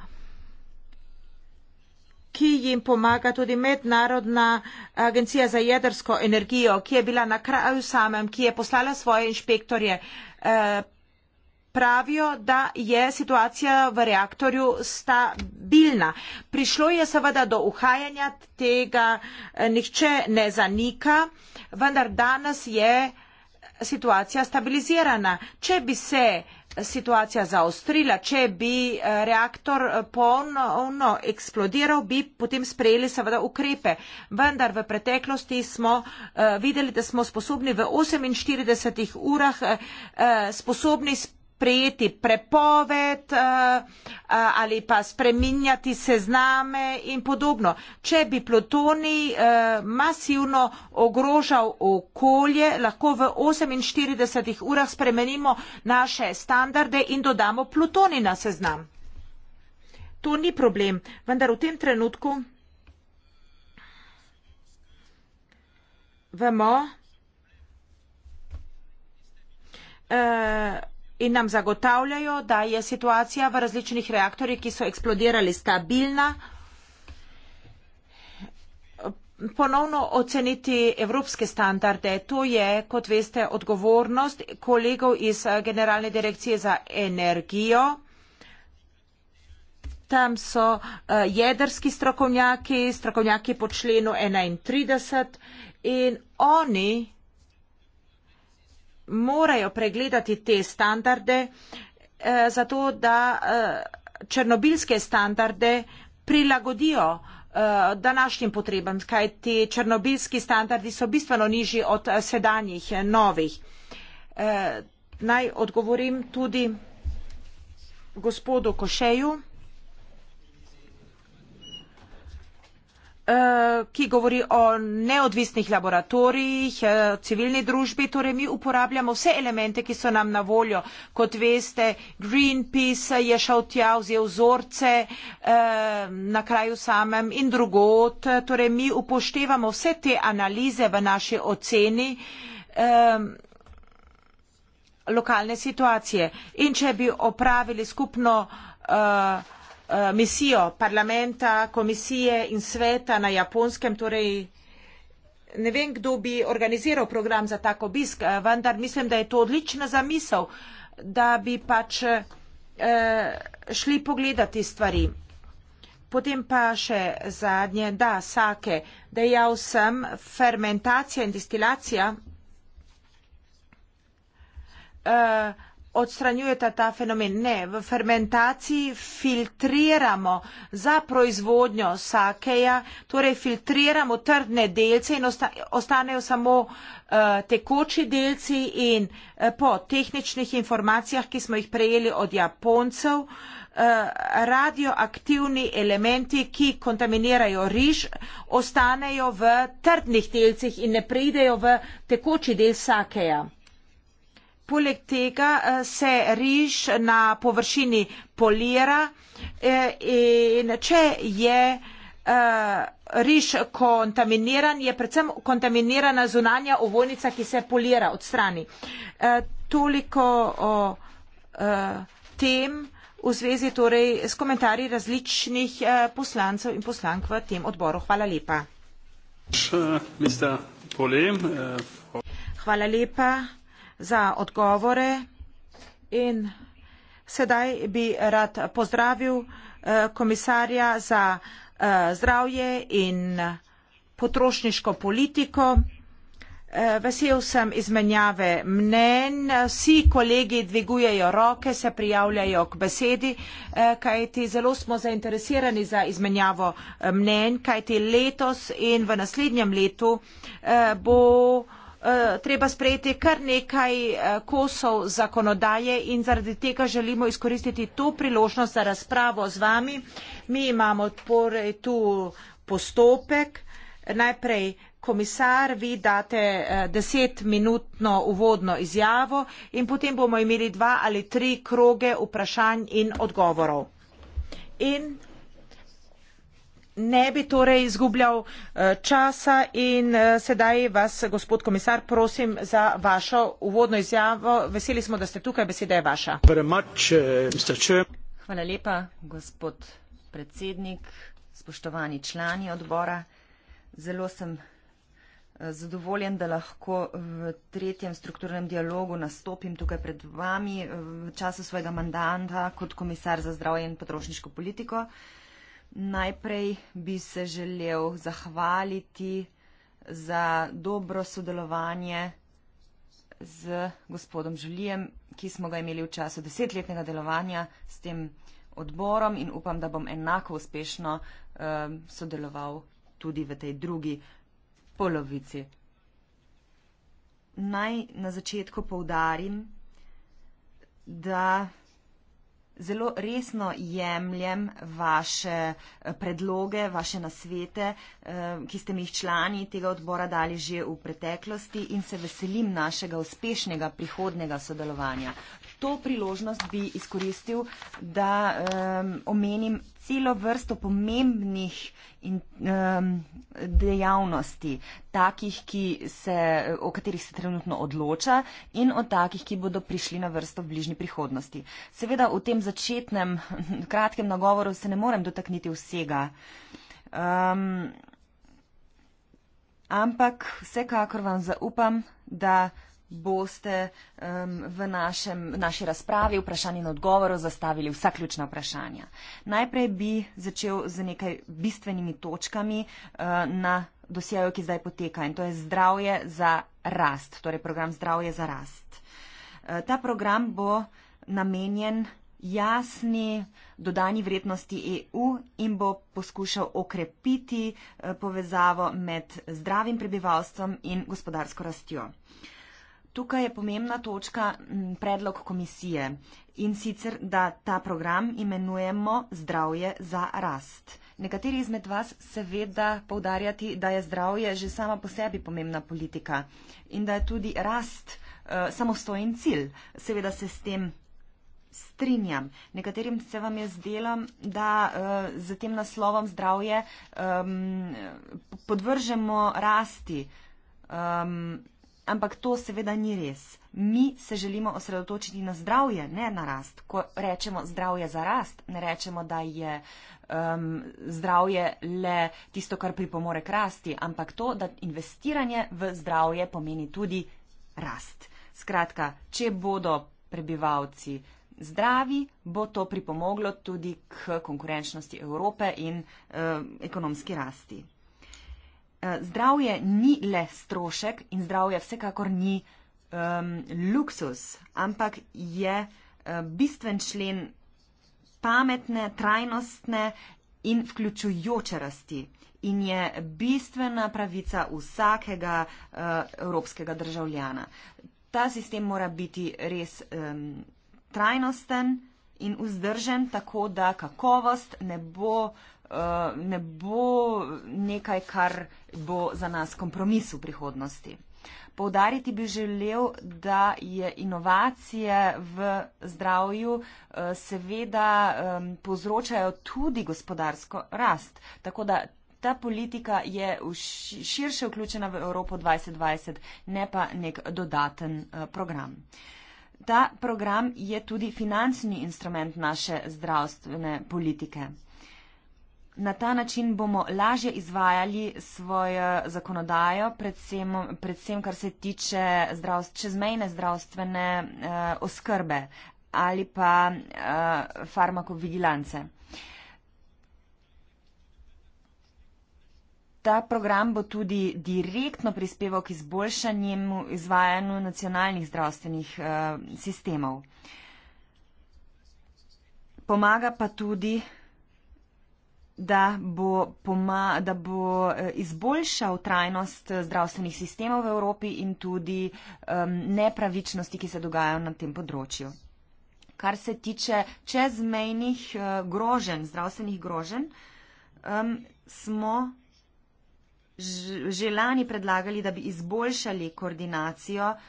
ki jim pomaga tudi Mednarodna agencija za jedrsko energijo, ki je bila na kraju samem, ki je poslala svoje inšpektorje, eh, pravijo, da je situacija v reaktorju stabilna. Prišlo je seveda do uhajanja, tega eh, nihče ne zanika, vendar danes je reaktor, situacija stabilizirana. Če bi se situacija zaostrila, če bi eh, reaktor eh, ponovno eksplodiral, bi potem sprejeli seveda ukrepe. Vendar v preteklosti smo eh, videli, da smo sposobni v 48 urah sposobni sprejeti prijeti prepoved eh, eh, ali pa spreminjati sezname in podobno. Če bi plutoni eh, masivno ogrožal okolje, lahko v 48 urah spremenimo naše standarde in dodamo plutoni na seznam. To ni problem, vendar v tem trenutku vemo, in nam zagotavljajo, da je situacija v različnih reaktorjih, ki so eksplodirali, stabilna. Ponovno oceniti evropske standarde, to je, kot veste, odgovornost kolegov iz eh, Generalne direkcije za energijo. Tam so eh, jedrski strokovnjaki, strokovnjaki po členu 31 in oni morajo pregledati te standarde, eh, zato da eh, černobilske standarde prilagodijo eh, današnjim potrebam, kaj ti černobilski standardi so bistveno nižji od sedanjih novih. Naj odgovorim tudi gospodu Košeju. Eh, ki govori o neodvisnih laboratorijih, eh, civilni družbi, torej mi uporabljamo vse elemente, ki so nam na voljo. Kot veste, Greenpeace je šel tja, vzel vzorce eh, na kraju samem in drugot. Torej mi upoštevamo vse te analize v naši oceni lokalne situacije. In če bi opravili skupno Eh, misijo parlamenta, komisije in sveta na japonskem, torej ne vem, kdo bi organiziral program za tako obisk, eh, vendar mislim, da je to odlična zamisel, da bi pač eh, šli pogledati stvari. Potem pa še zadnje, da, sake, dejal sem fermentacija in distilacija. Uh, odstranjujeta ta fenomen. Ne, v fermentaciji filtriramo za proizvodnjo sakeja, torej filtriramo trdne delce in osta ostanejo samo uh, tekoči delci in uh, po tehničnih informacijah, ki smo jih prejeli od Japoncev, eh, radioaktivni elementi, ki kontaminirajo riž, ostanejo v trdnih delcih in ne pridejo v tekoči del sakeja. Poleg tega eh, se riž na površini polira eh, in če je eh, riž kontaminiran, je predvsem kontaminirana zunanja ovojnica, ki se polira od strani. Toliko o tem v zvezi torej s komentarji različnih poslancev in poslank v tem odboru. Hvala lepa. Hvala lepa za odgovore. In sedaj bi rad pozdravil eh, komisarja za eh, zdravje in potrošniško politiko. Eh, vesel sem izmenjave mnen. Vsi kolegi dvigujejo roke, se prijavljajo k besedi, kajti zelo smo zainteresirani za izmenjavo mnen, kajti letos in v naslednjem letu bo Eh, treba sprejeti kar nekaj eh, kosov zakonodaje in zaradi tega želimo izkoristiti to priložnost za razpravo z vami. Mi imamo torej tu postopek. Najprej komisar, vi date eh, desetminutno uvodno izjavo in potem bomo imeli dva ali tri kroge vprašanj in odgovorov. In ne bi torej izgubljal eh, časa in eh, sedaj vas, gospod komisar, prosim za vašo uvodno izjavo. Veseli smo, da ste tukaj, beseda je vaša. Eh, Hvala lepa, gospod predsednik, spoštovani člani odbora. Zelo sem zadovoljen, da lahko v tretjem strukturnem dialogu nastopim tukaj pred vami v času svojega mandanta kot komisar za zdravje in potrošniško politiko. Uh, Najprej bi se želel zahvaliti za dobro sodelovanje z gospodom Žulijem, ki smo ga imeli v času desetletnega delovanja s tem odborom in upam, da bom enako uspešno uh, sodeloval tudi v tej drugi polovici. Naj na začetku poudarim, da Zelo resno jemljem vaše eh, predloge, vaše nasvete, eh, ki ste mi jih člani tega odbora dali že v preteklosti in se veselim našega uspešnega prihodnega sodelovanja to priložnost bi izkoristil, da um, omenim celo vrsto pomembnih in, um, dejavnosti, takih, se, o katerih se trenutno odloča in o takih, ki bodo prišli na vrsto v bližnji prihodnosti. Seveda v tem začetnem kratkem nagovoru se ne morem dotakniti vsega. Um, ampak vsekakor vam zaupam, da boste um, v, našem, v naši razpravi vprašanje in odgovoru zastavili vsa ključna vprašanja. Najprej bi začel z nekaj bistvenimi točkami uh, na dosjeju, ki zdaj poteka in to je zdravje za rast, torej program zdravje za rast. Uh, ta program bo namenjen jasni dodani vrednosti EU in bo poskušal okrepiti eh, povezavo med zdravim prebivalstvom in gospodarsko rastjo. Uh, Tukaj je pomembna točka predlog komisije in sicer, da ta program imenujemo zdravje za rast. Nekateri izmed vas seveda povdarjati, da je zdravje že sama po sebi pomembna politika in da je tudi rast uh, samostojen cilj. Seveda se s tem strinjam. Nekaterim se vam je zdelo, da uh, e, z tem naslovom zdravje um, podvržemo rasti. Um, Ampak to seveda ni res. Mi se želimo osredotočiti na zdravje, ne na rast. Ko rečemo zdravje za rast, ne rečemo, da je um, zdravje le tisto, kar pripomore k rasti, ampak to, da investiranje v zdravje pomeni tudi rast. Skratka, če bodo prebivalci zdravi, bo to pripomoglo tudi k konkurenčnosti Evrope in um, ekonomski rasti. Eh, zdravje ni le strošek in zdravje vsekakor ni um, luksus, ampak je eh, bistven člen pametne, trajnostne in vključujoče rasti in je bistvena pravica vsakega uh, evropskega državljana. Ta sistem mora biti res um, trajnosten in vzdržen, tako da kakovost ne bo uh, Eh, ne bo nekaj, kar bo za nas kompromis v prihodnosti. Poudariti bi želel, da je inovacije v zdravju eh, seveda povzročajo tudi gospodarsko rast. Tako da ta politika je širše vključena v Evropo 2020, ne pa nek dodaten eh, program. Ta program je tudi finančni instrument naše zdravstvene politike. Na ta način bomo lažje izvajali svojo zakonodajo, predvsem, predvsem kar se tiče zdravst, čezmejne zdravstvene eh, oskrbe ali pa eh, farmakovigilance. Ta program bo tudi direktno prispeval k izboljšanjemu izvajanju nacionalnih zdravstvenih eh, sistemov. Pomaga pa tudi da bo, poma, da bo eh, izboljšal trajnost eh, zdravstvenih sistemov v Evropi in tudi um, nepravičnosti, ki se dogajajo na tem področju. Kar se tiče čezmejnih uh, groženj, zdravstvenih groženj, um, smo že lani predlagali, da bi izboljšali koordinacijo uh,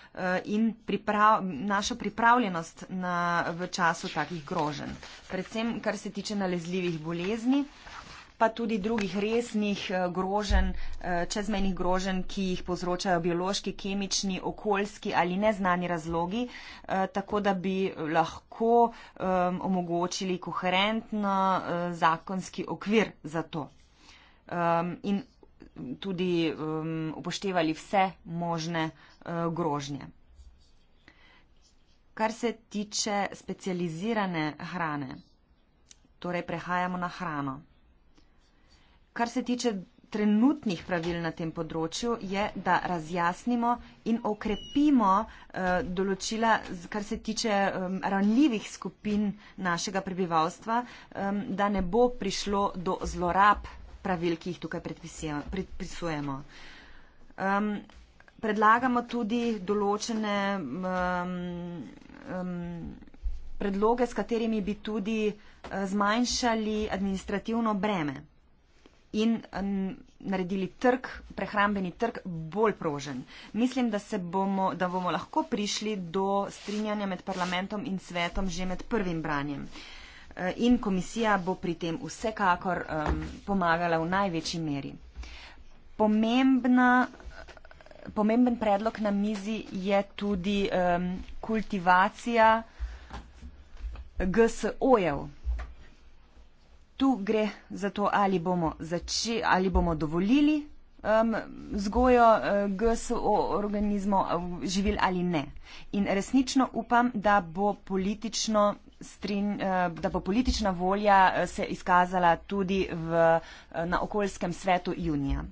in priprav, našo pripravljenost na, v času takih groženj. Predvsem, kar se tiče nalezljivih bolezni, uh, pa tudi drugih resnih eh, grožen, eh, čezmejnih grožen, ki jih povzročajo biološki, kemični, okoljski ali neznani razlogi, eh, tako da bi lahko ehm, omogočili koherentno zakonski okvir za to. Ehm, in tudi ehm, upoštevali vse možne grožnje. Kar se tiče specializirane hrane, torej prehajamo na hrano kar se tiče trenutnih pravil na tem področju, je, da razjasnimo in okrepimo uh, določila, kar se tiče um, ranljivih skupin našega prebivalstva, um, da ne bo prišlo do zlorab pravil, ki jih tukaj predpisujemo. Um, predlagamo tudi določene um, um, predloge, s katerimi bi tudi uh, zmanjšali administrativno breme in naredili trg, prehrambeni trg bolj prožen. Mislim, da, bomo, da bomo lahko prišli do strinjanja med parlamentom in svetom že med prvim branjem. Eh, in komisija bo pri tem vsekakor um, pomagala v največji meri. Pomembna, pomemben predlog na mizi je tudi um, kultivacija GSO-jev tu gre za to, ali bomo, zači, ali bomo dovolili um, zgojo uh, eh, GSO organizmov eh, živil ali ne. In resnično upam, da bo, strin, uh, da bo politična volja se izkazala tudi v, uh, na okoljskem svetu junija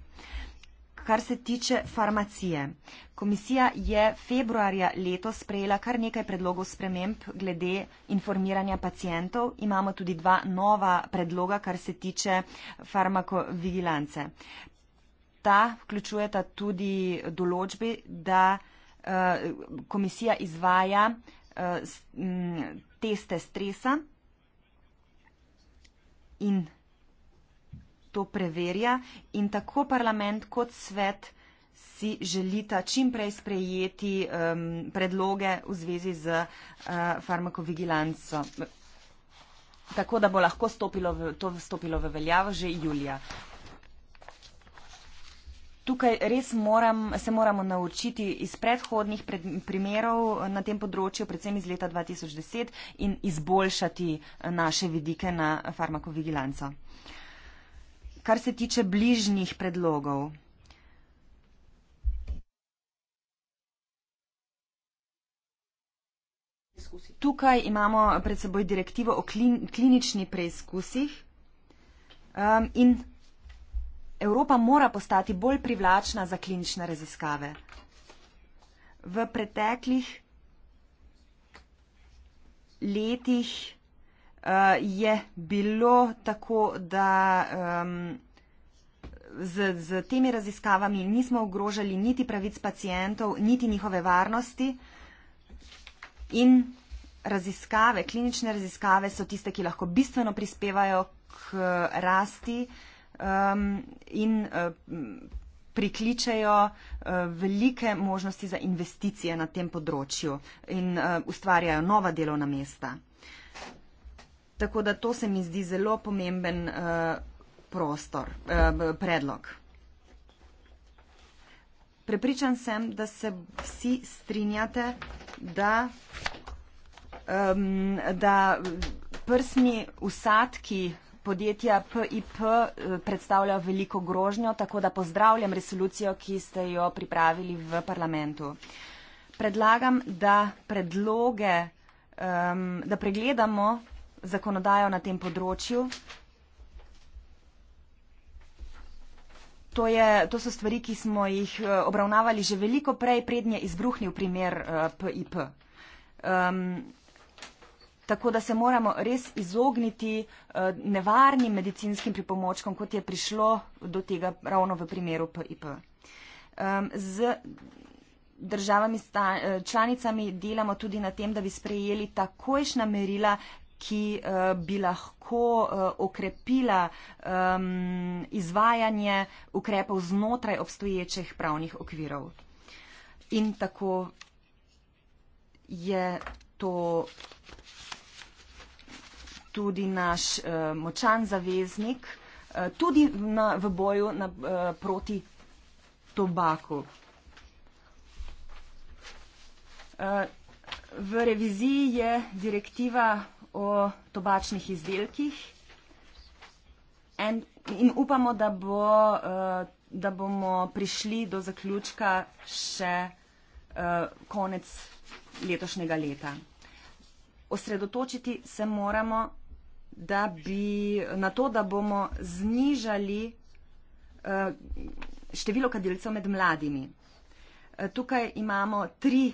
kar se tiče farmacije. Komisija je februarja letos sprejela kar nekaj predlogov sprememb glede informiranja pacijentov. Imamo tudi dva nova predloga, kar se tiče farmakovigilance. Ta vključujeta tudi določbi, da uh, komisija izvaja uh, teste stresa in to preverja in tako parlament kot svet si želita čim prej sprejeti um, predloge v zvezi z uh, farmakovigilanco. Tako da bo lahko stopilo v, to stopilo v veljavo že julija. Tukaj res moram, se moramo naučiti iz predhodnih pred, primerov na tem področju, predvsem iz leta 2010 in izboljšati naše vidike na farmakovigilanco kar se tiče bližnjih predlogov. Tukaj imamo pred seboj direktivo o klinični preizkusih um, in Evropa mora postati bolj privlačna za klinične raziskave. V preteklih letih Eh, je bilo tako, da um, z, z temi raziskavami nismo ogrožali niti pravic pacijentov, niti njihove varnosti. In raziskave, klinične raziskave so tiste, ki lahko bistveno prispevajo k eh, rasti um, in uh, prikličejo velike možnosti za investicije na tem področju in ustvarjajo nova delovna mesta. Tako da to se mi zdi zelo pomemben uh, prostor, uh, predlog. Prepričan sem, da se vsi strinjate, da, um, da prsni usadki podjetja PIP eh, predstavlja veliko grožnjo, tako da pozdravljam resolucijo, ki ste jo pripravili v parlamentu. Predlagam, da predloge, um, da pregledamo zakonodajo na tem področju. To, je, to so stvari, ki smo jih eh, obravnavali že veliko prej, prednje izbruhnil primer PIP. Eh, um, tako da se moramo res izogniti eh, nevarnim medicinskim pripomočkom, kot je prišlo do tega ravno v primeru PIP. Um, z državami sta, članicami delamo tudi na tem, da bi sprejeli takojšna merila, ki eh, bi lahko eh, okrepila izvajanje ukrepov znotraj obstoječih pravnih okvirov. In tako je to tudi naš eh, močan zaveznik, tudi na, v boju na, proti tobaku. V reviziji je direktiva o tobačnih izdelkih en, in upamo, da, bo, uh, da bomo prišli do zaključka še uh, konec letošnjega leta. Osredotočiti se moramo da bi, na to, da bomo znižali uh, število kadilcev med mladimi. Tukaj imamo tri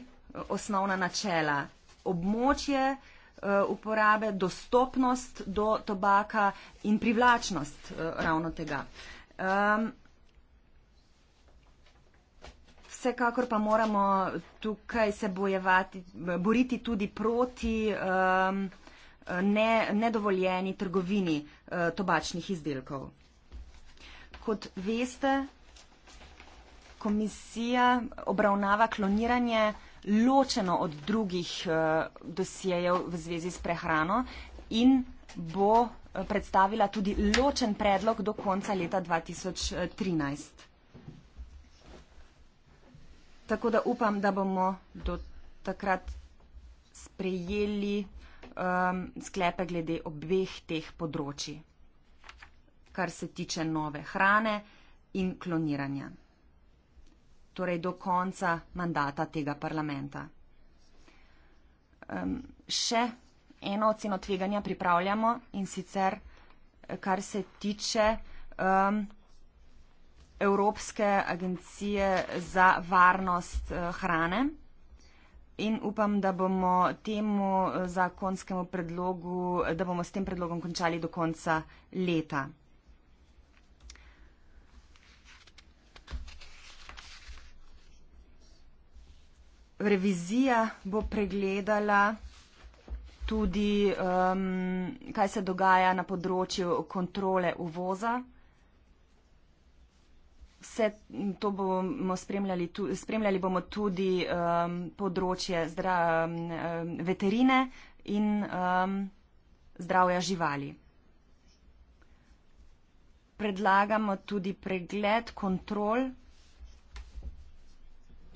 osnovna načela. Območje, uh, Eh, uporabe, dostopnost do tobaka in privlačnost eh, ravno tega. Vsekakor pa moramo tukaj se bojevati, boriti tudi proti nedovoljeni ne trgovini eh, tobačnih izdelkov. Kot veste, komisija obravnava kloniranje ločeno od drugih uh, dosjejev v zvezi s prehrano in bo eh, predstavila tudi ločen predlog do konca leta 2013. Eh, Tako da upam, da bomo do takrat sprejeli um, sklepe glede obeh teh področji, kar se tiče nove hrane in kloniranja torej do konca mandata tega parlamenta. Um, še eno oceno tveganja pripravljamo in sicer, kar se tiče um, Evropske agencije za varnost uh, hrane. In upam, da bomo temu eh, zakonskemu predlogu, da bomo s tem predlogom končali do konca leta. revizija bo pregledala tudi, um, kaj se dogaja na področju kontrole uvoza. Vse to bomo spremljali, tu, spremljali bomo tudi um, področje zdra, um, um veterine in um, zdravja živali. Predlagamo tudi pregled kontrol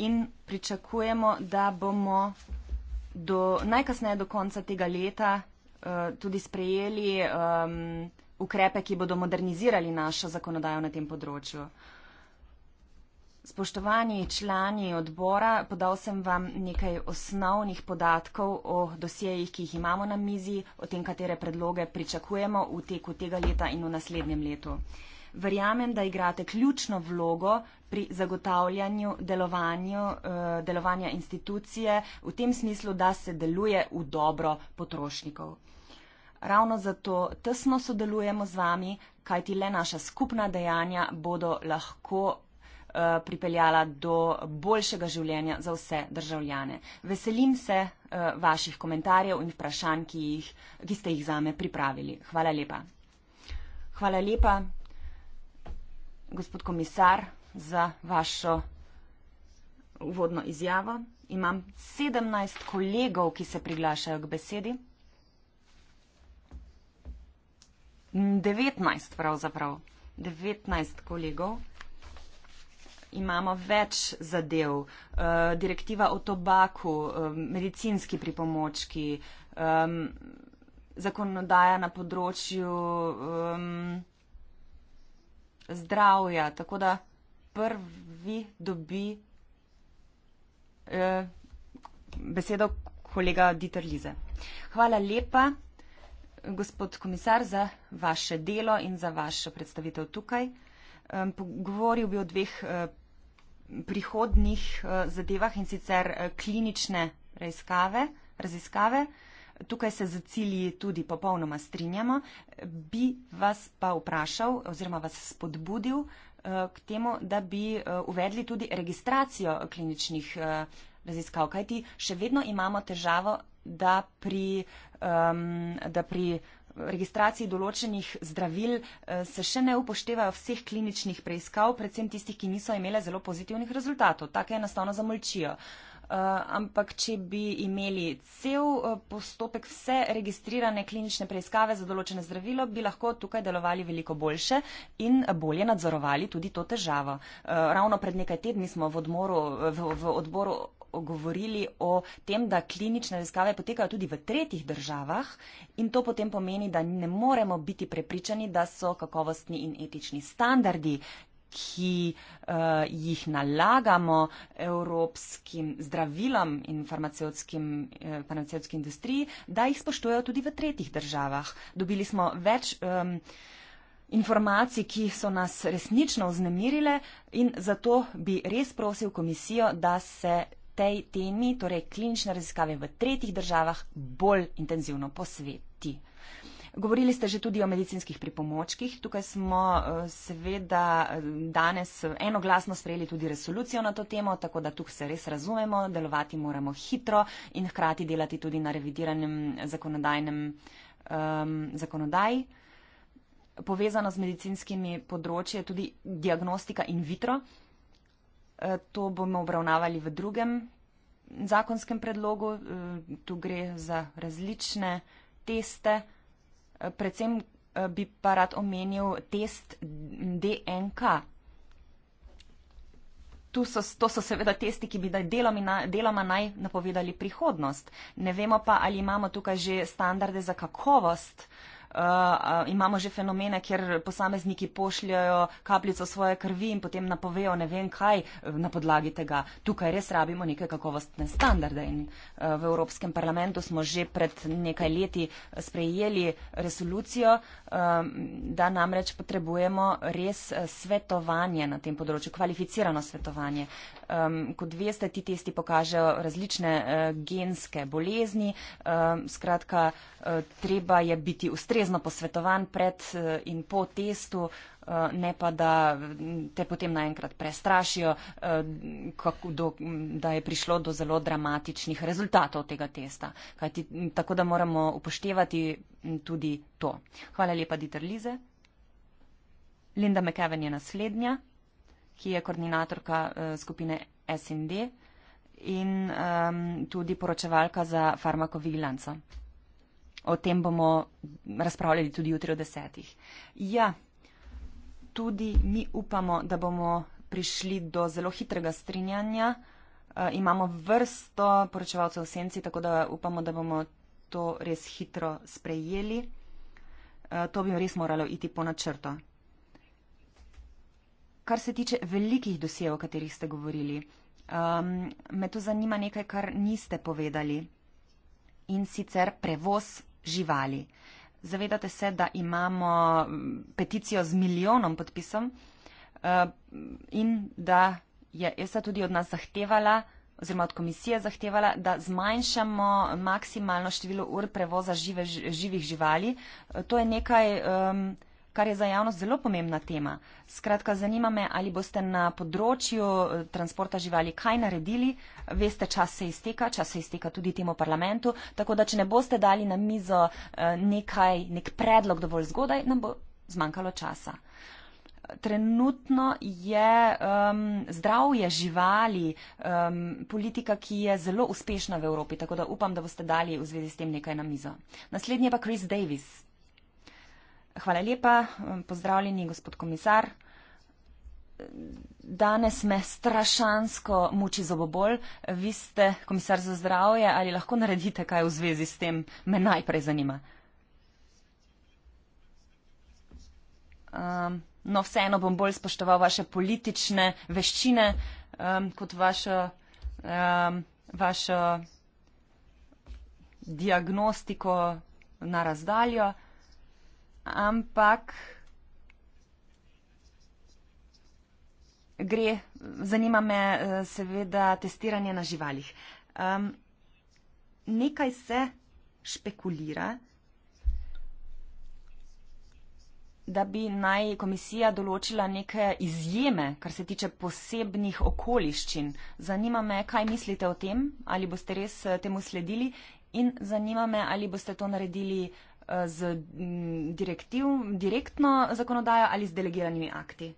in pričakujemo, da bomo do, najkasneje do konca tega leta eh, tudi sprejeli um, ukrepe, ki bodo modernizirali našo zakonodajo na tem področju. Spoštovani člani odbora, podal sem vam nekaj osnovnih podatkov o dosjejih, ki jih imamo na mizi, o tem, katere predloge pričakujemo v teku tega leta in v naslednjem letu. Uh, verjamem, da igrate ključno vlogo pri zagotavljanju delovanju, eh, delovanja institucije v tem smislu, da se deluje v dobro potrošnikov. Ravno zato tesno sodelujemo z vami, kajti le naša skupna dejanja bodo lahko eh, pripeljala do boljšega življenja za vse državljane. Veselim se eh, vaših komentarjev in vprašanj, ki, jih, ki ste jih zame pripravili. Hvala lepa. Hvala lepa gospod komisar, za vašo uvodno izjavo. Imam 17 kolegov, ki se priglašajo k besedi. 19 pravzaprav. 19 kolegov. Imamo več zadev. Eh, direktiva o tobaku, eh, medicinski pripomočki, eh, zakonodaja na področju zdravja. Tako da prvi dobi eh, besedo kolega Dieter Lize. Hvala lepa, gospod komisar, za vaše delo in za vašo predstavitev tukaj. Govoril bi o dveh eh, prihodnih eh, zadevah in sicer eh, klinične raziskave, raziskave tukaj se z cilji tudi popolnoma strinjamo. Bi vas pa vprašal oziroma vas spodbudil eh, k temu, da bi eh, uvedli tudi registracijo kliničnih eh, raziskav, kajti še vedno imamo težavo, da pri, da pri registraciji določenih zdravil se še ne upoštevajo vseh kliničnih preiskav, predvsem tistih, ki niso imele zelo pozitivnih rezultatov. Tako je enostavno zamolčijo. Eh, ampak če bi imeli cel eh, postopek, vse registrirane klinične preiskave za določene zdravilo, bi lahko tukaj delovali veliko boljše in bolje nadzorovali tudi to težavo. Eh, ravno pred nekaj tedni smo v, odmoru, v, v odboru govorili o tem, da klinične raziskave potekajo tudi v tretjih državah in to potem pomeni, da ne moremo biti prepričani, da so kakovostni in etični standardi ki uh, jih nalagamo evropskim zdravilom in farmacevtskim, eh, farmacevtski industriji, da jih spoštujejo tudi v tretjih državah. Dobili smo več um, informacij, ki so nas resnično vznemirile in zato bi res prosil komisijo, da se tej temi, torej klinične raziskave v tretjih državah, bolj intenzivno posveti. Govorili ste že tudi o medicinskih pripomočkih. Tukaj smo eh, seveda danes enoglasno sprejeli tudi resolucijo na to temo, tako da tukaj se res razumemo, delovati moramo hitro in hkrati delati tudi na revidiranem zakonodajnem um, zakonodaji. Povezano z medicinskimi področji je tudi diagnostika in vitro. Eh, to bomo obravnavali v drugem zakonskem predlogu. Eh, tu gre za različne teste predvsem eh, bi pa rad omenil test DNK. So, to so seveda testi, ki bi deloma naj napovedali prihodnost. Ne vemo pa, ali imamo tukaj že standarde za kakovost uh, Eh, imamo že fenomene, kjer posamezniki pošljajo kapljico svoje krvi in potem napovejo ne vem kaj eh, na podlagi tega. Tukaj res rabimo neke kakovostne standarde in eh, v Evropskem parlamentu smo že pred nekaj leti sprejeli resolucijo, da namreč potrebujemo res svetovanje na tem področju, kvalificirano svetovanje. Um, kot veste, ti testi pokažejo različne uh, genske bolezni. Um, skratka, uh, treba je biti ustrezno posvetovan pred uh, in po testu, uh, ne pa da mm, te potem naenkrat prestrašijo, uh, kako, do, mm, da je prišlo do zelo dramatičnih rezultatov tega testa. Kajti, mm, tako da moramo upoštevati tudi to. Hvala lepa, Dieter Lize. Linda McEwen je naslednja ki je koordinatorka eh, skupine SND in um, tudi poročevalka za farmakovigilanco. O tem bomo razpravljali tudi jutri o desetih. Ja, tudi mi upamo, da bomo prišli do zelo hitrega strinjanja. Uh, imamo vrsto poročevalcev v senci, tako da upamo, da bomo to res hitro sprejeli. Uh, to bi res moralo iti po načrto kar se tiče velikih dosjev, o katerih ste govorili, um, me to zanima nekaj, kar niste povedali in sicer prevoz živali. Zavedate se, da imamo um, peticijo z milijonom podpisom uh, in da je ESA tudi od nas zahtevala oziroma od komisije zahtevala, da zmanjšamo maksimalno število ur prevoza žive, živih živali. To je nekaj, um, kar je za javnost zelo pomembna tema. Skratka, zanima me, ali boste na področju eh, transporta živali kaj naredili. Veste, čas se izteka, čas se izteka tudi temu parlamentu, tako da, če ne boste dali na mizo eh, nekaj, nek predlog dovolj zgodaj, nam bo zmanjkalo časa. Trenutno je um, zdravje živali um, politika, ki je zelo uspešna v Evropi, tako da upam, da boste dali v zvezi s tem nekaj na mizo. Naslednji je pa Chris Davis, Hvala lepa, pozdravljeni gospod komisar. Danes me strašansko muči zobobol. Vi ste komisar za zdravje, ali lahko naredite kaj v zvezi s tem? Me najprej zanima. Um, no, vseeno bom bolj spoštoval vaše politične veščine um, kot vašo, um, vašo diagnostiko na razdaljo ampak gre, zanima me eh, seveda testiranje na živalih. Um, nekaj se špekulira, da bi naj komisija določila neke izjeme, kar se tiče posebnih okoliščin. Zanima me, kaj mislite o tem, ali boste res eh, temu sledili in zanima me, ali boste to naredili uh, z mm, direktiv, direktno zakonodajo ali z delegiranimi akti.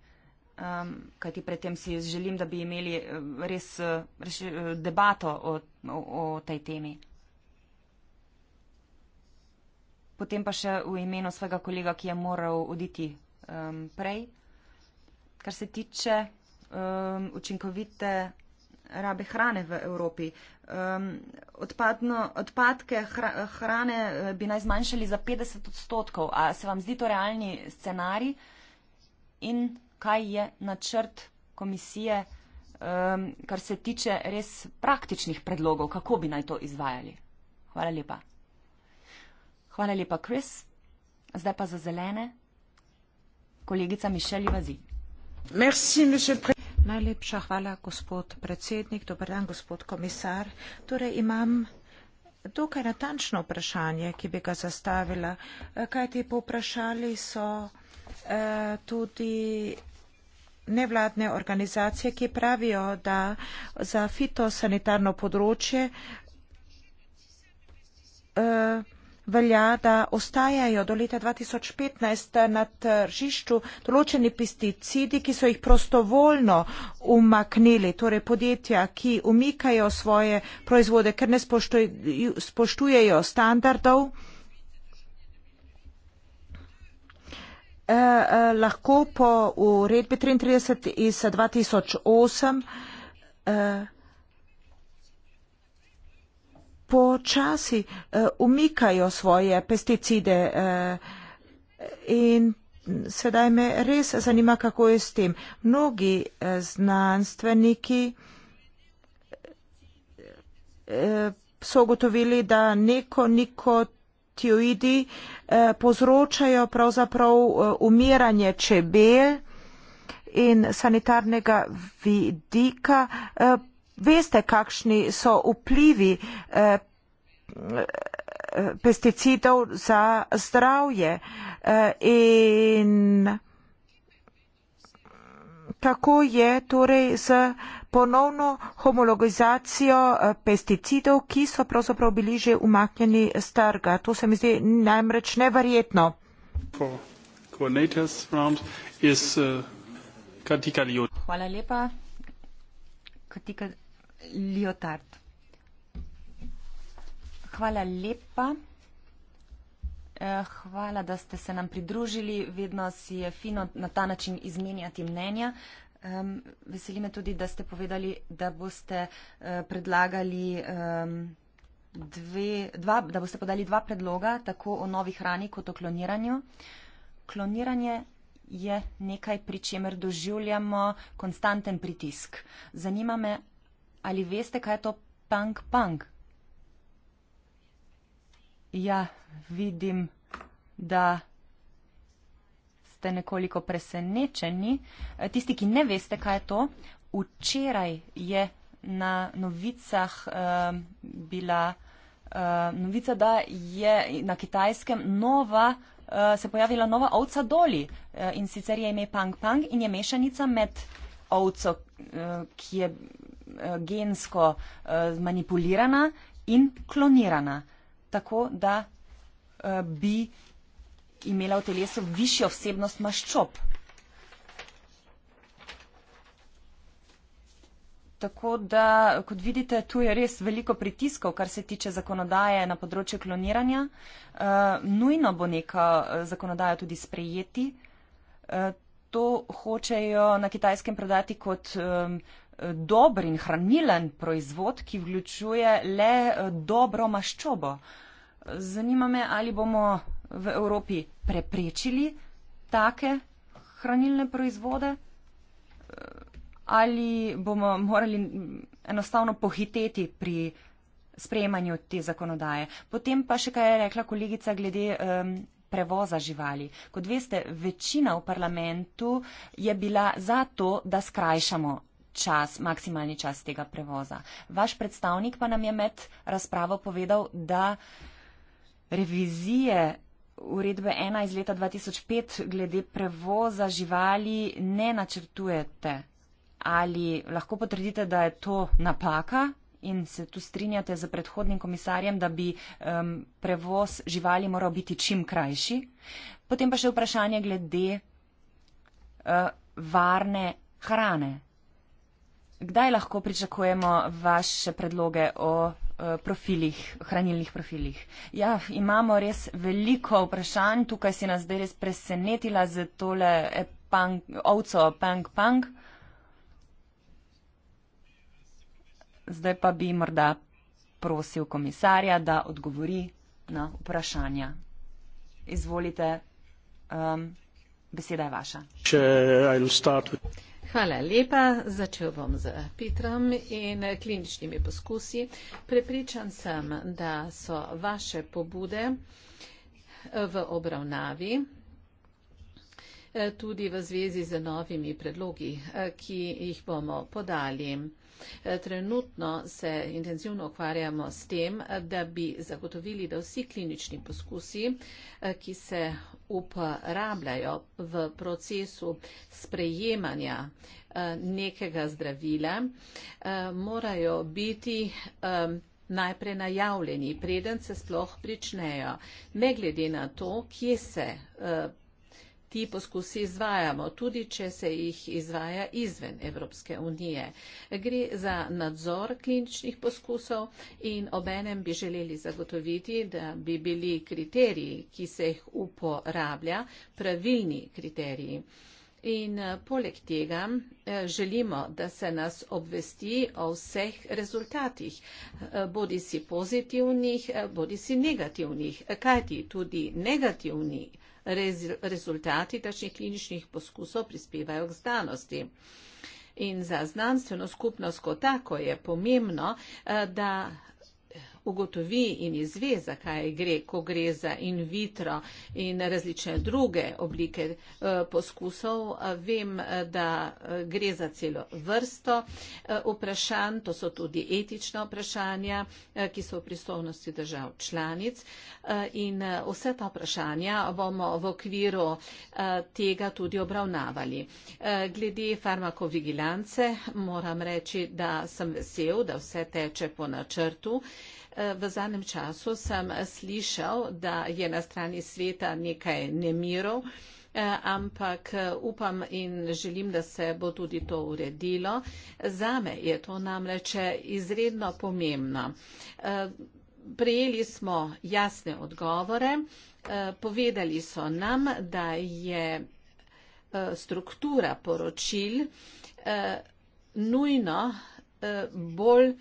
Um, Kaj ti predtem si želim, da bi imeli eh, res, eh, res eh, debato o, o, o tej temi. Potem pa še v imenu svega kolega, ki je moral oditi um, prej. Kar se tiče um, učinkovite rabe hrane v Evropi, um, odpadno, odpadke hra, hrane eh, bi naj zmanjšali za 50 odstotkov. A se vam zdi to realni scenarij in kaj je načrt komisije, um, kar se tiče res praktičnih predlogov, kako bi naj to izvajali? Hvala lepa. Hvala lepa, Kris. Zdaj pa za zelene. Kolegica Mišel Ivazi. Merci, monsieur le président. Najlepša hvala, gospod predsednik. Dobar dan, gospod komisar. Torej imam dokaj natančno vprašanje, ki bi ga zastavila. Eh, Kaj ti povprašali so eh, tudi nevladne organizacije, ki pravijo, da za fitosanitarno področje eh, velja, da ostajajo do leta 2015 na tržišču določeni pesticidi, ki so jih prostovoljno umaknili, torej podjetja, ki umikajo svoje proizvode, ker ne spoštujejo standardov. Eh, eh, lahko po uredbi 33 iz 2008 eh, počasi eh, umikajo svoje pesticide eh, in sedaj me res zanima, kako je s tem. Mnogi eh, znanstveniki so ugotovili, da neko nikotioidi povzročajo pravzaprav umiranje čebel in sanitarnega vidika veste kakšni so vplivi eh, pesticidov za zdravje eh, in kako je torej z ponovno homologizacijo eh, pesticidov, ki so pravzaprav bili že umaknjeni z trga. To se mi zdi namreč neverjetno. Hvala lepa. Katika Lyotard. Hvala lepa. Eh, hvala, da ste se nam pridružili. Vedno si je fino na ta način izmenjati mnenja. Veseli me tudi, da ste povedali, da boste eh, predlagali dve, dva, da boste podali dva predloga, tako o novi hrani kot o kloniranju. Kloniranje je nekaj, pri čemer doživljamo konstanten pritisk. Zanima me, Ali veste, kaj je to punk punk? Ja, vidim, da ste nekoliko presenečeni. E, tisti, ki ne veste, kaj je to, včeraj je na novicah uh, bila uh, novica, da je na kitajskem nova, uh, se pojavila nova ovca doli uh, in sicer je ime punk punk in je mešanica med ovco, uh, ki je Eh, gensko eh, manipulirana in klonirana. Tako, da eh, bi imela v telesu višjo vsebnost maščob. Tako da, kot vidite, tu je res veliko pritiskov, kar se tiče zakonodaje na področju kloniranja. Nujno bo neka zakonodaja tudi sprejeti. To hočejo na kitajskem prodati kot dober in hranilen proizvod, ki vključuje le eh, dobro maščobo. Zanima me, ali bomo v Evropi preprečili take hranilne proizvode eh, ali bomo morali enostavno pohiteti pri sprejemanju te zakonodaje. Potem pa še kaj je rekla kolegica glede um, prevoza živali. Kot veste, večina v parlamentu je bila za to, da skrajšamo čas, maksimalni čas tega prevoza. Vaš predstavnik pa nam je med razpravo povedal, da revizije uredbe 1 iz leta 2005 glede prevoza živali ne načrtujete. Ali lahko potrdite, da je to napaka? In se tu strinjate z predhodnim komisarjem, da bi um, prevoz živali moral biti čim krajši. Potem pa še vprašanje glede uh, varne hrane kdaj lahko pričakujemo vaše predloge o eh, profilih, hranilnih profilih. Ja, imamo res veliko vprašanj, tukaj si nas zdaj res presenetila z tole e punk, ovco Pank Pank. Zdaj pa bi morda prosil komisarja, da odgovori na vprašanja. Izvolite, um, beseda je vaša. Če, Hvala lepa. Začel bom z Petrom in eh, kliničnimi poskusi. Prepričan sem, da so vaše pobude eh, v obravnavi eh, tudi v zvezi z novimi predlogi, ki jih bomo podali. Eh, trenutno se intenzivno ukvarjamo s tem, da bi zagotovili, da vsi klinični poskusi, eh, ki se uporabljajo v procesu sprejemanja eh, nekega zdravila, morajo biti najprej najavljeni, preden se sploh pričnejo. Ne glede na to, kje se ti poskusi izvajamo, tudi če se jih izvaja izven Evropske unije. Gre za nadzor kliničnih poskusov in obenem bi želeli zagotoviti, da bi bili kriteriji, ki se jih uporablja, pravilni kriteriji. In eh, poleg tega eh, želimo, da se nas obvesti o vseh rezultatih, eh, bodi si pozitivnih, bodi si negativnih, kajti tudi negativni Rez, rezultati takšnih kliničnih poskusov prispevajo k znanosti. In za znanstveno skupnost kot tako je pomembno, eh, da ugotovi in izve, zakaj gre, ko gre za in vitro in različne druge oblike eh, poskusov. Eh, vem, eh, da gre za celo vrsto vprašanj, to so tudi etična vprašanja, ki so v pristovnosti držav članic. In vse ta vprašanja bomo v okviru tega tudi obravnavali. Glede farmakovigilance moram reči, da sem vesel, da vse teče po načrtu v zadnjem času sem slišal, da je na strani sveta nekaj nemirov, eh, ampak eh, upam in želim, da se bo tudi to uredilo. Zame je to namreč eh, izredno pomembno. Prejeli smo jasne odgovore, povedali so nam, da je struktura poročil nujno bolj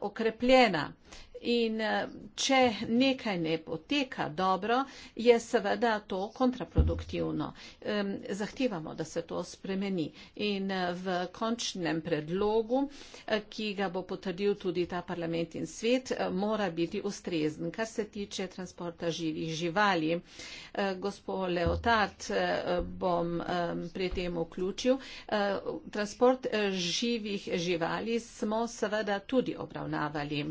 okrepljena In eh, če nekaj ne poteka dobro, je seveda to kontraproduktivno. Zahtevamo, da se to spremeni. In eh, v končnem predlogu, eh, ki ga bo potrdil tudi ta parlament in svet, mora biti ustrezen, kar se tiče transporta živih živali. Gospod Leotard bom pri tem vključil. Transport živih živali smo seveda tudi obravnavali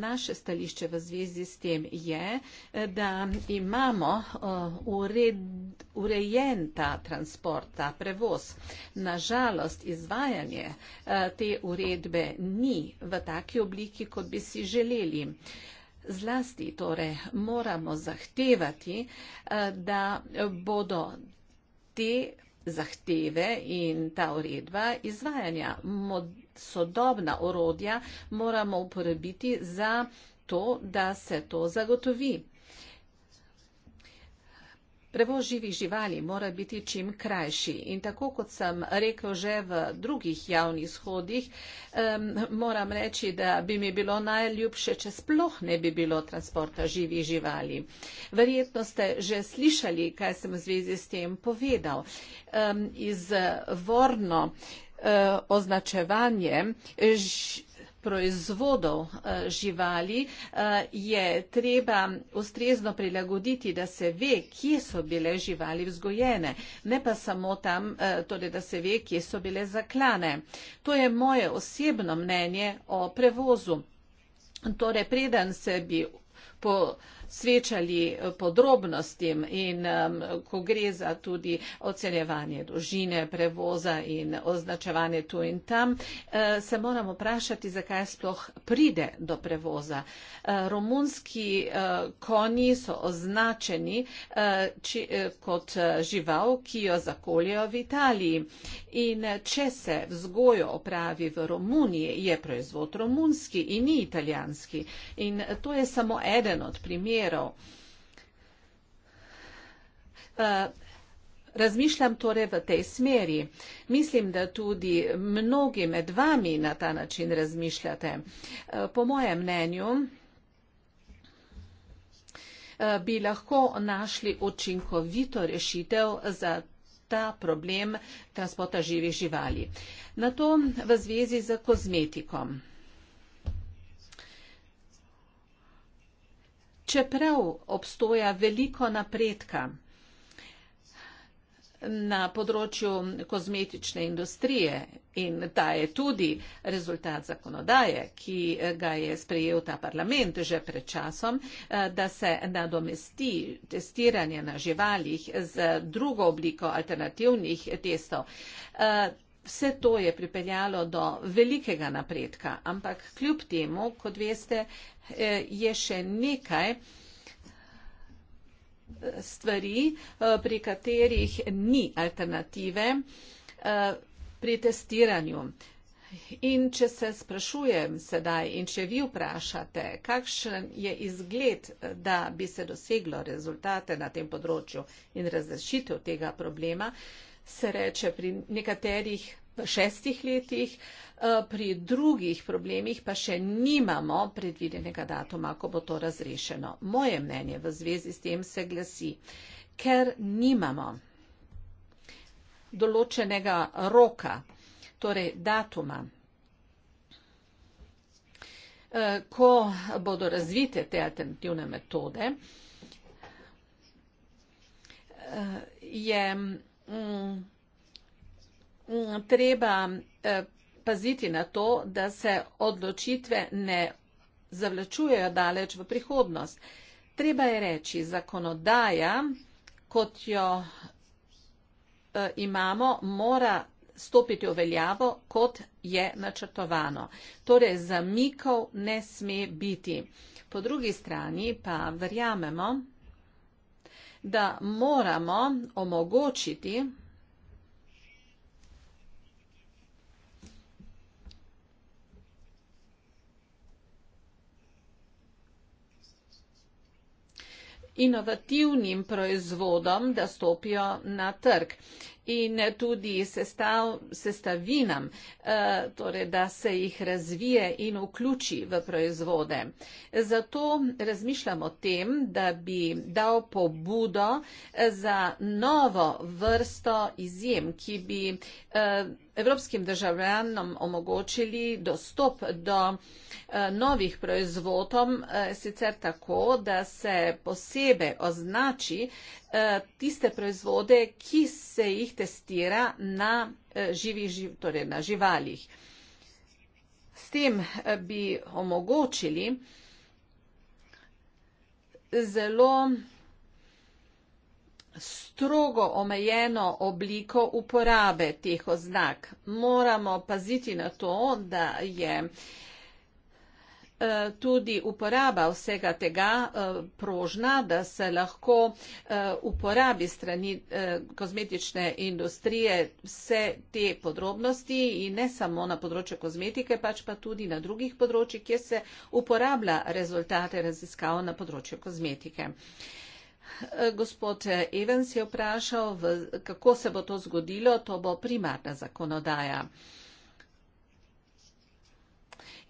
naše stališče v zvezi s tem je, eh, da imamo eh, urejen ta transport, ta prevoz. Nažalost, izvajanje eh, te uredbe ni v taki obliki, kot bi si želeli. Zlasti torej moramo zahtevati, da bodo te zahteve in ta uredba izvajanja modernizirana sodobna orodja moramo uporabiti za to, da se to zagotovi. Prevoz živih živali mora biti čim krajši in tako kot sem rekel že v drugih javnih shodih, um, moram reči, da bi mi bilo najljubše, če sploh ne bi bilo transporta živih živali. Verjetno ste že slišali, kaj sem v zvezi s tem povedal. Um, iz Vorno. Uh, Eh, označevanje proizvodov eh, živali eh, je treba ustrezno prilagoditi, da se ve, kje so bile živali vzgojene, ne pa samo tam, torej, da se ve, kje so bile zaklane. To je moje osebno mnenje o prevozu. Torej, preden se bi po, uh, posvečali eh, podrobnostim in ko gre za tudi ocenjevanje dolžine prevoza in označevanje tu in tam, eh, se moram vprašati, zakaj sploh pride do prevoza. Eh, romunski konji so označeni kot žival, ki jo zakoljajo v Italiji. In če se vzgojo opravi v Romuniji, je proizvod romunski in ni italijanski. In to je samo eden od primerov, primerov. Uh, Razmišljam torej v tej smeri. Mislim, da tudi mnogi med vami na ta način razmišljate. Po mojem mnenju bi lahko našli učinkovito rešitev za ta problem transporta živih živali. Na to v zvezi z kozmetikom. čeprav obstoja veliko napredka na področju kozmetične industrije in ta je tudi rezultat zakonodaje, ki ga je sprejel ta parlament že pred časom, eh, da se nadomesti testiranje na živalih z drugo obliko alternativnih testov. Eh, Vse to je pripeljalo do velikega napredka, ampak kljub temu, kot veste, eh, je še nekaj eh, stvari, eh, pri katerih ni alternative pri testiranju. In če se sprašujem sedaj in če vi vprašate, kakšen je izgled, da bi se doseglo rezultate na tem področju in razrešitev tega problema, se reče pri nekaterih v šestih letih, eh, pri drugih problemih pa še nimamo predvidenega datuma, ko bo to razrešeno. Moje mnenje v zvezi s tem se glasi, ker nimamo določenega roka, torej datuma, eh, ko bodo razvite te alternativne metode, eh, je Mm. Mm, treba eh, paziti na to, da se odločitve ne zavlačujejo daleč v prihodnost. Treba je reči, zakonodaja, kot jo eh, imamo, mora stopiti v veljavo, kot je načrtovano. Torej, zamikov ne sme biti. Po drugi strani pa verjamemo, da moramo omogočiti, inovativnim proizvodom, da stopijo na trg in tudi sestav, sestavinam, eh, torej da se jih razvije in vključi v proizvode. Zato razmišljamo o tem, da bi dal pobudo eh, za novo vrsto izjem, ki bi eh, evropskim državljanom omogočili dostop do novih proizvodom, sicer tako, da se posebej označi Eh, tiste proizvode, ki se jih testira na, eh, živi, živ, torej na živalih. S tem eh, bi omogočili zelo strogo omejeno obliko uporabe teh oznak. Moramo paziti na to, da je eh, Eh, tudi uporaba vsega tega eh, prožna, da se lahko eh, uporabi strani kozmetične industrije vse te podrobnosti in ne samo na področju kozmetike, pač pa tudi na drugih področjih, kjer se uporablja rezultate raziskav na področju kozmetike. Gospod Evans je vprašal, kako se bo to zgodilo, to bo primarna zakonodaja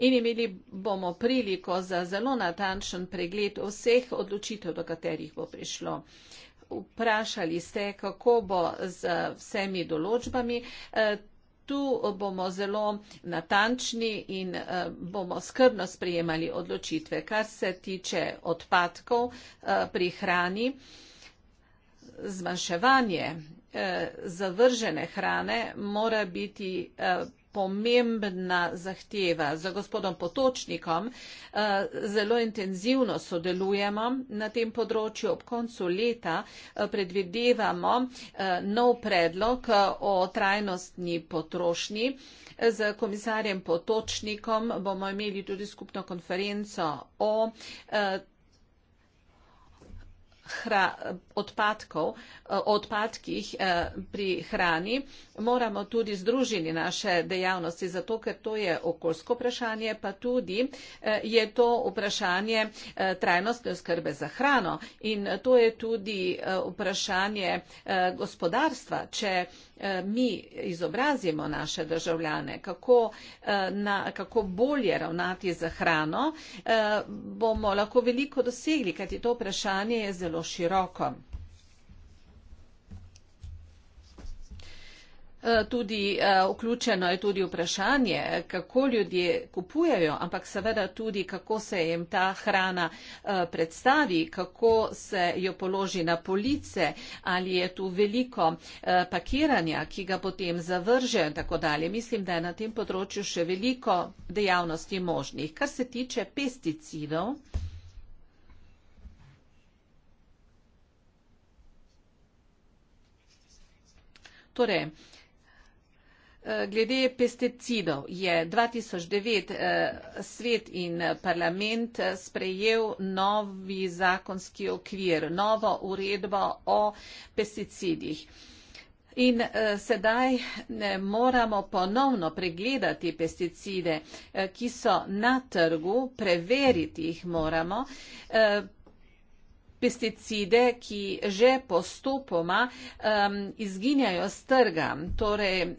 in imeli bomo priliko za zelo natančen pregled vseh odločitev, do katerih bo prišlo. Vprašali ste, kako bo z vsemi določbami. E, tu bomo zelo natančni in e, bomo skrbno sprejemali odločitve, kar se tiče odpadkov e, pri hrani. Zmanjševanje zavržene hrane mora biti pomembna zahteva. Za gospodom Potočnikom eh, zelo intenzivno sodelujemo na tem področju. Ob koncu leta eh, predvidevamo eh, nov predlog o trajnostni potrošnji. Z komisarjem Potočnikom bomo imeli tudi skupno konferenco o hra, odpadkov, odpadkih eh, pri hrani, moramo tudi združiti naše dejavnosti, zato ker to je okoljsko vprašanje, pa tudi eh, je to vprašanje eh, trajnostne oskrbe za hrano in to je tudi vprašanje gospodarstva. Če Eh, mi izobrazimo naše državljane, kako, eh, na, kako bolje ravnati z hrano, eh, bomo lahko veliko dosegli, kajti to vprašanje je zelo široko. Eh, tudi eh, vključeno je tudi vprašanje, kako ljudje kupujejo, ampak seveda tudi, kako se jim ta hrana eh, predstavi, kako se jo položi na police, ali je tu veliko pakiranja, ki ga potem zavrže in tako dalje. Mislim, da je na tem področju še veliko dejavnosti možnih. Kar se tiče pesticidov. Torej, Eh, glede pesticidov je 2009 eh, svet in eh, parlament sprejel novi zakonski okvir, novo uredbo o pesticidih. In sedaj moramo ponovno pregledati pesticide, ki so na trgu, preveriti jih moramo, pesticide, ki že postopoma ehm, izginjajo z trga, torej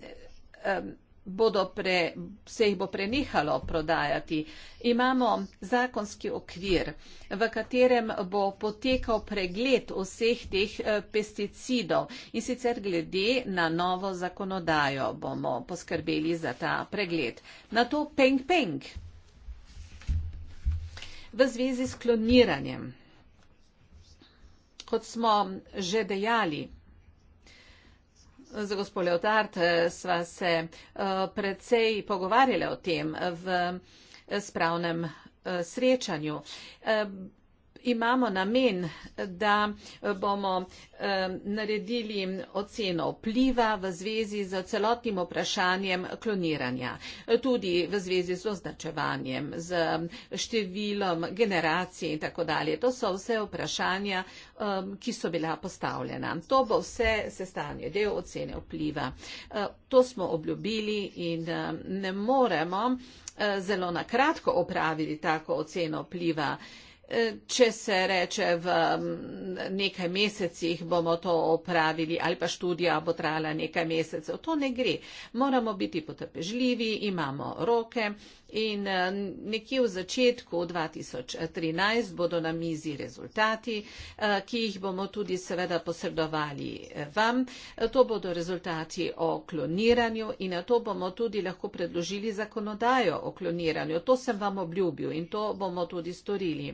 bodo pre, se jih bo prenehalo prodajati. Imamo zakonski okvir, v katerem bo potekal pregled vseh teh eh, pesticidov in sicer glede na novo zakonodajo bomo poskrbeli za ta pregled. Na to peng peng. V zvezi s kloniranjem, kot smo že dejali, Za gospodjo Tart eh, sva se eh, precej pogovarjali o tem v eh, spravnem srečanju imamo namen, da bomo eh, naredili oceno vpliva v zvezi z celotnim vprašanjem kloniranja. Tudi v zvezi z označevanjem, z številom generacij in tako dalje. To so vse vprašanja, eh, ki so bila postavljena. To bo vse sestanje, del ocene vpliva. Eh, to smo obljubili in ne moremo zelo nakratko opraviti tako oceno vpliva če se reče v nekaj mesecih bomo to opravili ali pa študija bo trajala nekaj mesecev. To ne gre. Moramo biti potrpežljivi, imamo roke in nekje v začetku 2013 bodo na mizi rezultati, eh, ki jih bomo tudi seveda posredovali eh, vam. To bodo rezultati o kloniranju in na to bomo tudi lahko predložili zakonodajo o kloniranju. To sem vam obljubil in to bomo tudi storili.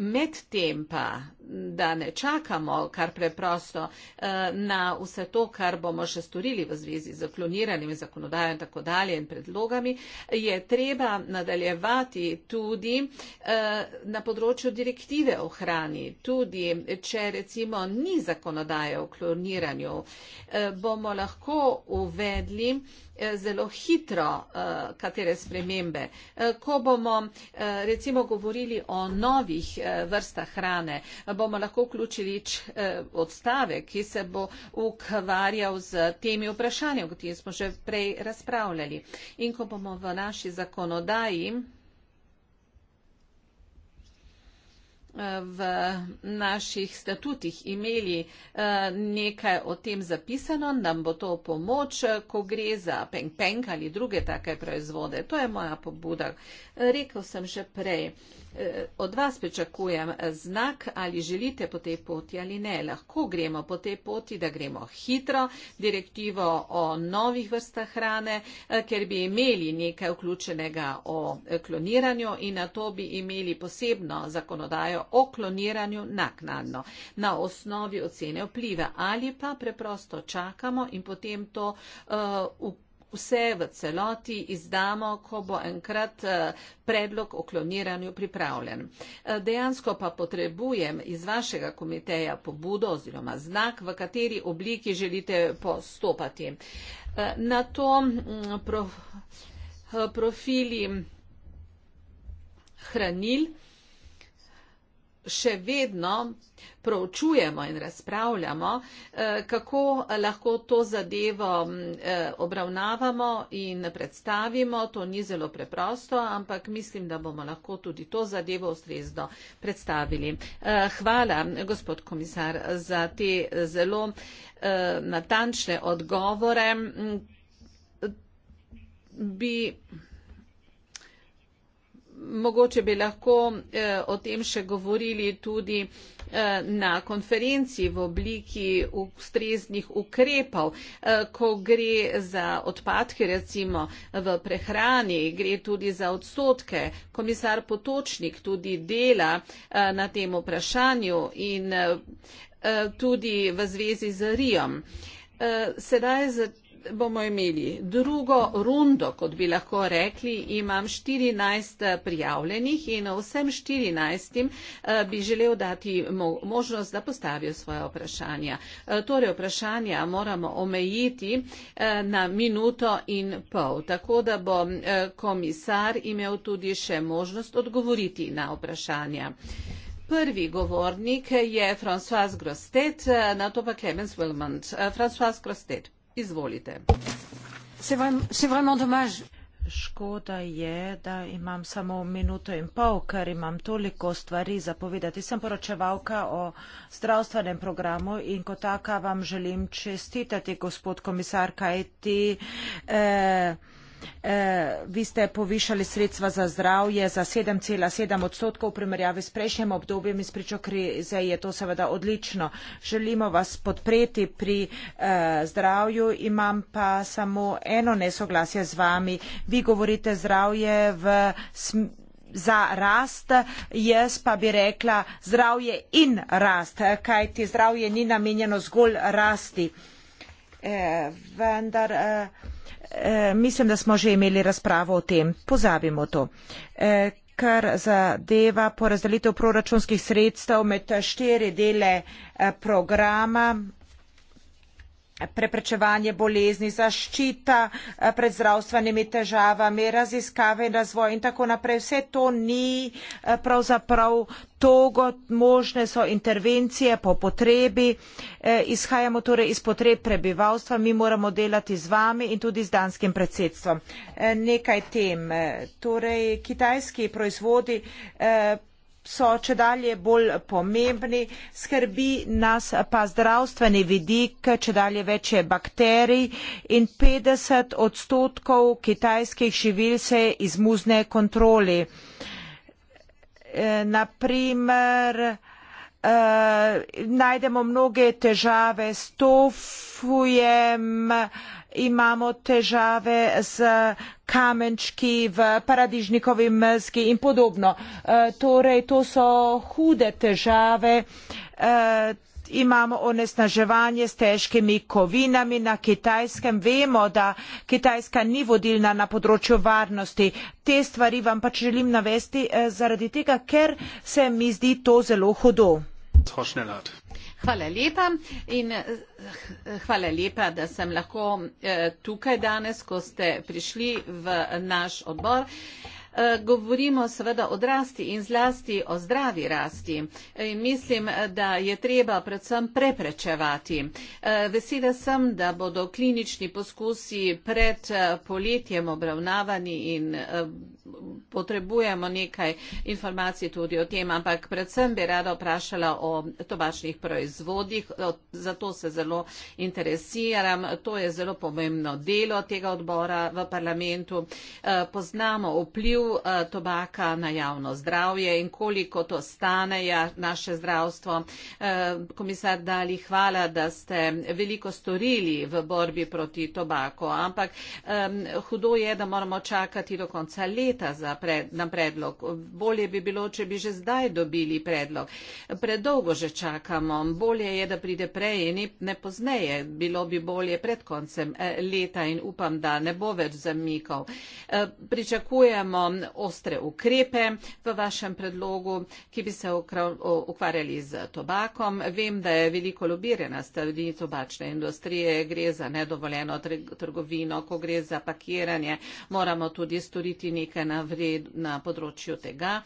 medtem pa, da ne čakamo kar preprosto eh, na vse to, kar bomo še storili v zvezi z kloniranjem zakonodajo in tako dalje in predlogami, je treba nadaljevati tudi eh, na področju direktive o hrani. Tudi, če recimo ni zakonodaje o kloniranju, eh, bomo lahko uvedli zelo hitro katere spremembe. Ko bomo recimo govorili o novih Eh, vrsta hrane. Bomo lahko vključili eh, odstavek, ki se bo ukvarjal z temi vprašanji, o katerih smo že prej razpravljali. In ko bomo v naši zakonodaji eh, v naših statutih imeli nekaj o tem zapisano, nam bo to pomoč, ko gre za peng peng ali druge take proizvode. To je moja pobuda. Rekel sem že prej, Eh, od vas pričakujem znak, ali želite po tej poti ali ne. Lahko gremo po tej poti, da gremo hitro, direktivo o novih vrstah hrane, eh, ker bi imeli nekaj vključenega o eh, kloniranju in na to bi imeli posebno zakonodajo o kloniranju naknadno na osnovi ocene vpliva ali pa preprosto čakamo in potem to uh, vse v celoti izdamo, ko bo enkrat eh, predlog o kloniranju pripravljen. Eh, dejansko pa potrebujem iz vašega komiteja pobudo oziroma znak, v kateri obliki želite postopati. Eh, na to mm, prof, profili hranil še vedno proučujemo in razpravljamo, eh, kako lahko to zadevo mm, eh, obravnavamo in predstavimo. To ni zelo preprosto, ampak mislim, da bomo lahko tudi to zadevo ustrezno predstavili. Eh, hvala, gospod komisar, za te zelo natančne odgovore. Mm, bi mogoče bi lahko eh, o tem še govorili tudi eh, na konferenci v obliki ustreznih ukrepov, eh, ko gre za odpadke recimo v prehrani, gre tudi za odstotke. Komisar Potočnik tudi dela na tem vprašanju in tudi v zvezi z Rijom. Sedaj bomo imeli drugo rundo, kot bi lahko rekli. Imam 14 eh, prijavljenih in vsem 14 eh, bi želel dati možnost, da postavijo svoje vprašanja. Eh, torej, vprašanja moramo omejiti na minuto in pol, tako da bo komisar imel tudi še možnost odgovoriti na vprašanja. Prvi govornik je François Grostet, na to pa Clemens Wilmond. François Grostet. Izvolite. Škoda je, da imam samo minuto in pol, ker imam toliko stvari zapovedati. Sem poročevalka o zdravstvenem programu in kot taka vam želim čestitati, gospod komisar, kaj ti eh, Eh, vi ste povišali sredstva za zdravje za 7,7 odstotkov v primerjavi s prejšnjim obdobjem in spričo krize je to seveda odlično. Želimo vas podpreti pri eh, zdravju, imam pa samo eno nesoglasje z vami. Vi govorite zdravje v za rast, jaz pa bi rekla zdravje in rast, kaj ti zdravje ni namenjeno zgolj rasti. E, vendar, e, E, mislim, da smo že imeli razpravo o tem. Pozabimo to. E, kar zadeva porazdelitev proračunskih sredstev med štiri dele eh, programa, preprečevanje bolezni, zaščita eh, pred zdravstvenimi težavami, raziskave in razvoj in tako naprej. Vse to ni eh, pravzaprav togo, možne so intervencije po potrebi, eh, izhajamo torej iz potreb prebivalstva, mi moramo delati z vami in tudi z danskim predsedstvom. Nekaj tem, torej kitajski proizvodi so če dalje bolj pomembni, skrbi nas pa zdravstveni vidik, če dalje več je bakterij in 50 odstotkov kitajskih živil se izmuzne kontroli. E, Naprimer, e, najdemo mnoge težave s tofujem, imamo težave z kamenčki v paradižnikovi mezgi in podobno. E, torej, to so hude težave. E, imamo onesnaževanje s težkimi kovinami na kitajskem. Vemo, da Kitajska ni vodilna na področju varnosti. Te stvari vam pač želim navesti e, zaradi tega, ker se mi zdi to zelo hudo. Hvala lepa in eh, hvala lepa, da sem lahko eh, tukaj danes, ko ste prišli v naš odbor. Eh, govorimo seveda o rasti in zlasti o zdravi rasti. In eh, mislim, da je treba predvsem preprečevati. Eh, vesela sem, da bodo klinični poskusi pred poletjem obravnavani in potrebujemo nekaj informacij tudi o tem, ampak predvsem bi rada vprašala o tobačnih proizvodih, zato se zelo interesiram. To je zelo pomembno delo tega odbora v parlamentu. Poznamo vpliv Eh, tobaka na javno zdravje in koliko to stane naše zdravstvo. Eh, komisar Dali, hvala, da ste veliko storili v borbi proti tobako, ampak hudo je, da moramo čakati do konca leta pred, na predlog. Bolje bi bilo, če bi že zdaj dobili predlog. Predolgo že čakamo, bolje je, da pride prej in ne pozneje. Bilo bi bolje pred koncem eh, leta in upam, da ne bo več zamikov. Pričakujemo ostre ukrepe v vašem predlogu, ki bi se ukvarjali z tobakom. Vem, da je veliko lobirena stavljiv tobačne industrije, gre za nedovoljeno trgovino, ko gre za pakiranje, moramo tudi storiti nekaj na, vred, na področju tega.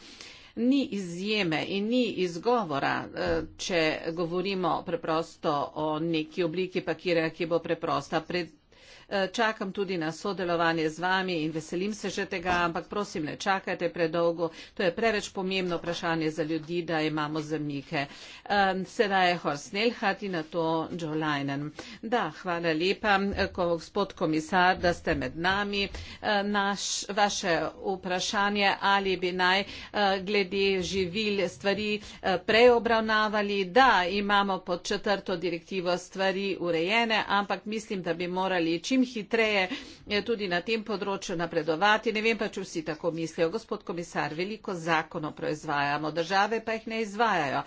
Ni izjeme in ni izgovora, e, če govorimo preprosto o neki obliki pakiranja, ki bo preprosta. Pred Eh, čakam tudi na sodelovanje z vami in veselim se že tega, ampak prosim, ne čakajte predolgo, to je preveč pomembno vprašanje za ljudi, da imamo zemljike. Sedaj je Horst Nelhat in na to Joe Leinen. Da, hvala lepa, eh, gospod komisar, da ste med nami. Eh, naš, vaše vprašanje, ali bi naj glede živil stvari prej obravnavali, da imamo pod četrto direktivo stvari urejene, ampak mislim, da bi morali čim hitreje eh, tudi na tem področju napredovati. Ne vem pa, če vsi tako mislijo. Gospod komisar, veliko zakonov proizvajamo, države pa jih ne izvajajo.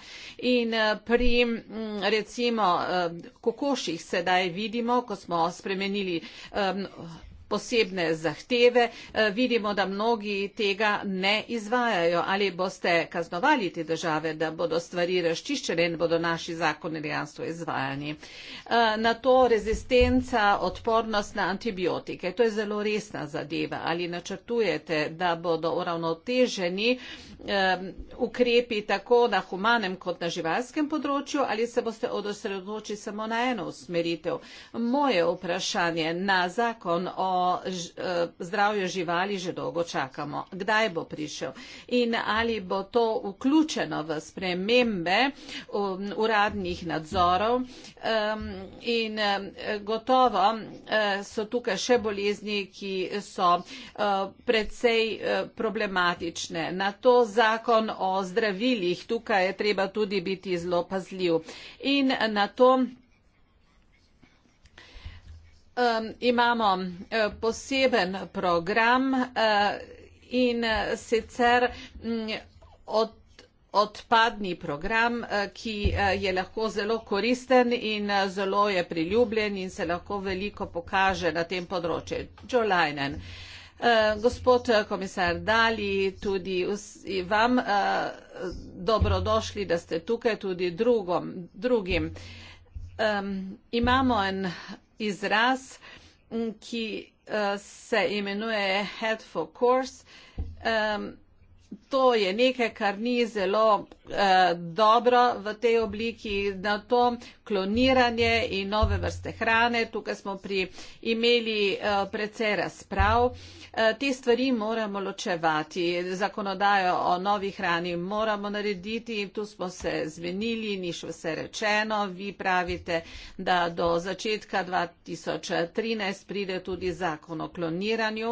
In eh, pri mm, recimo eh, kokoših sedaj vidimo, ko smo spremenili posebne zahteve. Eh, vidimo, da mnogi tega ne izvajajo. Ali boste kaznovali te države, da bodo stvari razčiščene in bodo naši zakoni dejansko izvajani? Eh, na to rezistenca, odpornost na antibiotike. To je zelo resna zadeva. Ali načrtujete, da bodo uravnoteženi eh, ukrepi tako na humanem kot na živalskem področju ali se boste odosredotočili samo na eno usmeritev? Moje vprašanje na zakon o ž, e, zdravju živali že dolgo čakamo. Kdaj bo prišel in ali bo to vključeno v spremembe um, uradnih nadzorov. Um, in um, gotovo so tukaj še bolezni, ki so uh, predvsej uh, problematične. Na to zakon o zdravilih, tukaj je treba tudi biti zelo pazljiv. In na to imamo eh, poseben program eh, in eh, sicer mm, odpadni program, ki je lahko zelo koristen in zelo je priljubljen in se lahko veliko pokaže na tem področju. Jolainen. Gospod komisar Dali, tudi vam dobrodošli, da ste tukaj tudi drugom, drugim. Imamo en izraz, mm, ki eh, se imenuje head for course. To je nekaj, kar ni zelo Eh, dobro v tej obliki na to kloniranje in nove vrste hrane. Tukaj smo pri, imeli eh, precej razprav. Eh, te stvari moramo ločevati. Zakonodajo o novi hrani moramo narediti. Tu smo se zmenili, ni še vse rečeno. Vi pravite, da do začetka 2013 pride tudi zakon o kloniranju.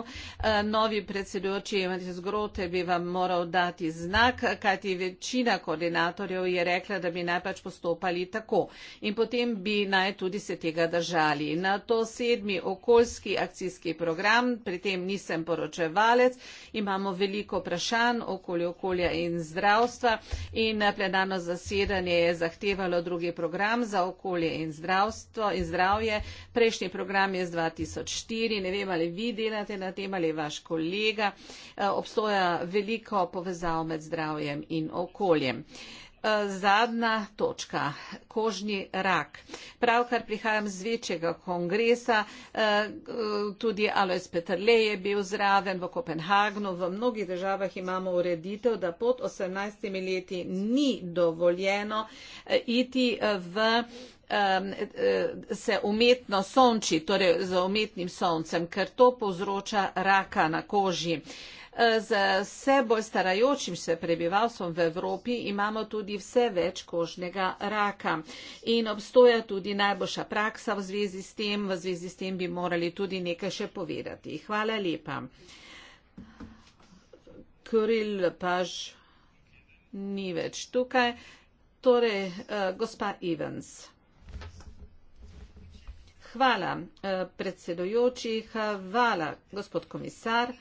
Novi predsedujoči Matis Grote bi vam moral dati znak, kajti večina koordinatorjev je rekla, da bi naj pač postopali tako in potem bi naj tudi se tega držali. Na to sedmi okoljski akcijski program, pri tem nisem poročevalec, imamo veliko vprašanj okolje okolja in zdravstva in predano zasedanje je zahtevalo drugi program za okolje in zdravstvo in zdravje. Prejšnji program je z 2004, ne vem ali vi delate na tem ali vaš kolega, eh, obstoja veliko povezav med zdravjem in okoljem potem. E, zadnja točka, kožni rak. Pravkar prihajam z večjega kongresa, e, tudi Alois Petrle je bil zraven v Kopenhagnu. V mnogih državah imamo ureditev, da pod 18 leti ni dovoljeno e, iti v se umetno sonči, torej z umetnim soncem, ker to povzroča raka na koži. Z vse bolj starajočim se prebivalstvom v Evropi imamo tudi vse več kožnega raka in obstoja tudi najboljša praksa v zvezi s tem. V zvezi s tem bi morali tudi nekaj še povedati. Hvala lepa. Kuril paž ni več tukaj. Torej, eh, gospa Evans. Hvala eh, predsedojočih, hvala gospod komisar.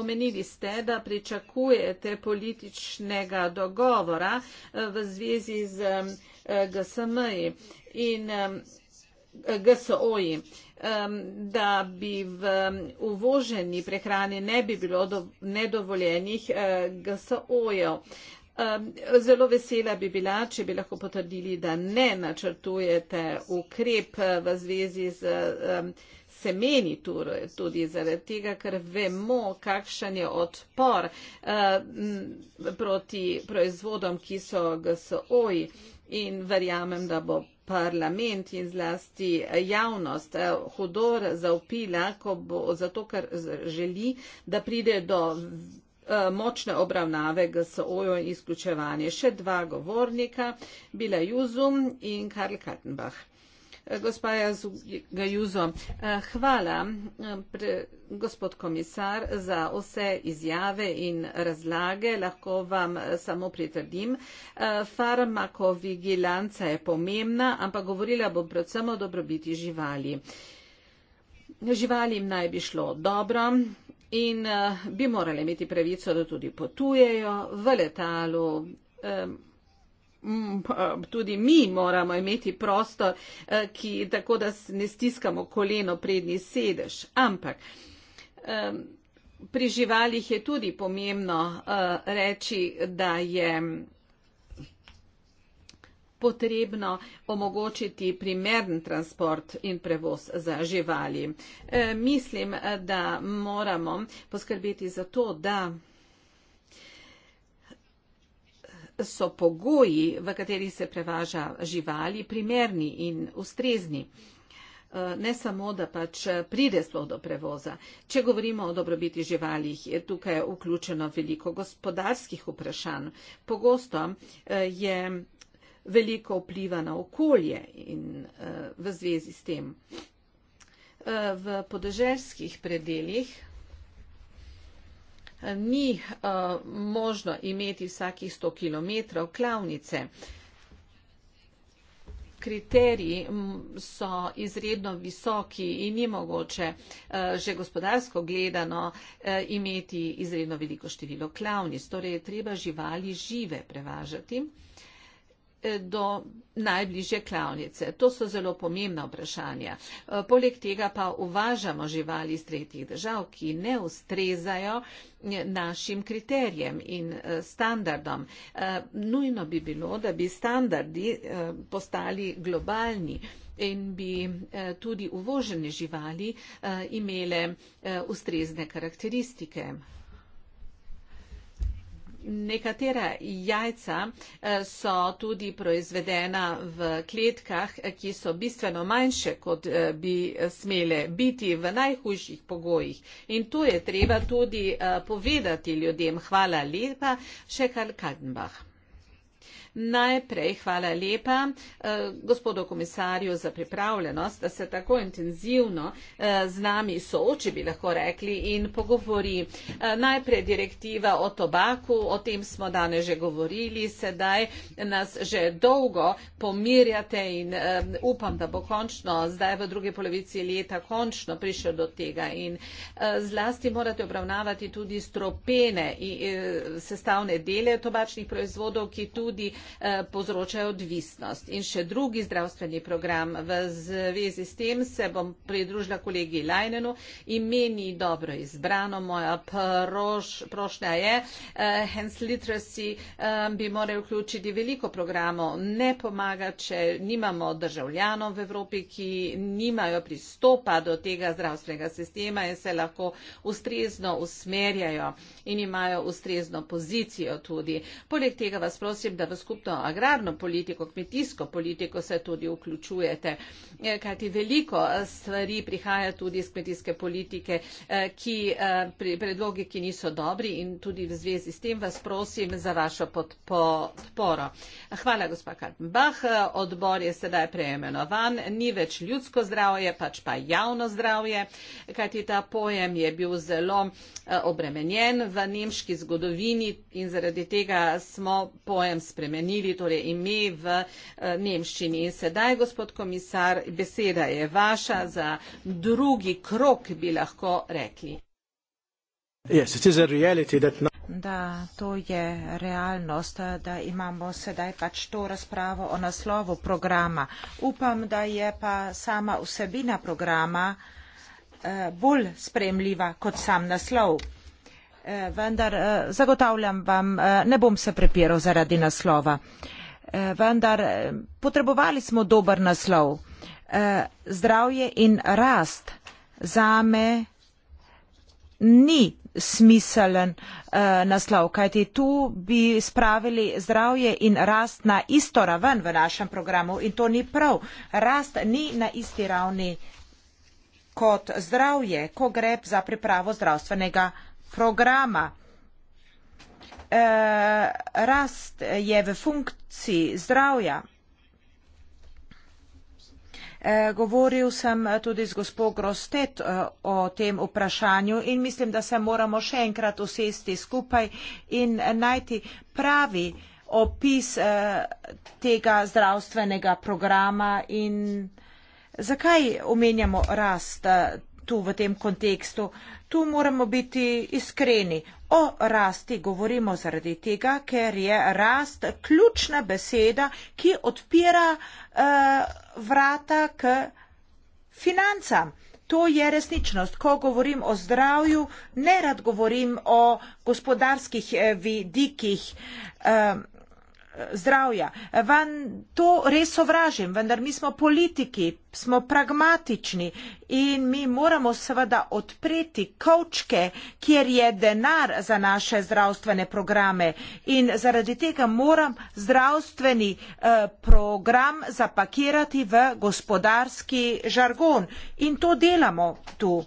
Omenili ste, da pričakujete političnega dogovora eh, v zvezi z eh, GSM-ji in GSO-ji, da bi v uvoženi prehrani ne bi bilo nedovoljenih eh, GSO-jev. Zelo vesela bi bila, če bi lahko potrdili, da ne načrtujete ukrep v zvezi z GSO-ji se meni tudi zaradi tega, ker vemo, kakšen je odpor uh, proti proizvodom, ki so GSO-ji in verjamem, da bo parlament in zlasti javnost uh, eh, hudor zaupila, ko bo zato, ker želi, da pride do eh, močne obravnave GSO-jo in izključevanje. Še dva govornika, Bila Juzum in Karl Kattenbach gospa Gajuzo, eh, hvala, eh, gospod komisar, za vse izjave in razlage. Lahko vam eh, samo pritrdim. Farmakovigilanca je pomembna, ampak govorila bom predvsem o dobrobiti živali. Živalim naj bi šlo dobro in bi morali imeti pravico, da tudi potujejo v letalu. Mm, tudi mi moramo imeti prostor, eh, ki, tako da ne stiskamo koleno prednji sedež. Ampak pri živalih je tudi pomembno eh, reči, da je potrebno omogočiti primern transport in prevoz za živali. Eh, mislim, da moramo poskrbeti za to, da so pogoji, v katerih se prevaža živali, primerni in ustrezni. Eh, ne samo, da pač pride sploh do prevoza. Če govorimo o dobrobiti živalih, je tukaj vključeno veliko gospodarskih vprašanj. Pogosto eh, je veliko vpliva na okolje in eh, v zvezi s tem. V podeželskih predeljih ni uh, možno imeti vsakih 100 km klavnice. Kriteriji so izredno visoki in ni mogoče eh, že gospodarsko gledano eh, imeti izredno veliko število klavnic. Torej je treba živali žive prevažati. Eh, do najbližje klavnice. To so zelo pomembna vprašanja. Eh, poleg tega pa uvažamo živali iz tretjih držav, ki ne ustrezajo eh, našim kriterijem in standardom. Nujno bi bilo, da bi standardi postali globalni in bi tudi uvožene živali imele ustrezne karakteristike. Nekatera jajca eh, so tudi proizvedena v kletkah, eh, ki so bistveno manjše, kot eh, bi smele biti v najhujših pogojih. In to je treba tudi povedati ljudem. Hvala lepa. Še kar Kadenbach. Najprej hvala lepa eh, gospodu komisarju za pripravljenost, da se tako intenzivno eh, z nami sooči, bi lahko rekli, in pogovori. Eh, najprej direktiva o tobaku, o tem smo danes že govorili, sedaj nas že dolgo pomirjate in upam, da bo končno, zdaj v drugi polovici leta, končno prišel do tega. In zlasti morate obravnavati tudi stropene sestavne dele tobačnih proizvodov, ki tudi Eh, povzročajo odvisnost. In še drugi zdravstveni program v zvezi s tem se bom pridružila kolegi Lajnenu. Imeni dobro izbrano, moja proš, prošnja je. Uh, eh, hence literacy uh, bi morali vključiti veliko programov. Ne pomaga, če nimamo državljanov v Evropi, ki nimajo pristopa do tega zdravstvenega sistema in se lahko ustrezno usmerjajo in imajo ustrezno pozicijo tudi. Poleg tega vas prosim, da vas skupno agrarno politiko, kmetijsko politiko se tudi vključujete, eh, kajti veliko eh, stvari prihaja tudi iz kmetijske politike, eh, ki, predlogi, ki niso dobri in tudi v zvezi s tem vas prosim za vašo podporo. Hvala, gospa Kartenbach. Odbor je sedaj preimenovan. Ni več ljudsko zdravje, pač pa javno zdravje, kajti ta pojem je bil zelo obremenjen v nemški zgodovini in zaradi tega smo pojem spremenili spremenili torej ime v eh, nemščini. In sedaj, gospod komisar, beseda je vaša za drugi krok, bi lahko rekli. No- da, to je realnost, da imamo sedaj pač to razpravo o naslovu programa. Upam, da je pa sama vsebina programa eh, bolj spremljiva kot sam naslov. Eh, vendar eh, zagotavljam vam, eh, ne bom se prepiral zaradi naslova. Vendar potrebovali smo dober naslov. Zdravje in rast za me ni smiselen naslov, kajti tu bi spravili zdravje in rast na isto raven v našem programu in to ni prav. Rast ni na isti ravni kot zdravje, ko gre za pripravo zdravstvenega programa programa. Uh, rast je v funkciji zdravja. E, govoril sem tudi z gospod Grostet e, o tem vprašanju in mislim, da se moramo še enkrat usesti skupaj in najti pravi opis tega zdravstvenega programa in zakaj omenjamo rast tu v tem kontekstu. Tu moramo biti iskreni. O rasti govorimo zaradi tega, ker je rast ključna beseda, ki odpira uh, vrata k financam. To je resničnost. Ko govorim o zdravju, nerad govorim o gospodarskih eh, vidikih. Uh, zdravja. Van to res sovražim, vendar mi smo politiki, smo pragmatični in mi moramo seveda odpreti kavčke, kjer je denar za naše zdravstvene programe in zaradi tega moram zdravstveni eh, program zapakirati v gospodarski žargon. In to delamo tu.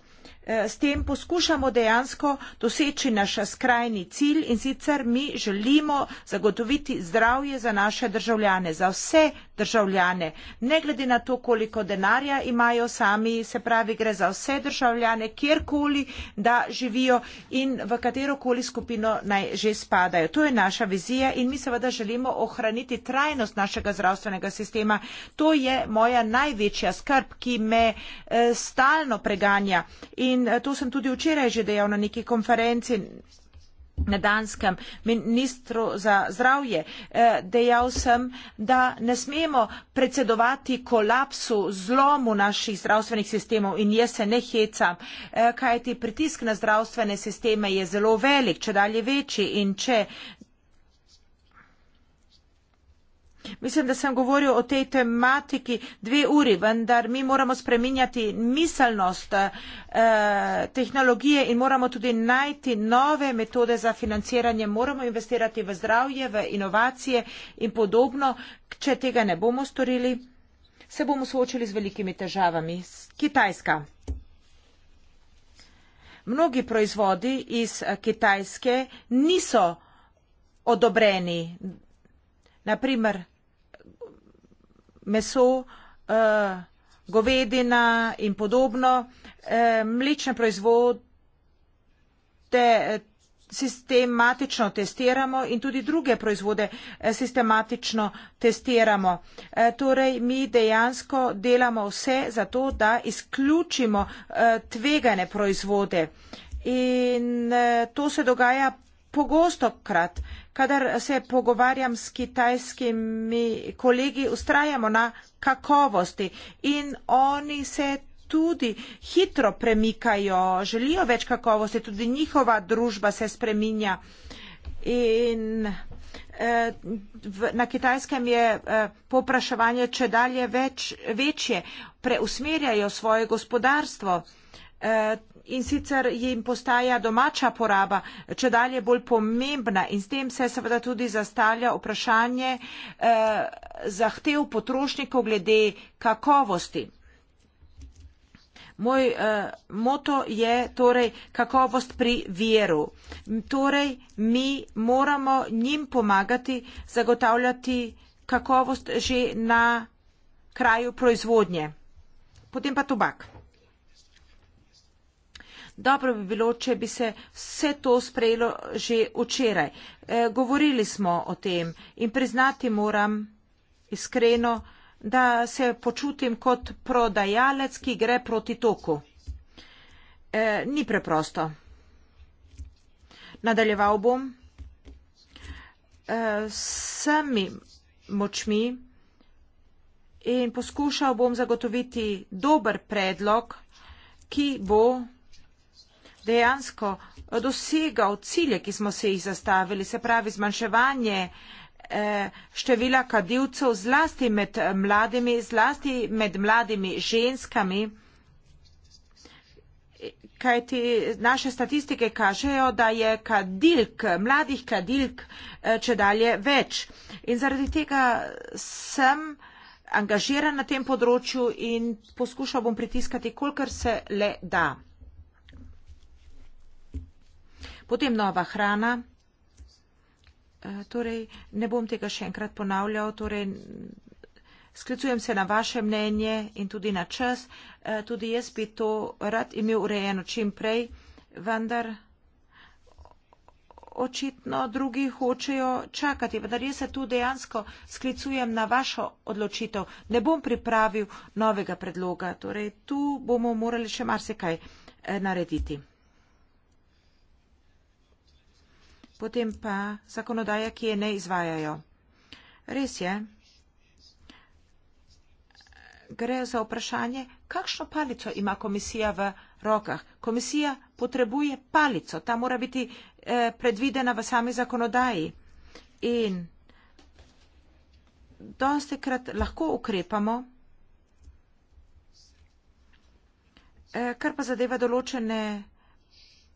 Eh, s tem poskušamo dejansko doseči naš skrajni cilj in sicer mi želimo zagotoviti zdravje za naše državljane, za vse državljane, ne glede na to, koliko denarja imajo sami, se pravi, gre za vse državljane, kjerkoli, da živijo in v katerokoli skupino naj že spadajo. To je naša vizija in mi seveda želimo ohraniti trajnost našega zdravstvenega sistema. To je moja največja skrb, ki me eh, stalno preganja. In in eh, to sem tudi včeraj že dejal na neki konferenci na danskem ministru za zdravje. Eh, dejal sem, da ne smemo predsedovati kolapsu, zlomu naših zdravstvenih sistemov in jaz se ne hecam, eh, kajti pritisk na zdravstvene sisteme je zelo velik, če dalje večji in če Mislim, da sem govoril o tej tematiki dve uri, vendar mi moramo spreminjati miselnost eh, tehnologije in moramo tudi najti nove metode za financiranje. Moramo investirati v zdravje, v inovacije in podobno. Če tega ne bomo storili, se bomo soočili z velikimi težavami. Kitajska. Mnogi proizvodi iz eh, Kitajske niso odobreni. Naprimer, meso, eh, govedina in podobno, eh, mlečne proizvode eh, sistematično testiramo in tudi druge proizvode eh, sistematično testiramo. Eh, torej, mi dejansko delamo vse za to, da izključimo tvegane proizvode. In to se dogaja pogosto krat kadar se pogovarjam s kitajskimi kolegi, ustrajamo na kakovosti in oni se tudi hitro premikajo, želijo več kakovosti, tudi njihova družba se spreminja. In eh, na kitajskem je eh, popraševanje če dalje več, večje, preusmerjajo svoje gospodarstvo. Eh, in sicer jim postaja domača poraba če dalje bolj pomembna in s tem se seveda tudi zastavlja vprašanje eh, zahtev potrošnikov glede kakovosti. Moj eh, moto je torej kakovost pri veru. Torej, mi moramo njim pomagati zagotavljati kakovost že na kraju proizvodnje. Potem pa tobak dobro bi bilo, če bi se vse to sprejelo že včeraj. E, govorili smo o tem in priznati moram iskreno, da se počutim kot prodajalec, ki gre proti toku. E, ni preprosto. Nadaljeval bom e, s e, vsemi močmi in poskušal bom zagotoviti dober predlog, ki bo dejansko dosegal cilje, ki smo se jih zastavili, se pravi zmanjševanje eh, števila kadilcev zlasti med eh, mladimi, zlasti med mladimi ženskami, kajti naše statistike kažejo, da je kadilk, mladih kadilk, eh, če dalje več. In zaradi tega sem angažiran na tem področju in poskušal bom pritiskati, kolikor se le da. Potem nova hrana. E, torej, ne bom tega še enkrat ponavljal. Torej, sklicujem se na vaše mnenje in tudi na čas. E, tudi jaz bi to rad imel urejeno čim prej, vendar očitno drugi hočejo čakati. Vendar jaz se tu dejansko sklicujem na vašo odločitev. Ne bom pripravil novega predloga. Torej, tu bomo morali še marsikaj e, narediti. potem pa zakonodaje, ki je ne izvajajo. Res je, gre za vprašanje, kakšno palico ima komisija v rokah. Komisija potrebuje palico, ta mora biti eh, predvidena v sami zakonodaji. In dosti krat lahko ukrepamo, eh, kar pa zadeva določene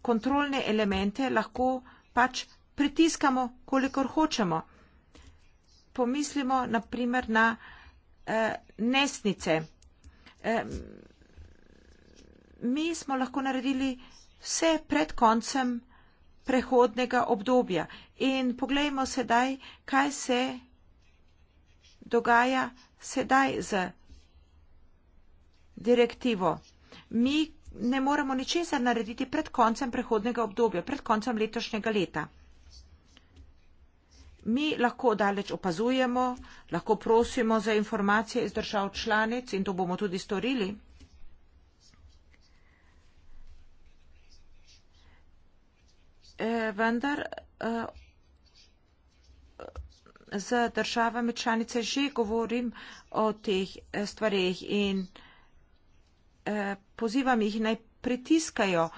kontrolne elemente, lahko pač pritiskamo, kolikor hočemo. Pomislimo naprimer na eh, nesnice. Eh, mi smo lahko naredili vse pred koncem prehodnega obdobja in poglejmo sedaj, kaj se dogaja sedaj z direktivo. Mi ne moremo ničesar narediti pred koncem prehodnega obdobja, pred koncem letošnjega leta mi lahko daleč opazujemo, lahko prosimo za informacije iz držav članic in to bomo tudi storili. E, vendar e, z državami članice že govorim o teh e, stvarih in pozivam jih naj pritiskajo,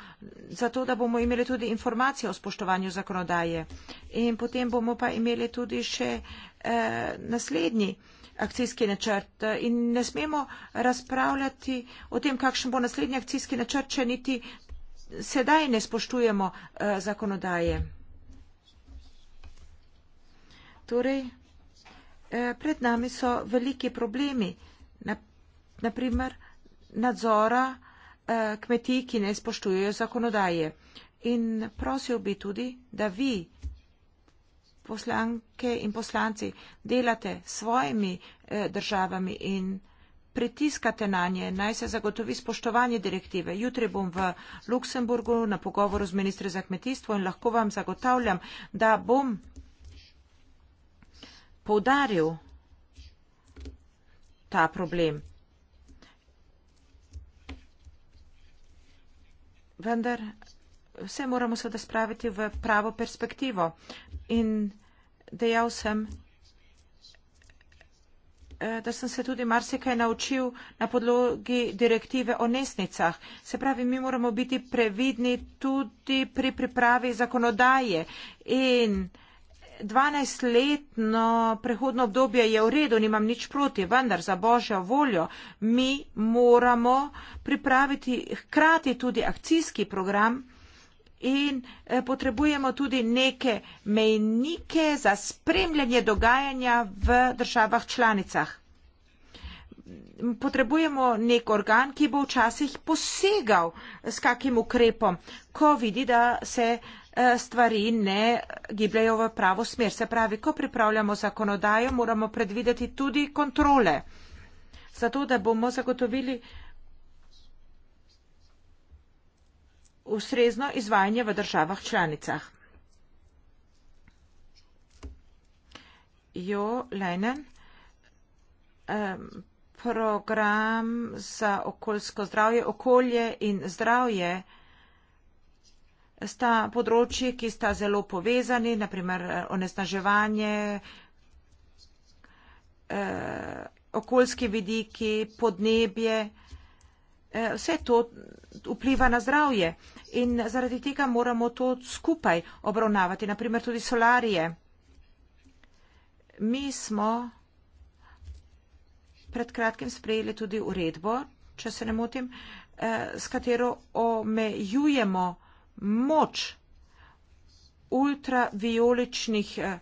zato da bomo imeli tudi informacije o spoštovanju zakonodaje. In potem bomo pa imeli tudi še eh, naslednji akcijski načrt. In ne smemo razpravljati o tem, kakšen bo naslednji akcijski načrt, če niti sedaj ne spoštujemo eh, zakonodaje. Torej, eh, pred nami so veliki problemi. Na, naprimer, nadzora Eh, kmetij, ki ne spoštujejo zakonodaje. In prosil bi tudi, da vi, poslanke in poslanci, delate s svojimi eh, državami in pritiskate na nje, naj se zagotovi spoštovanje direktive. Jutri bom v Luksemburgu na pogovoru z ministrem za kmetijstvo in lahko vam zagotavljam, da bom poudaril ta problem. vendar vse moramo seveda spraviti v pravo perspektivo. In dejal sem, eh, da sem se tudi marsikaj naučil na podlogi direktive o nesnicah. Se pravi, mi moramo biti previdni tudi pri pripravi zakonodaje in 12-letno prehodno obdobje je v redu, nimam nič proti, vendar za božjo voljo mi moramo pripraviti hkrati tudi akcijski program in eh, potrebujemo tudi neke mejnike za spremljanje dogajanja v državah članicah. Potrebujemo nek organ, ki bo včasih posegal s kakim ukrepom, ko vidi, da se Eh, stvari ne gibljajo v pravo smer. Se pravi, ko pripravljamo zakonodajo, moramo predvideti tudi kontrole, zato da bomo zagotovili ustrezno izvajanje v državah članicah. Jo, Lenen, program za okoljsko zdravje, okolje in zdravje sta področji, ki sta zelo povezani, naprimer eh, onesnaževanje, eh, okoljski vidiki, podnebje. Eh, vse to vpliva na zdravje in zaradi tega moramo to skupaj obravnavati, naprimer tudi solarije. Mi smo pred kratkim sprejeli tudi uredbo, če se ne motim, s katero omejujemo moč ultravioličnih eh,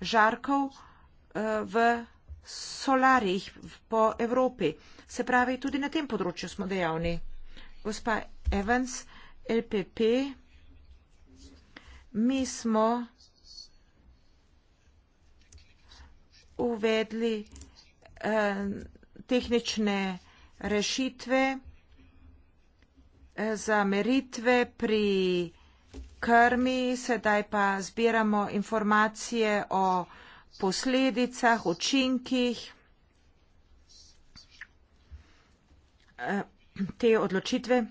žarkov eh, v solarjih po Evropi. Se pravi, tudi na tem področju smo dejavni. Gospa Evans, LPP, mi smo uvedli eh, tehnične rešitve, za meritve pri krmi, sedaj pa zbiramo informacije o posledicah, učinkih te odločitve.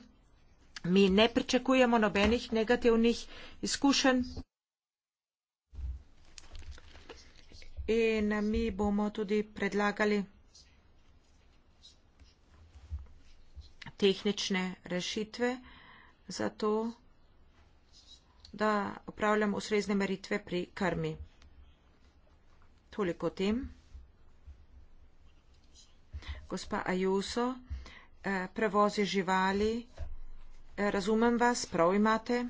Mi ne pričakujemo nobenih negativnih izkušenj. In mi bomo tudi predlagali. tehnične rešitve za to, da upravljam ustrezne meritve pri krmi. Toliko o tem. Gospa Ajuso, eh, prevozi živali, eh, razumem vas, prav imate.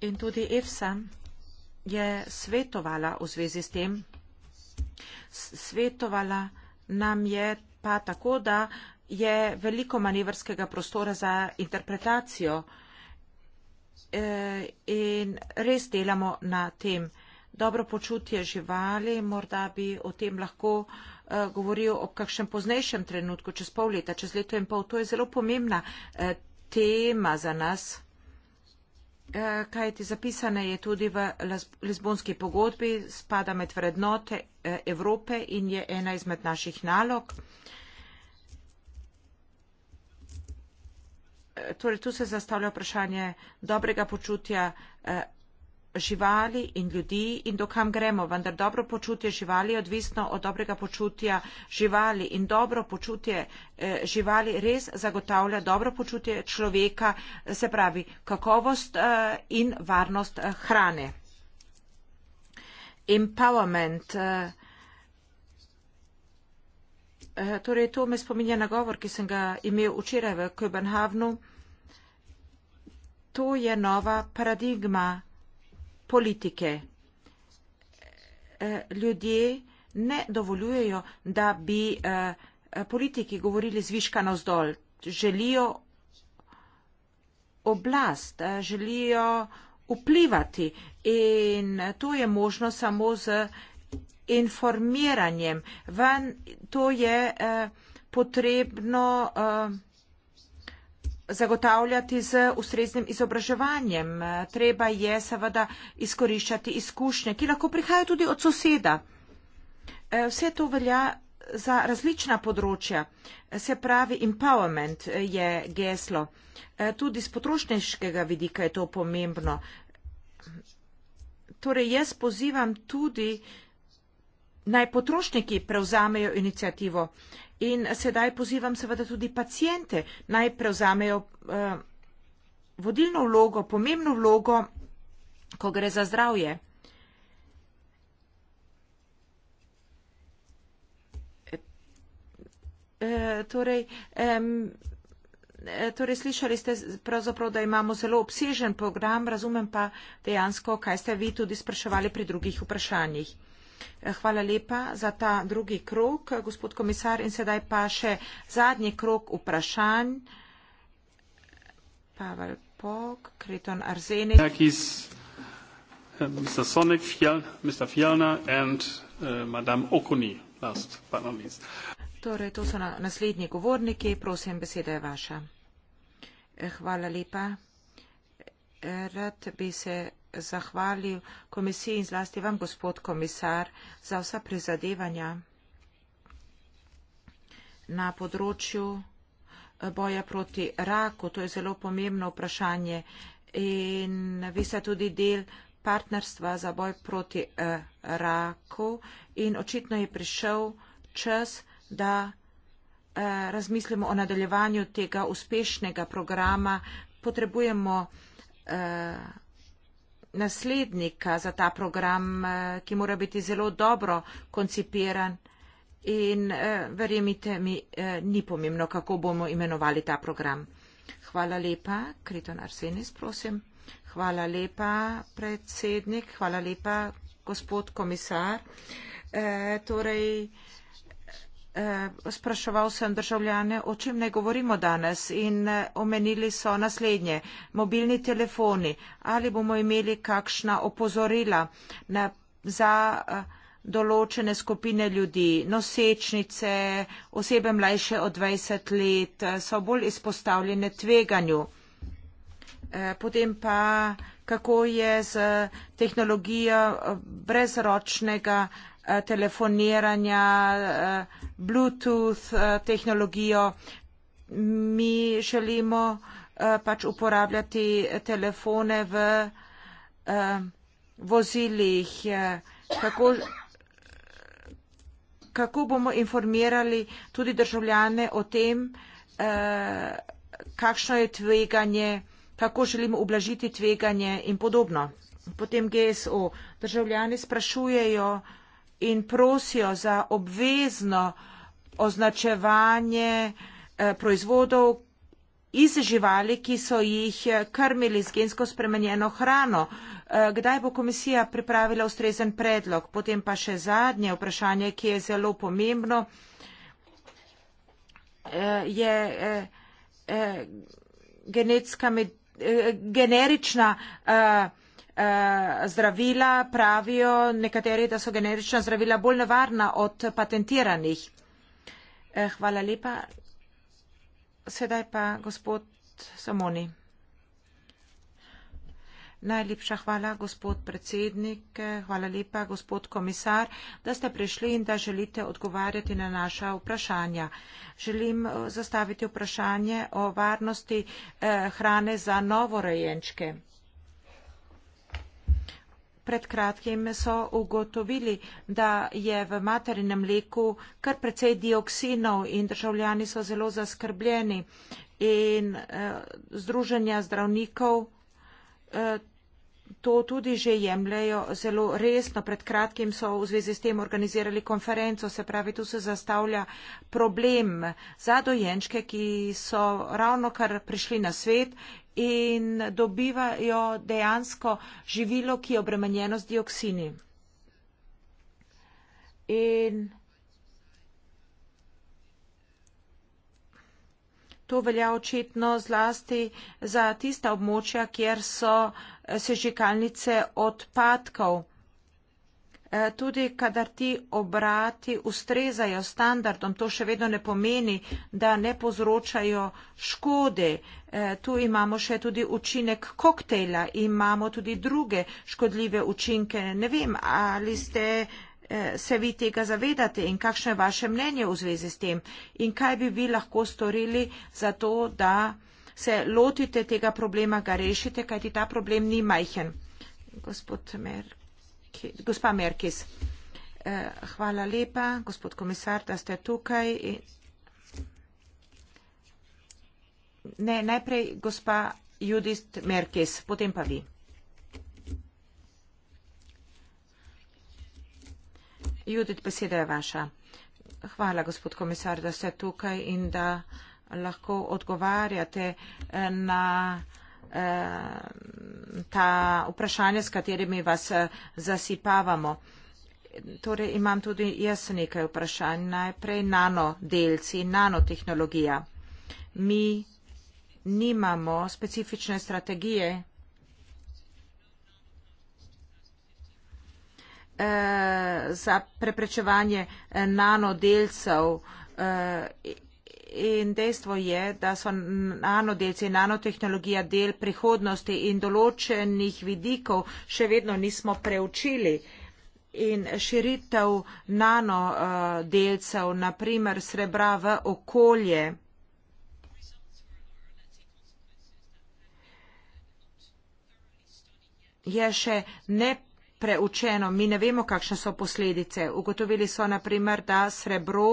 In tudi EFSA je svetovala v zvezi s tem. Svetovala nam je pa tako, da je veliko manevrskega prostora za interpretacijo e, in res delamo na tem. Dobro počutje živali, morda bi o tem lahko e, govoril ob kakšnem poznejšem trenutku, čez pol leta, čez leto in pol. To je zelo pomembna e, tema za nas. Eh, kajti zapisane je tudi v Lizbonski pogodbi, spada med vrednote eh, Evrope in je ena izmed naših nalog. Eh, torej, tu se zastavlja vprašanje dobrega počutja živali in ljudi in do kam gremo, vendar dobro počutje živali je odvisno od dobrega počutja živali in dobro počutje eh, živali res zagotavlja dobro počutje človeka, eh, se pravi kakovost eh, in varnost hrane. Empowerment. Torej, to me spominja na govor, ki sem ga imel včeraj v Kobenhavnu. To je nova paradigma politike. Eh, ljudje ne dovoljujejo, da bi eh, politiki govorili zviška navzdol. Želijo oblast, eh, želijo vplivati in to je možno samo z informiranjem. Van, to je eh, potrebno eh, zagotavljati z ustreznim izobraževanjem. Treba je seveda izkoriščati izkušnje, ki lahko prihajajo tudi od soseda. E, vse to velja za različna področja. Se pravi, empowerment je geslo. E, tudi z potrošniškega vidika je to pomembno. Torej, jaz pozivam tudi, naj potrošniki prevzamejo inicijativo in sedaj pozivam seveda tudi pacijente, naj prevzamejo eh, vodilno vlogo, pomembno vlogo, ko gre za zdravje. Eh, torej, eh, torej, slišali ste pravzaprav, da imamo zelo obsežen program, razumem pa dejansko, kaj ste vi tudi spraševali pri drugih vprašanjih. Hvala lepa za ta drugi krok, gospod komisar. In sedaj pa še zadnji krok vprašanj. Pavel Pog, Kreton Arzenik. Eh, Mr. Sonic, Mr. Fjellna and uh, Madame Okuni, last but not least. Torej, to so na, naslednji govorniki. Prosim, beseda je vaša. Eh, hvala lepa. Rad bi se zahvalil komisiji in zlasti vam, gospod komisar, za vsa prizadevanja na področju eh, boja proti raku. To je zelo pomembno vprašanje in vi ste tudi del partnerstva za boj proti eh, raku in očitno je prišel čas, da eh, razmislimo o nadaljevanju tega uspešnega programa. Potrebujemo eh, naslednika za ta program, eh, ki mora biti zelo dobro koncipiran. In eh, verjemite mi, eh, ni pomembno, kako bomo imenovali ta program. Hvala lepa, Kriton Arsenis, prosim. Hvala lepa, predsednik. Hvala lepa, gospod komisar. E, torej, e, Eh, spraševal sem državljane, o čem ne govorimo danes in eh, omenili so naslednje, mobilni telefoni, ali bomo imeli kakšna opozorila na, za eh, določene skupine ljudi, nosečnice, osebe mlajše od 20 let so bolj izpostavljene tveganju. Potem pa kako je z tehnologijo eh, brezročnega eh, telefoniranja, eh, Bluetooth tehnologijo. Mi želimo pač uporabljati telefone v vozilih. Kako, kako bomo informirali tudi državljane o tem, kakšno je tveganje, kako želimo oblažiti tveganje in podobno. Potem GSO. Državljani sprašujejo in prosijo za obvezno označevanje eh, proizvodov iz živali, ki so jih eh, krmili z gensko spremenjeno hrano. Eh, kdaj bo komisija pripravila ustrezen predlog? Potem pa še zadnje vprašanje, ki je zelo pomembno. Je genetska medicina generična eh, eh, zdravila pravijo nekateri, da so generična zdravila bolj nevarna od patentiranih. Eh, hvala lepa. Sedaj pa gospod Samoni. Najlepša hvala, gospod predsednik, hvala lepa, gospod komisar, da ste prišli in da želite odgovarjati na naša vprašanja. Želim eh, zastaviti vprašanje o varnosti eh, hrane za novorojenčke. Pred kratkim so ugotovili, da je v materinem mleku kar precej dioksinov in državljani so zelo zaskrbljeni. In eh, združenja zdravnikov eh, to tudi že jemljajo zelo resno. Pred kratkim so v zvezi s tem organizirali konferenco, se pravi, tu se zastavlja problem za dojenčke, ki so ravno kar prišli na svet in dobivajo dejansko živilo, ki je obremenjeno z dioksini. In to velja očitno zlasti za tista območja, kjer so uh, sežigalnice odpadkov. E, tudi kadar ti obrati ustrezajo standardom, to še vedno ne pomeni, da ne povzročajo škode. E, tu imamo še tudi učinek koktejla, imamo tudi druge škodljive učinke. Ne vem, ali ste e, se vi tega zavedate in kakšno je vaše mnenje v zvezi s tem in kaj bi vi lahko storili za to, da se lotite tega problema, ga rešite, kajti ta problem ni majhen. Merke, gospa Merkis, eh, hvala lepa, gospod komisar, da ste tukaj. Ne, najprej gospa Judith Merkis, potem pa vi. Judith, beseda je vaša. Hvala, gospod komisar, da ste tukaj in da eh, lahko odgovarjate eh, na eh, ta vprašanja, s katerimi vas eh, zasipavamo. Torej imam tudi jaz nekaj vprašanj. Najprej nanodelci, nanotehnologija. Mi nimamo specifične strategije. za preprečevanje nanodelcev in dejstvo je, da so nanodelci in nanotehnologija del prihodnosti in določenih vidikov še vedno nismo preučili. In širitev nanodelcev, naprimer srebra v okolje, je še nepreučeno. Mi ne vemo, kakšne so posledice. Ugotovili so, naprimer, da srebro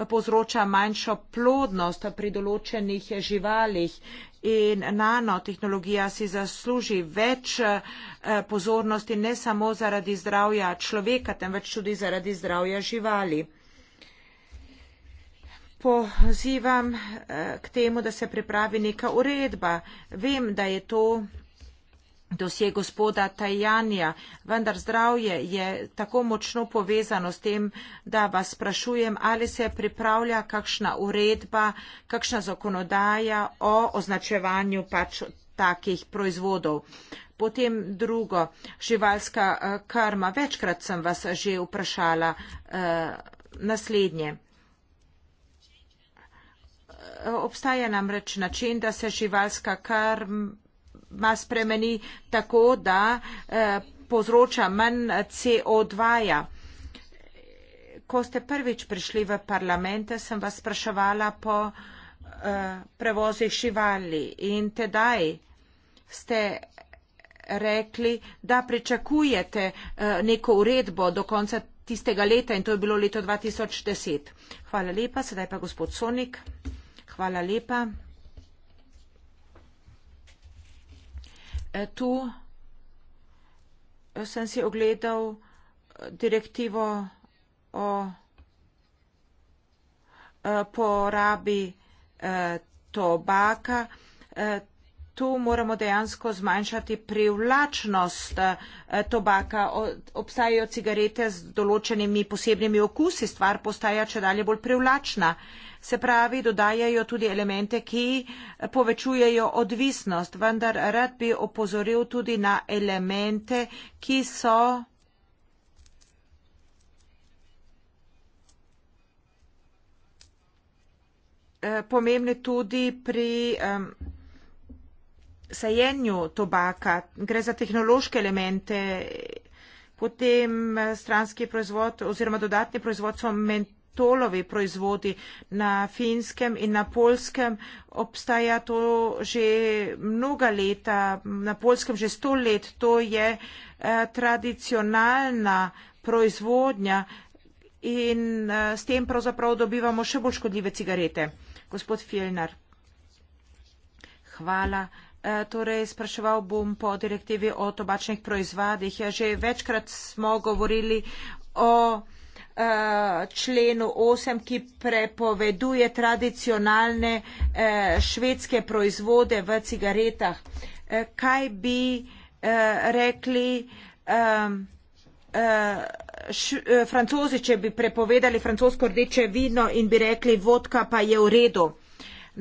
povzroča manjšo plodnost pri določenih živalih in nanotehnologija si zasluži več eh, pozornosti ne samo zaradi zdravja človeka, temveč tudi zaradi zdravja živali. Pozivam eh, k temu, da se pripravi neka uredba. Vem, da je to dosje gospoda Tajanja, vendar zdravje je tako močno povezano s tem, da vas sprašujem, ali se pripravlja kakšna uredba, kakšna zakonodaja o označevanju pač takih proizvodov. Potem drugo, živalska eh, karma. Večkrat sem vas že vprašala eh, naslednje. Eh, obstaja namreč način, da se živalska karma ma spremeni tako, da eh, povzroča manj CO2. -ja. Ko ste prvič prišli v parlament, sem vas spraševala po uh, prevozih živali in tedaj ste rekli, da pričakujete uh, neko uredbo do konca tistega leta in to je bilo leto 2010. Hvala lepa, sedaj pa gospod Sonik. Hvala lepa. tu sem si ogledal direktivo o eh, porabi eh, tobaka. Eh, tu moramo dejansko zmanjšati privlačnost eh, tobaka. Obstajajo cigarete z določenimi posebnimi okusi, stvar postaja če dalje bolj privlačna. Se pravi, dodajajo tudi elemente, ki povečujejo odvisnost, vendar rad bi opozoril tudi na elemente, ki so. Eh, pomembne tudi pri um, sajenju tobaka, gre za tehnološke elemente, potem eh, stranski proizvod oziroma dodatni proizvod so mentolovi proizvodi na finskem in na polskem. Obstaja to že mnoga leta, na polskem že sto let. To je eh, tradicionalna proizvodnja in eh, s tem pravzaprav dobivamo še bolj škodljive cigarete. Gospod Fjellner. Hvala. E, torej, spraševal bom po direktivi o tobačnih proizvadih. Ja, že večkrat smo govorili o e, členu 8, ki prepoveduje tradicionalne e, švedske proizvode v cigaretah. Kaj bi rekli francozi, če bi prepovedali francosko rdeče vino in bi rekli vodka pa je v redu?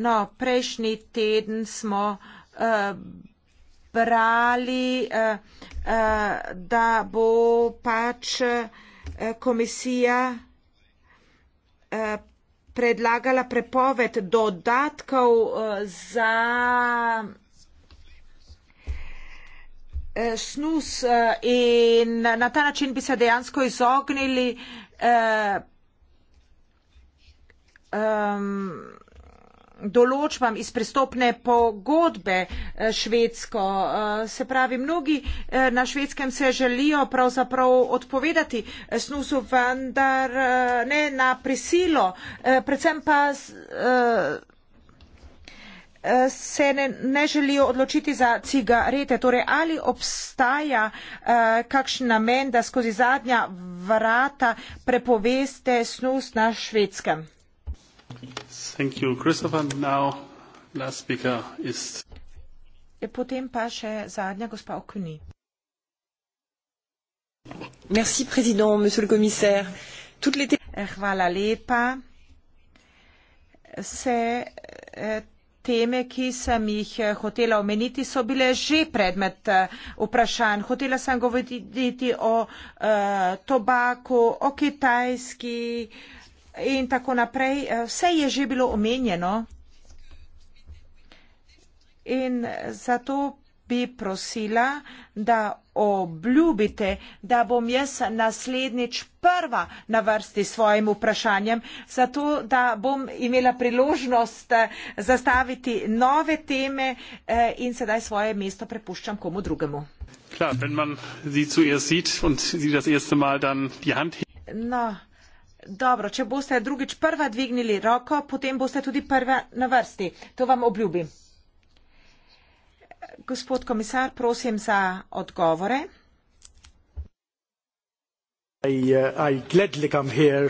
No, prejšnji teden smo brali, uh, uh, da bo pač uh, komisija uh, predlagala prepoved dodatkov uh, za uh, snus uh, in na ta način bi se dejansko izognili uh, um, določbam iz prestopne pogodbe eh, Švedsko. Eh, se pravi, mnogi eh, na Švedskem se želijo pravzaprav odpovedati snusu, vendar ne na prisilo, predvsem pa se ne, ne želijo odločiti za cigarete. Torej, ali obstaja kakšen namen, da skozi zadnja vrata prepoveste snus na Švedskem? Thank you, Christopher. Now, last speaker is. Ja, potem pa še zadnja gospa Okuni. Merci, président, monsieur le commissaire. Toutes les. Eh, hvala lepa. Se eh, teme, ki sem jih eh, hotela omeniti, so bile že predmet vprašanj. Hotela sem govoriti o uh, tobaku, o kitajski uh, in tako naprej. Eh, vse je že bilo omenjeno in zato bi prosila, da obljubite, da bom jaz naslednjič prva na vrsti svojim vprašanjem, zato da bom imela priložnost eh, zastaviti nove teme eh, in sedaj svoje mesto prepuščam komu drugemu. Klar, wenn man sie zuerst sieht und sie das erste Mal dann die Hand hebt. No, Dobro, če boste drugič prva dvignili roko, potem boste tudi prva na vrsti. To vam obljubim. Gospod komisar, prosim za odgovore. I, uh, I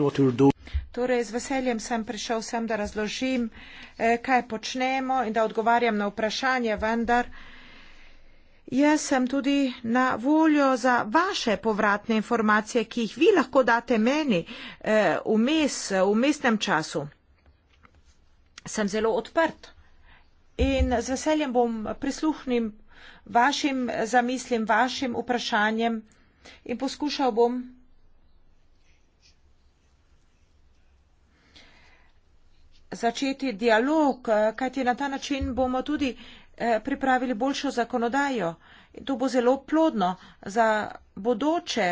uh, Torej, z veseljem sem prišel sem, da razložim, eh, kaj počnemo in da odgovarjam na vprašanje, vendar uh, Jaz sem tudi na voljo za vaše povratne informacije, ki jih vi lahko date meni eh, vmes, eh, v mestnem času. Sem zelo odprt in z veseljem bom prisluhnil vašim zamislim, vašim vprašanjem in poskušal bom eh, začeti dialog, eh, kajti na ta način bomo tudi eh, Eh, pripravili boljšo zakonodajo. To bo zelo plodno za bodoče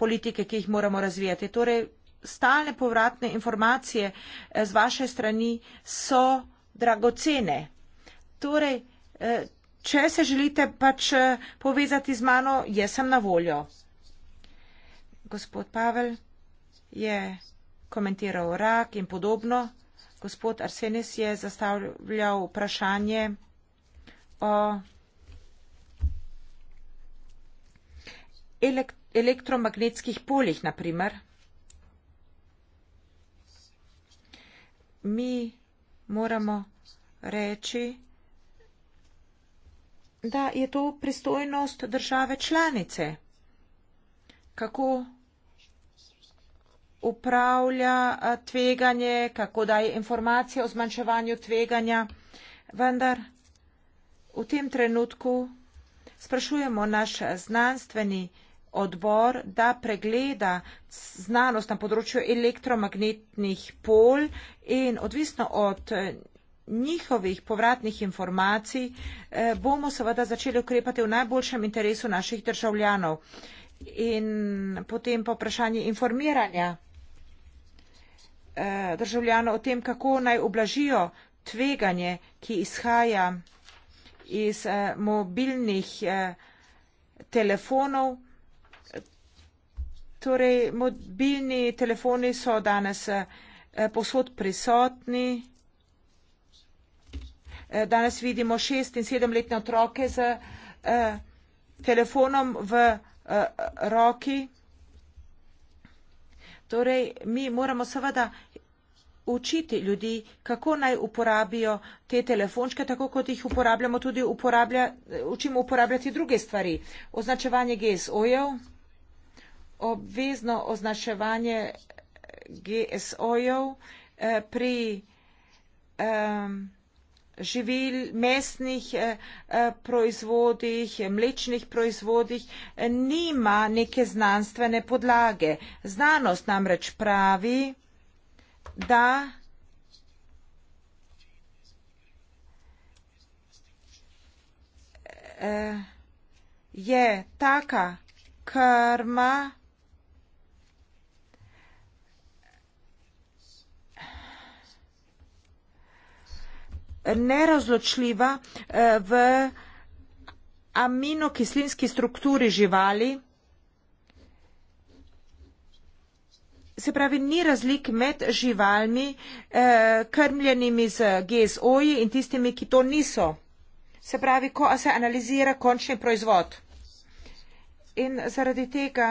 politike, ki jih moramo razvijati. Torej, stalne povratne informacije eh, z vaše strani so dragocene. Torej, eh, če se želite pač povezati z mano, jaz sem na voljo. Gospod Pavel je komentiral rak in podobno. Gospod Arsenis je zastavljal vprašanje a, elek, elektromagnetskih poljih, na primer, mi moramo reči, da je to pristojnost države članice, kako upravlja eh, tveganje, kako daje informacije o zmanjševanju tveganja, vendar V tem trenutku sprašujemo naš znanstveni odbor, da pregleda znanost na področju elektromagnetnih pol in odvisno od njihovih povratnih informacij eh, bomo seveda začeli ukrepati v najboljšem interesu naših državljanov. In potem po vprašanju informiranja eh, državljanov o tem, kako naj oblažijo tveganje, ki izhaja iz eh, mobilnih eh, telefonov. Torej, mobilni telefoni so danes eh, posod prisotni. Eh, danes vidimo šest in sedemletne otroke z eh, telefonom v eh, roki. Torej, mi moramo seveda učiti ljudi, kako naj uporabijo te telefončke, tako kot jih uporabljamo, tudi uporablja, učimo uporabljati druge stvari. Označevanje GSO-jev, obvezno označevanje GSO-jev eh, pri živil, mesnih eh, eh, proizvodih, mlečnih proizvodih, nima neke znanstvene podlage. Znanost namreč pravi, da je taka karma nerozločljiva eh, v aminokislinski strukturi živali. Se pravi, ni razlik med živalmi, eh, krmljenimi z GSO-ji in tistimi, ki to niso. Se pravi, ko se analizira končni proizvod. In zaradi tega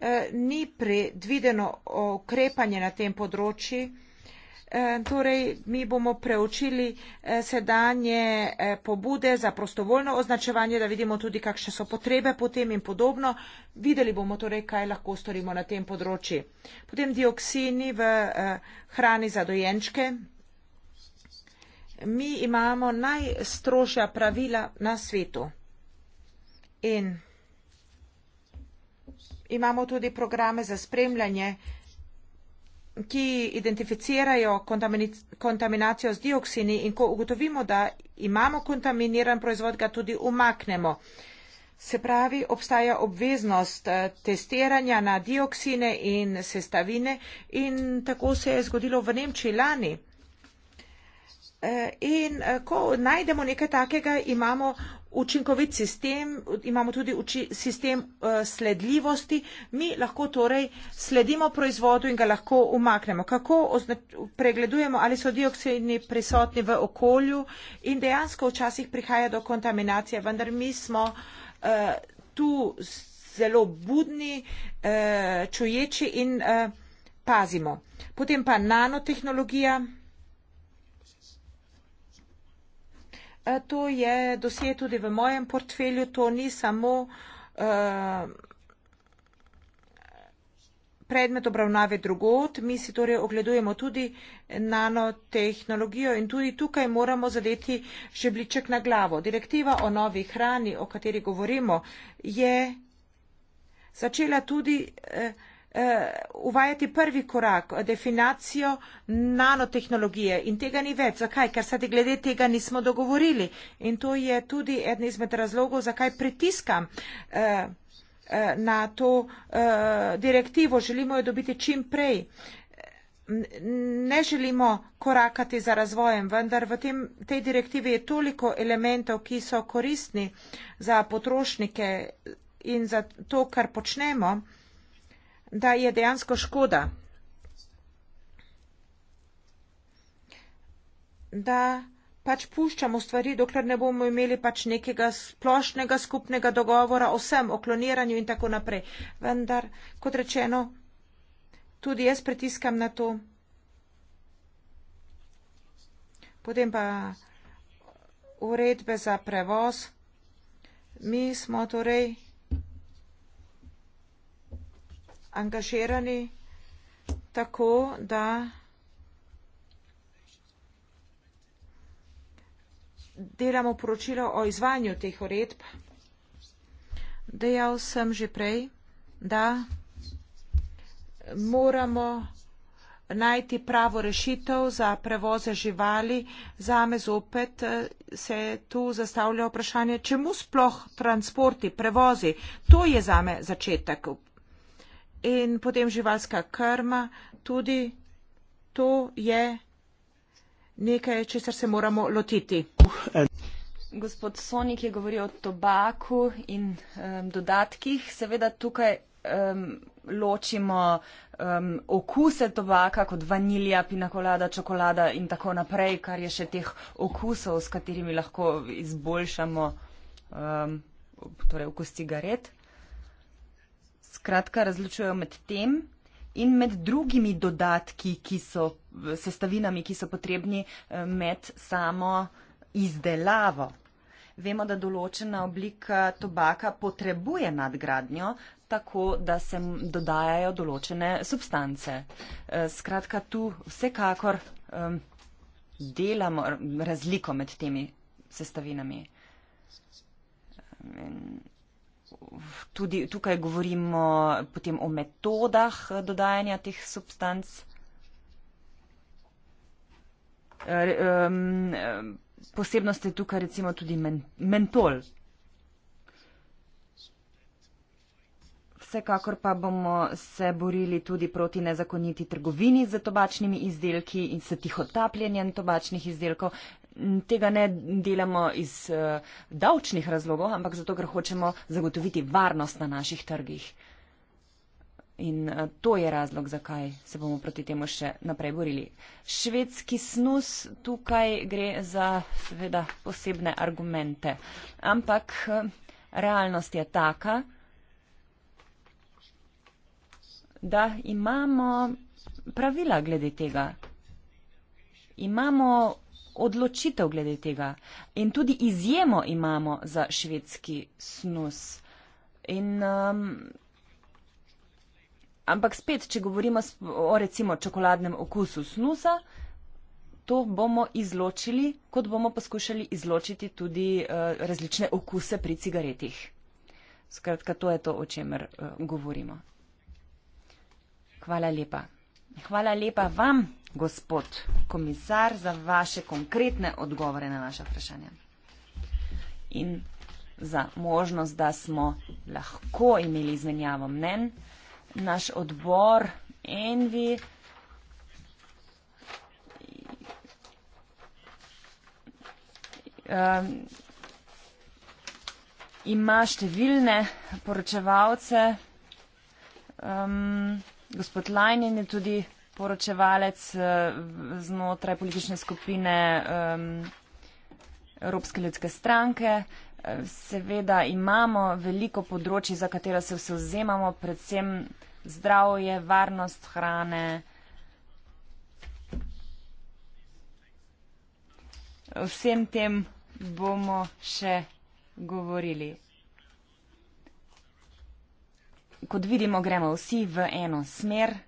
eh, ni predvideno okrepanje na tem področju. E, torej, mi bomo preučili e, sedanje e, pobude za prostovoljno označevanje, da vidimo tudi, kakšne so potrebe potem in podobno. Videli bomo torej, kaj lahko storimo na tem področju. Potem dioksini v hrani za dojenčke. Mi imamo najstrožja pravila na svetu. In imamo tudi programe za spremljanje ki identificirajo kontaminacijo z dioksini in ko ugotovimo, da imamo kontaminiran proizvod, ga tudi umaknemo. Se pravi, obstaja obveznost eh, testiranja na dioksine in sestavine in tako se je zgodilo v Nemčiji lani. Eh, in eh, ko najdemo nekaj takega, imamo učinkovit sistem, imamo tudi uči, sistem uh, sledljivosti, mi lahko torej sledimo proizvodu in ga lahko umaknemo. Kako pregledujemo, ali so dioksidni prisotni v okolju in dejansko včasih prihaja do kontaminacije, vendar mi smo uh, tu zelo budni, uh, čuječi in uh, pazimo. Potem pa nanotehnologija. Eh, to je dosje tudi v mojem portfelju, to ni samo eh, predmet obravnave drugod, mi si torej ogledujemo tudi nanotehnologijo in tudi tukaj moramo zadeti žebljiček na glavo. Direktiva o novi hrani, o kateri govorimo, je začela tudi nekaj eh, Eh, uvajati prvi korak, definacijo nanotehnologije in tega ni več. Zakaj? Ker se glede tega nismo dogovorili. In to je tudi eden izmed razlogov, zakaj pritiskam eh, eh, na to direktivo. Želimo jo dobiti čim prej. Ne želimo korakati za razvojem, vendar v tem, tej direktivi je toliko elementov, ki so koristni za potrošnike in za to, kar počnemo da je dejansko škoda, da pač puščamo stvari, dokler ne bomo imeli pač nekega splošnega skupnega dogovora o vsem, o kloniranju in tako naprej. Vendar, kot rečeno, tudi jaz pritiskam na to. Potem pa uredbe za prevoz. Mi smo torej angažirani tako, da delamo poročilo o izvanju teh uredb. Dejal sem že prej, da moramo najti pravo rešitev za prevoze živali. Zame zopet eh, se tu zastavlja vprašanje, čemu sploh transporti, prevozi. To je zame začetek in potem živalska krma, tudi to je nekaj, česar se moramo lotiti. Gospod Sonik je govoril o tobaku in um, dodatkih. Seveda tukaj um, ločimo um, okuse tobaka kot vanilija, pinakolada, čokolada in tako naprej, kar je še teh okusov, s katerimi lahko izboljšamo um, torej okus cigaret skratka razločujejo med tem in med drugimi dodatki, ki so sestavinami, ki so potrebni eh, med samo izdelavo. Vemo, da določena oblika tobaka potrebuje nadgradnjo, tako da se dodajajo določene substance. Eh, skratka, tu vsekakor um, delamo razliko med temi sestavinami. In tudi tukaj govorimo potem o metodah eh, dodajanja teh substanc. Posebnost je tukaj recimo tudi mentol. Vsekakor pa bomo se borili tudi proti nezakoniti trgovini z tobačnimi izdelki in se tihotapljenjem tobačnih izdelkov, tega ne delamo iz uh, davčnih razlogov, ampak zato, ker hočemo zagotoviti varnost na naših trgih. In uh, to je razlog, zakaj se bomo proti temu še naprej borili. Švedski snus tukaj gre za seveda, posebne argumente. Ampak uh, realnost je taka, da imamo pravila glede tega. Imamo odločitev glede tega. In tudi izjemo imamo za švedski snus. In, um, ampak spet, če govorimo o recimo čokoladnem okusu snusa, to bomo izločili, kot bomo poskušali izločiti tudi uh, različne okuse pri cigaretih. Skratka, to je to, o čemer uh, govorimo. Hvala lepa. Hvala lepa vam gospod komisar, za vaše konkretne odgovore na naše vprašanje. In za možnost, da smo lahko imeli izmenjavo mnen, naš odbor Envi um, ima številne poročevalce. Um, gospod Lajnen je tudi poročevalec eh, znotraj politične skupine Evropske ljudske stranke. Eh, seveda imamo veliko področji, za katera se vse vzemamo, predvsem zdravje, varnost hrane. Vsem tem bomo še govorili. Kot vidimo, gremo vsi v eno smer.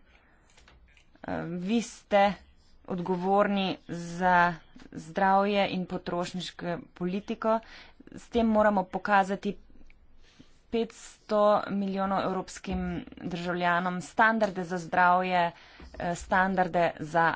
Eh, vi ste odgovorni za zdravje in potrošniško politiko. S tem moramo pokazati 500 milijonov evropskim državljanom standarde za zdravje, eh, standarde za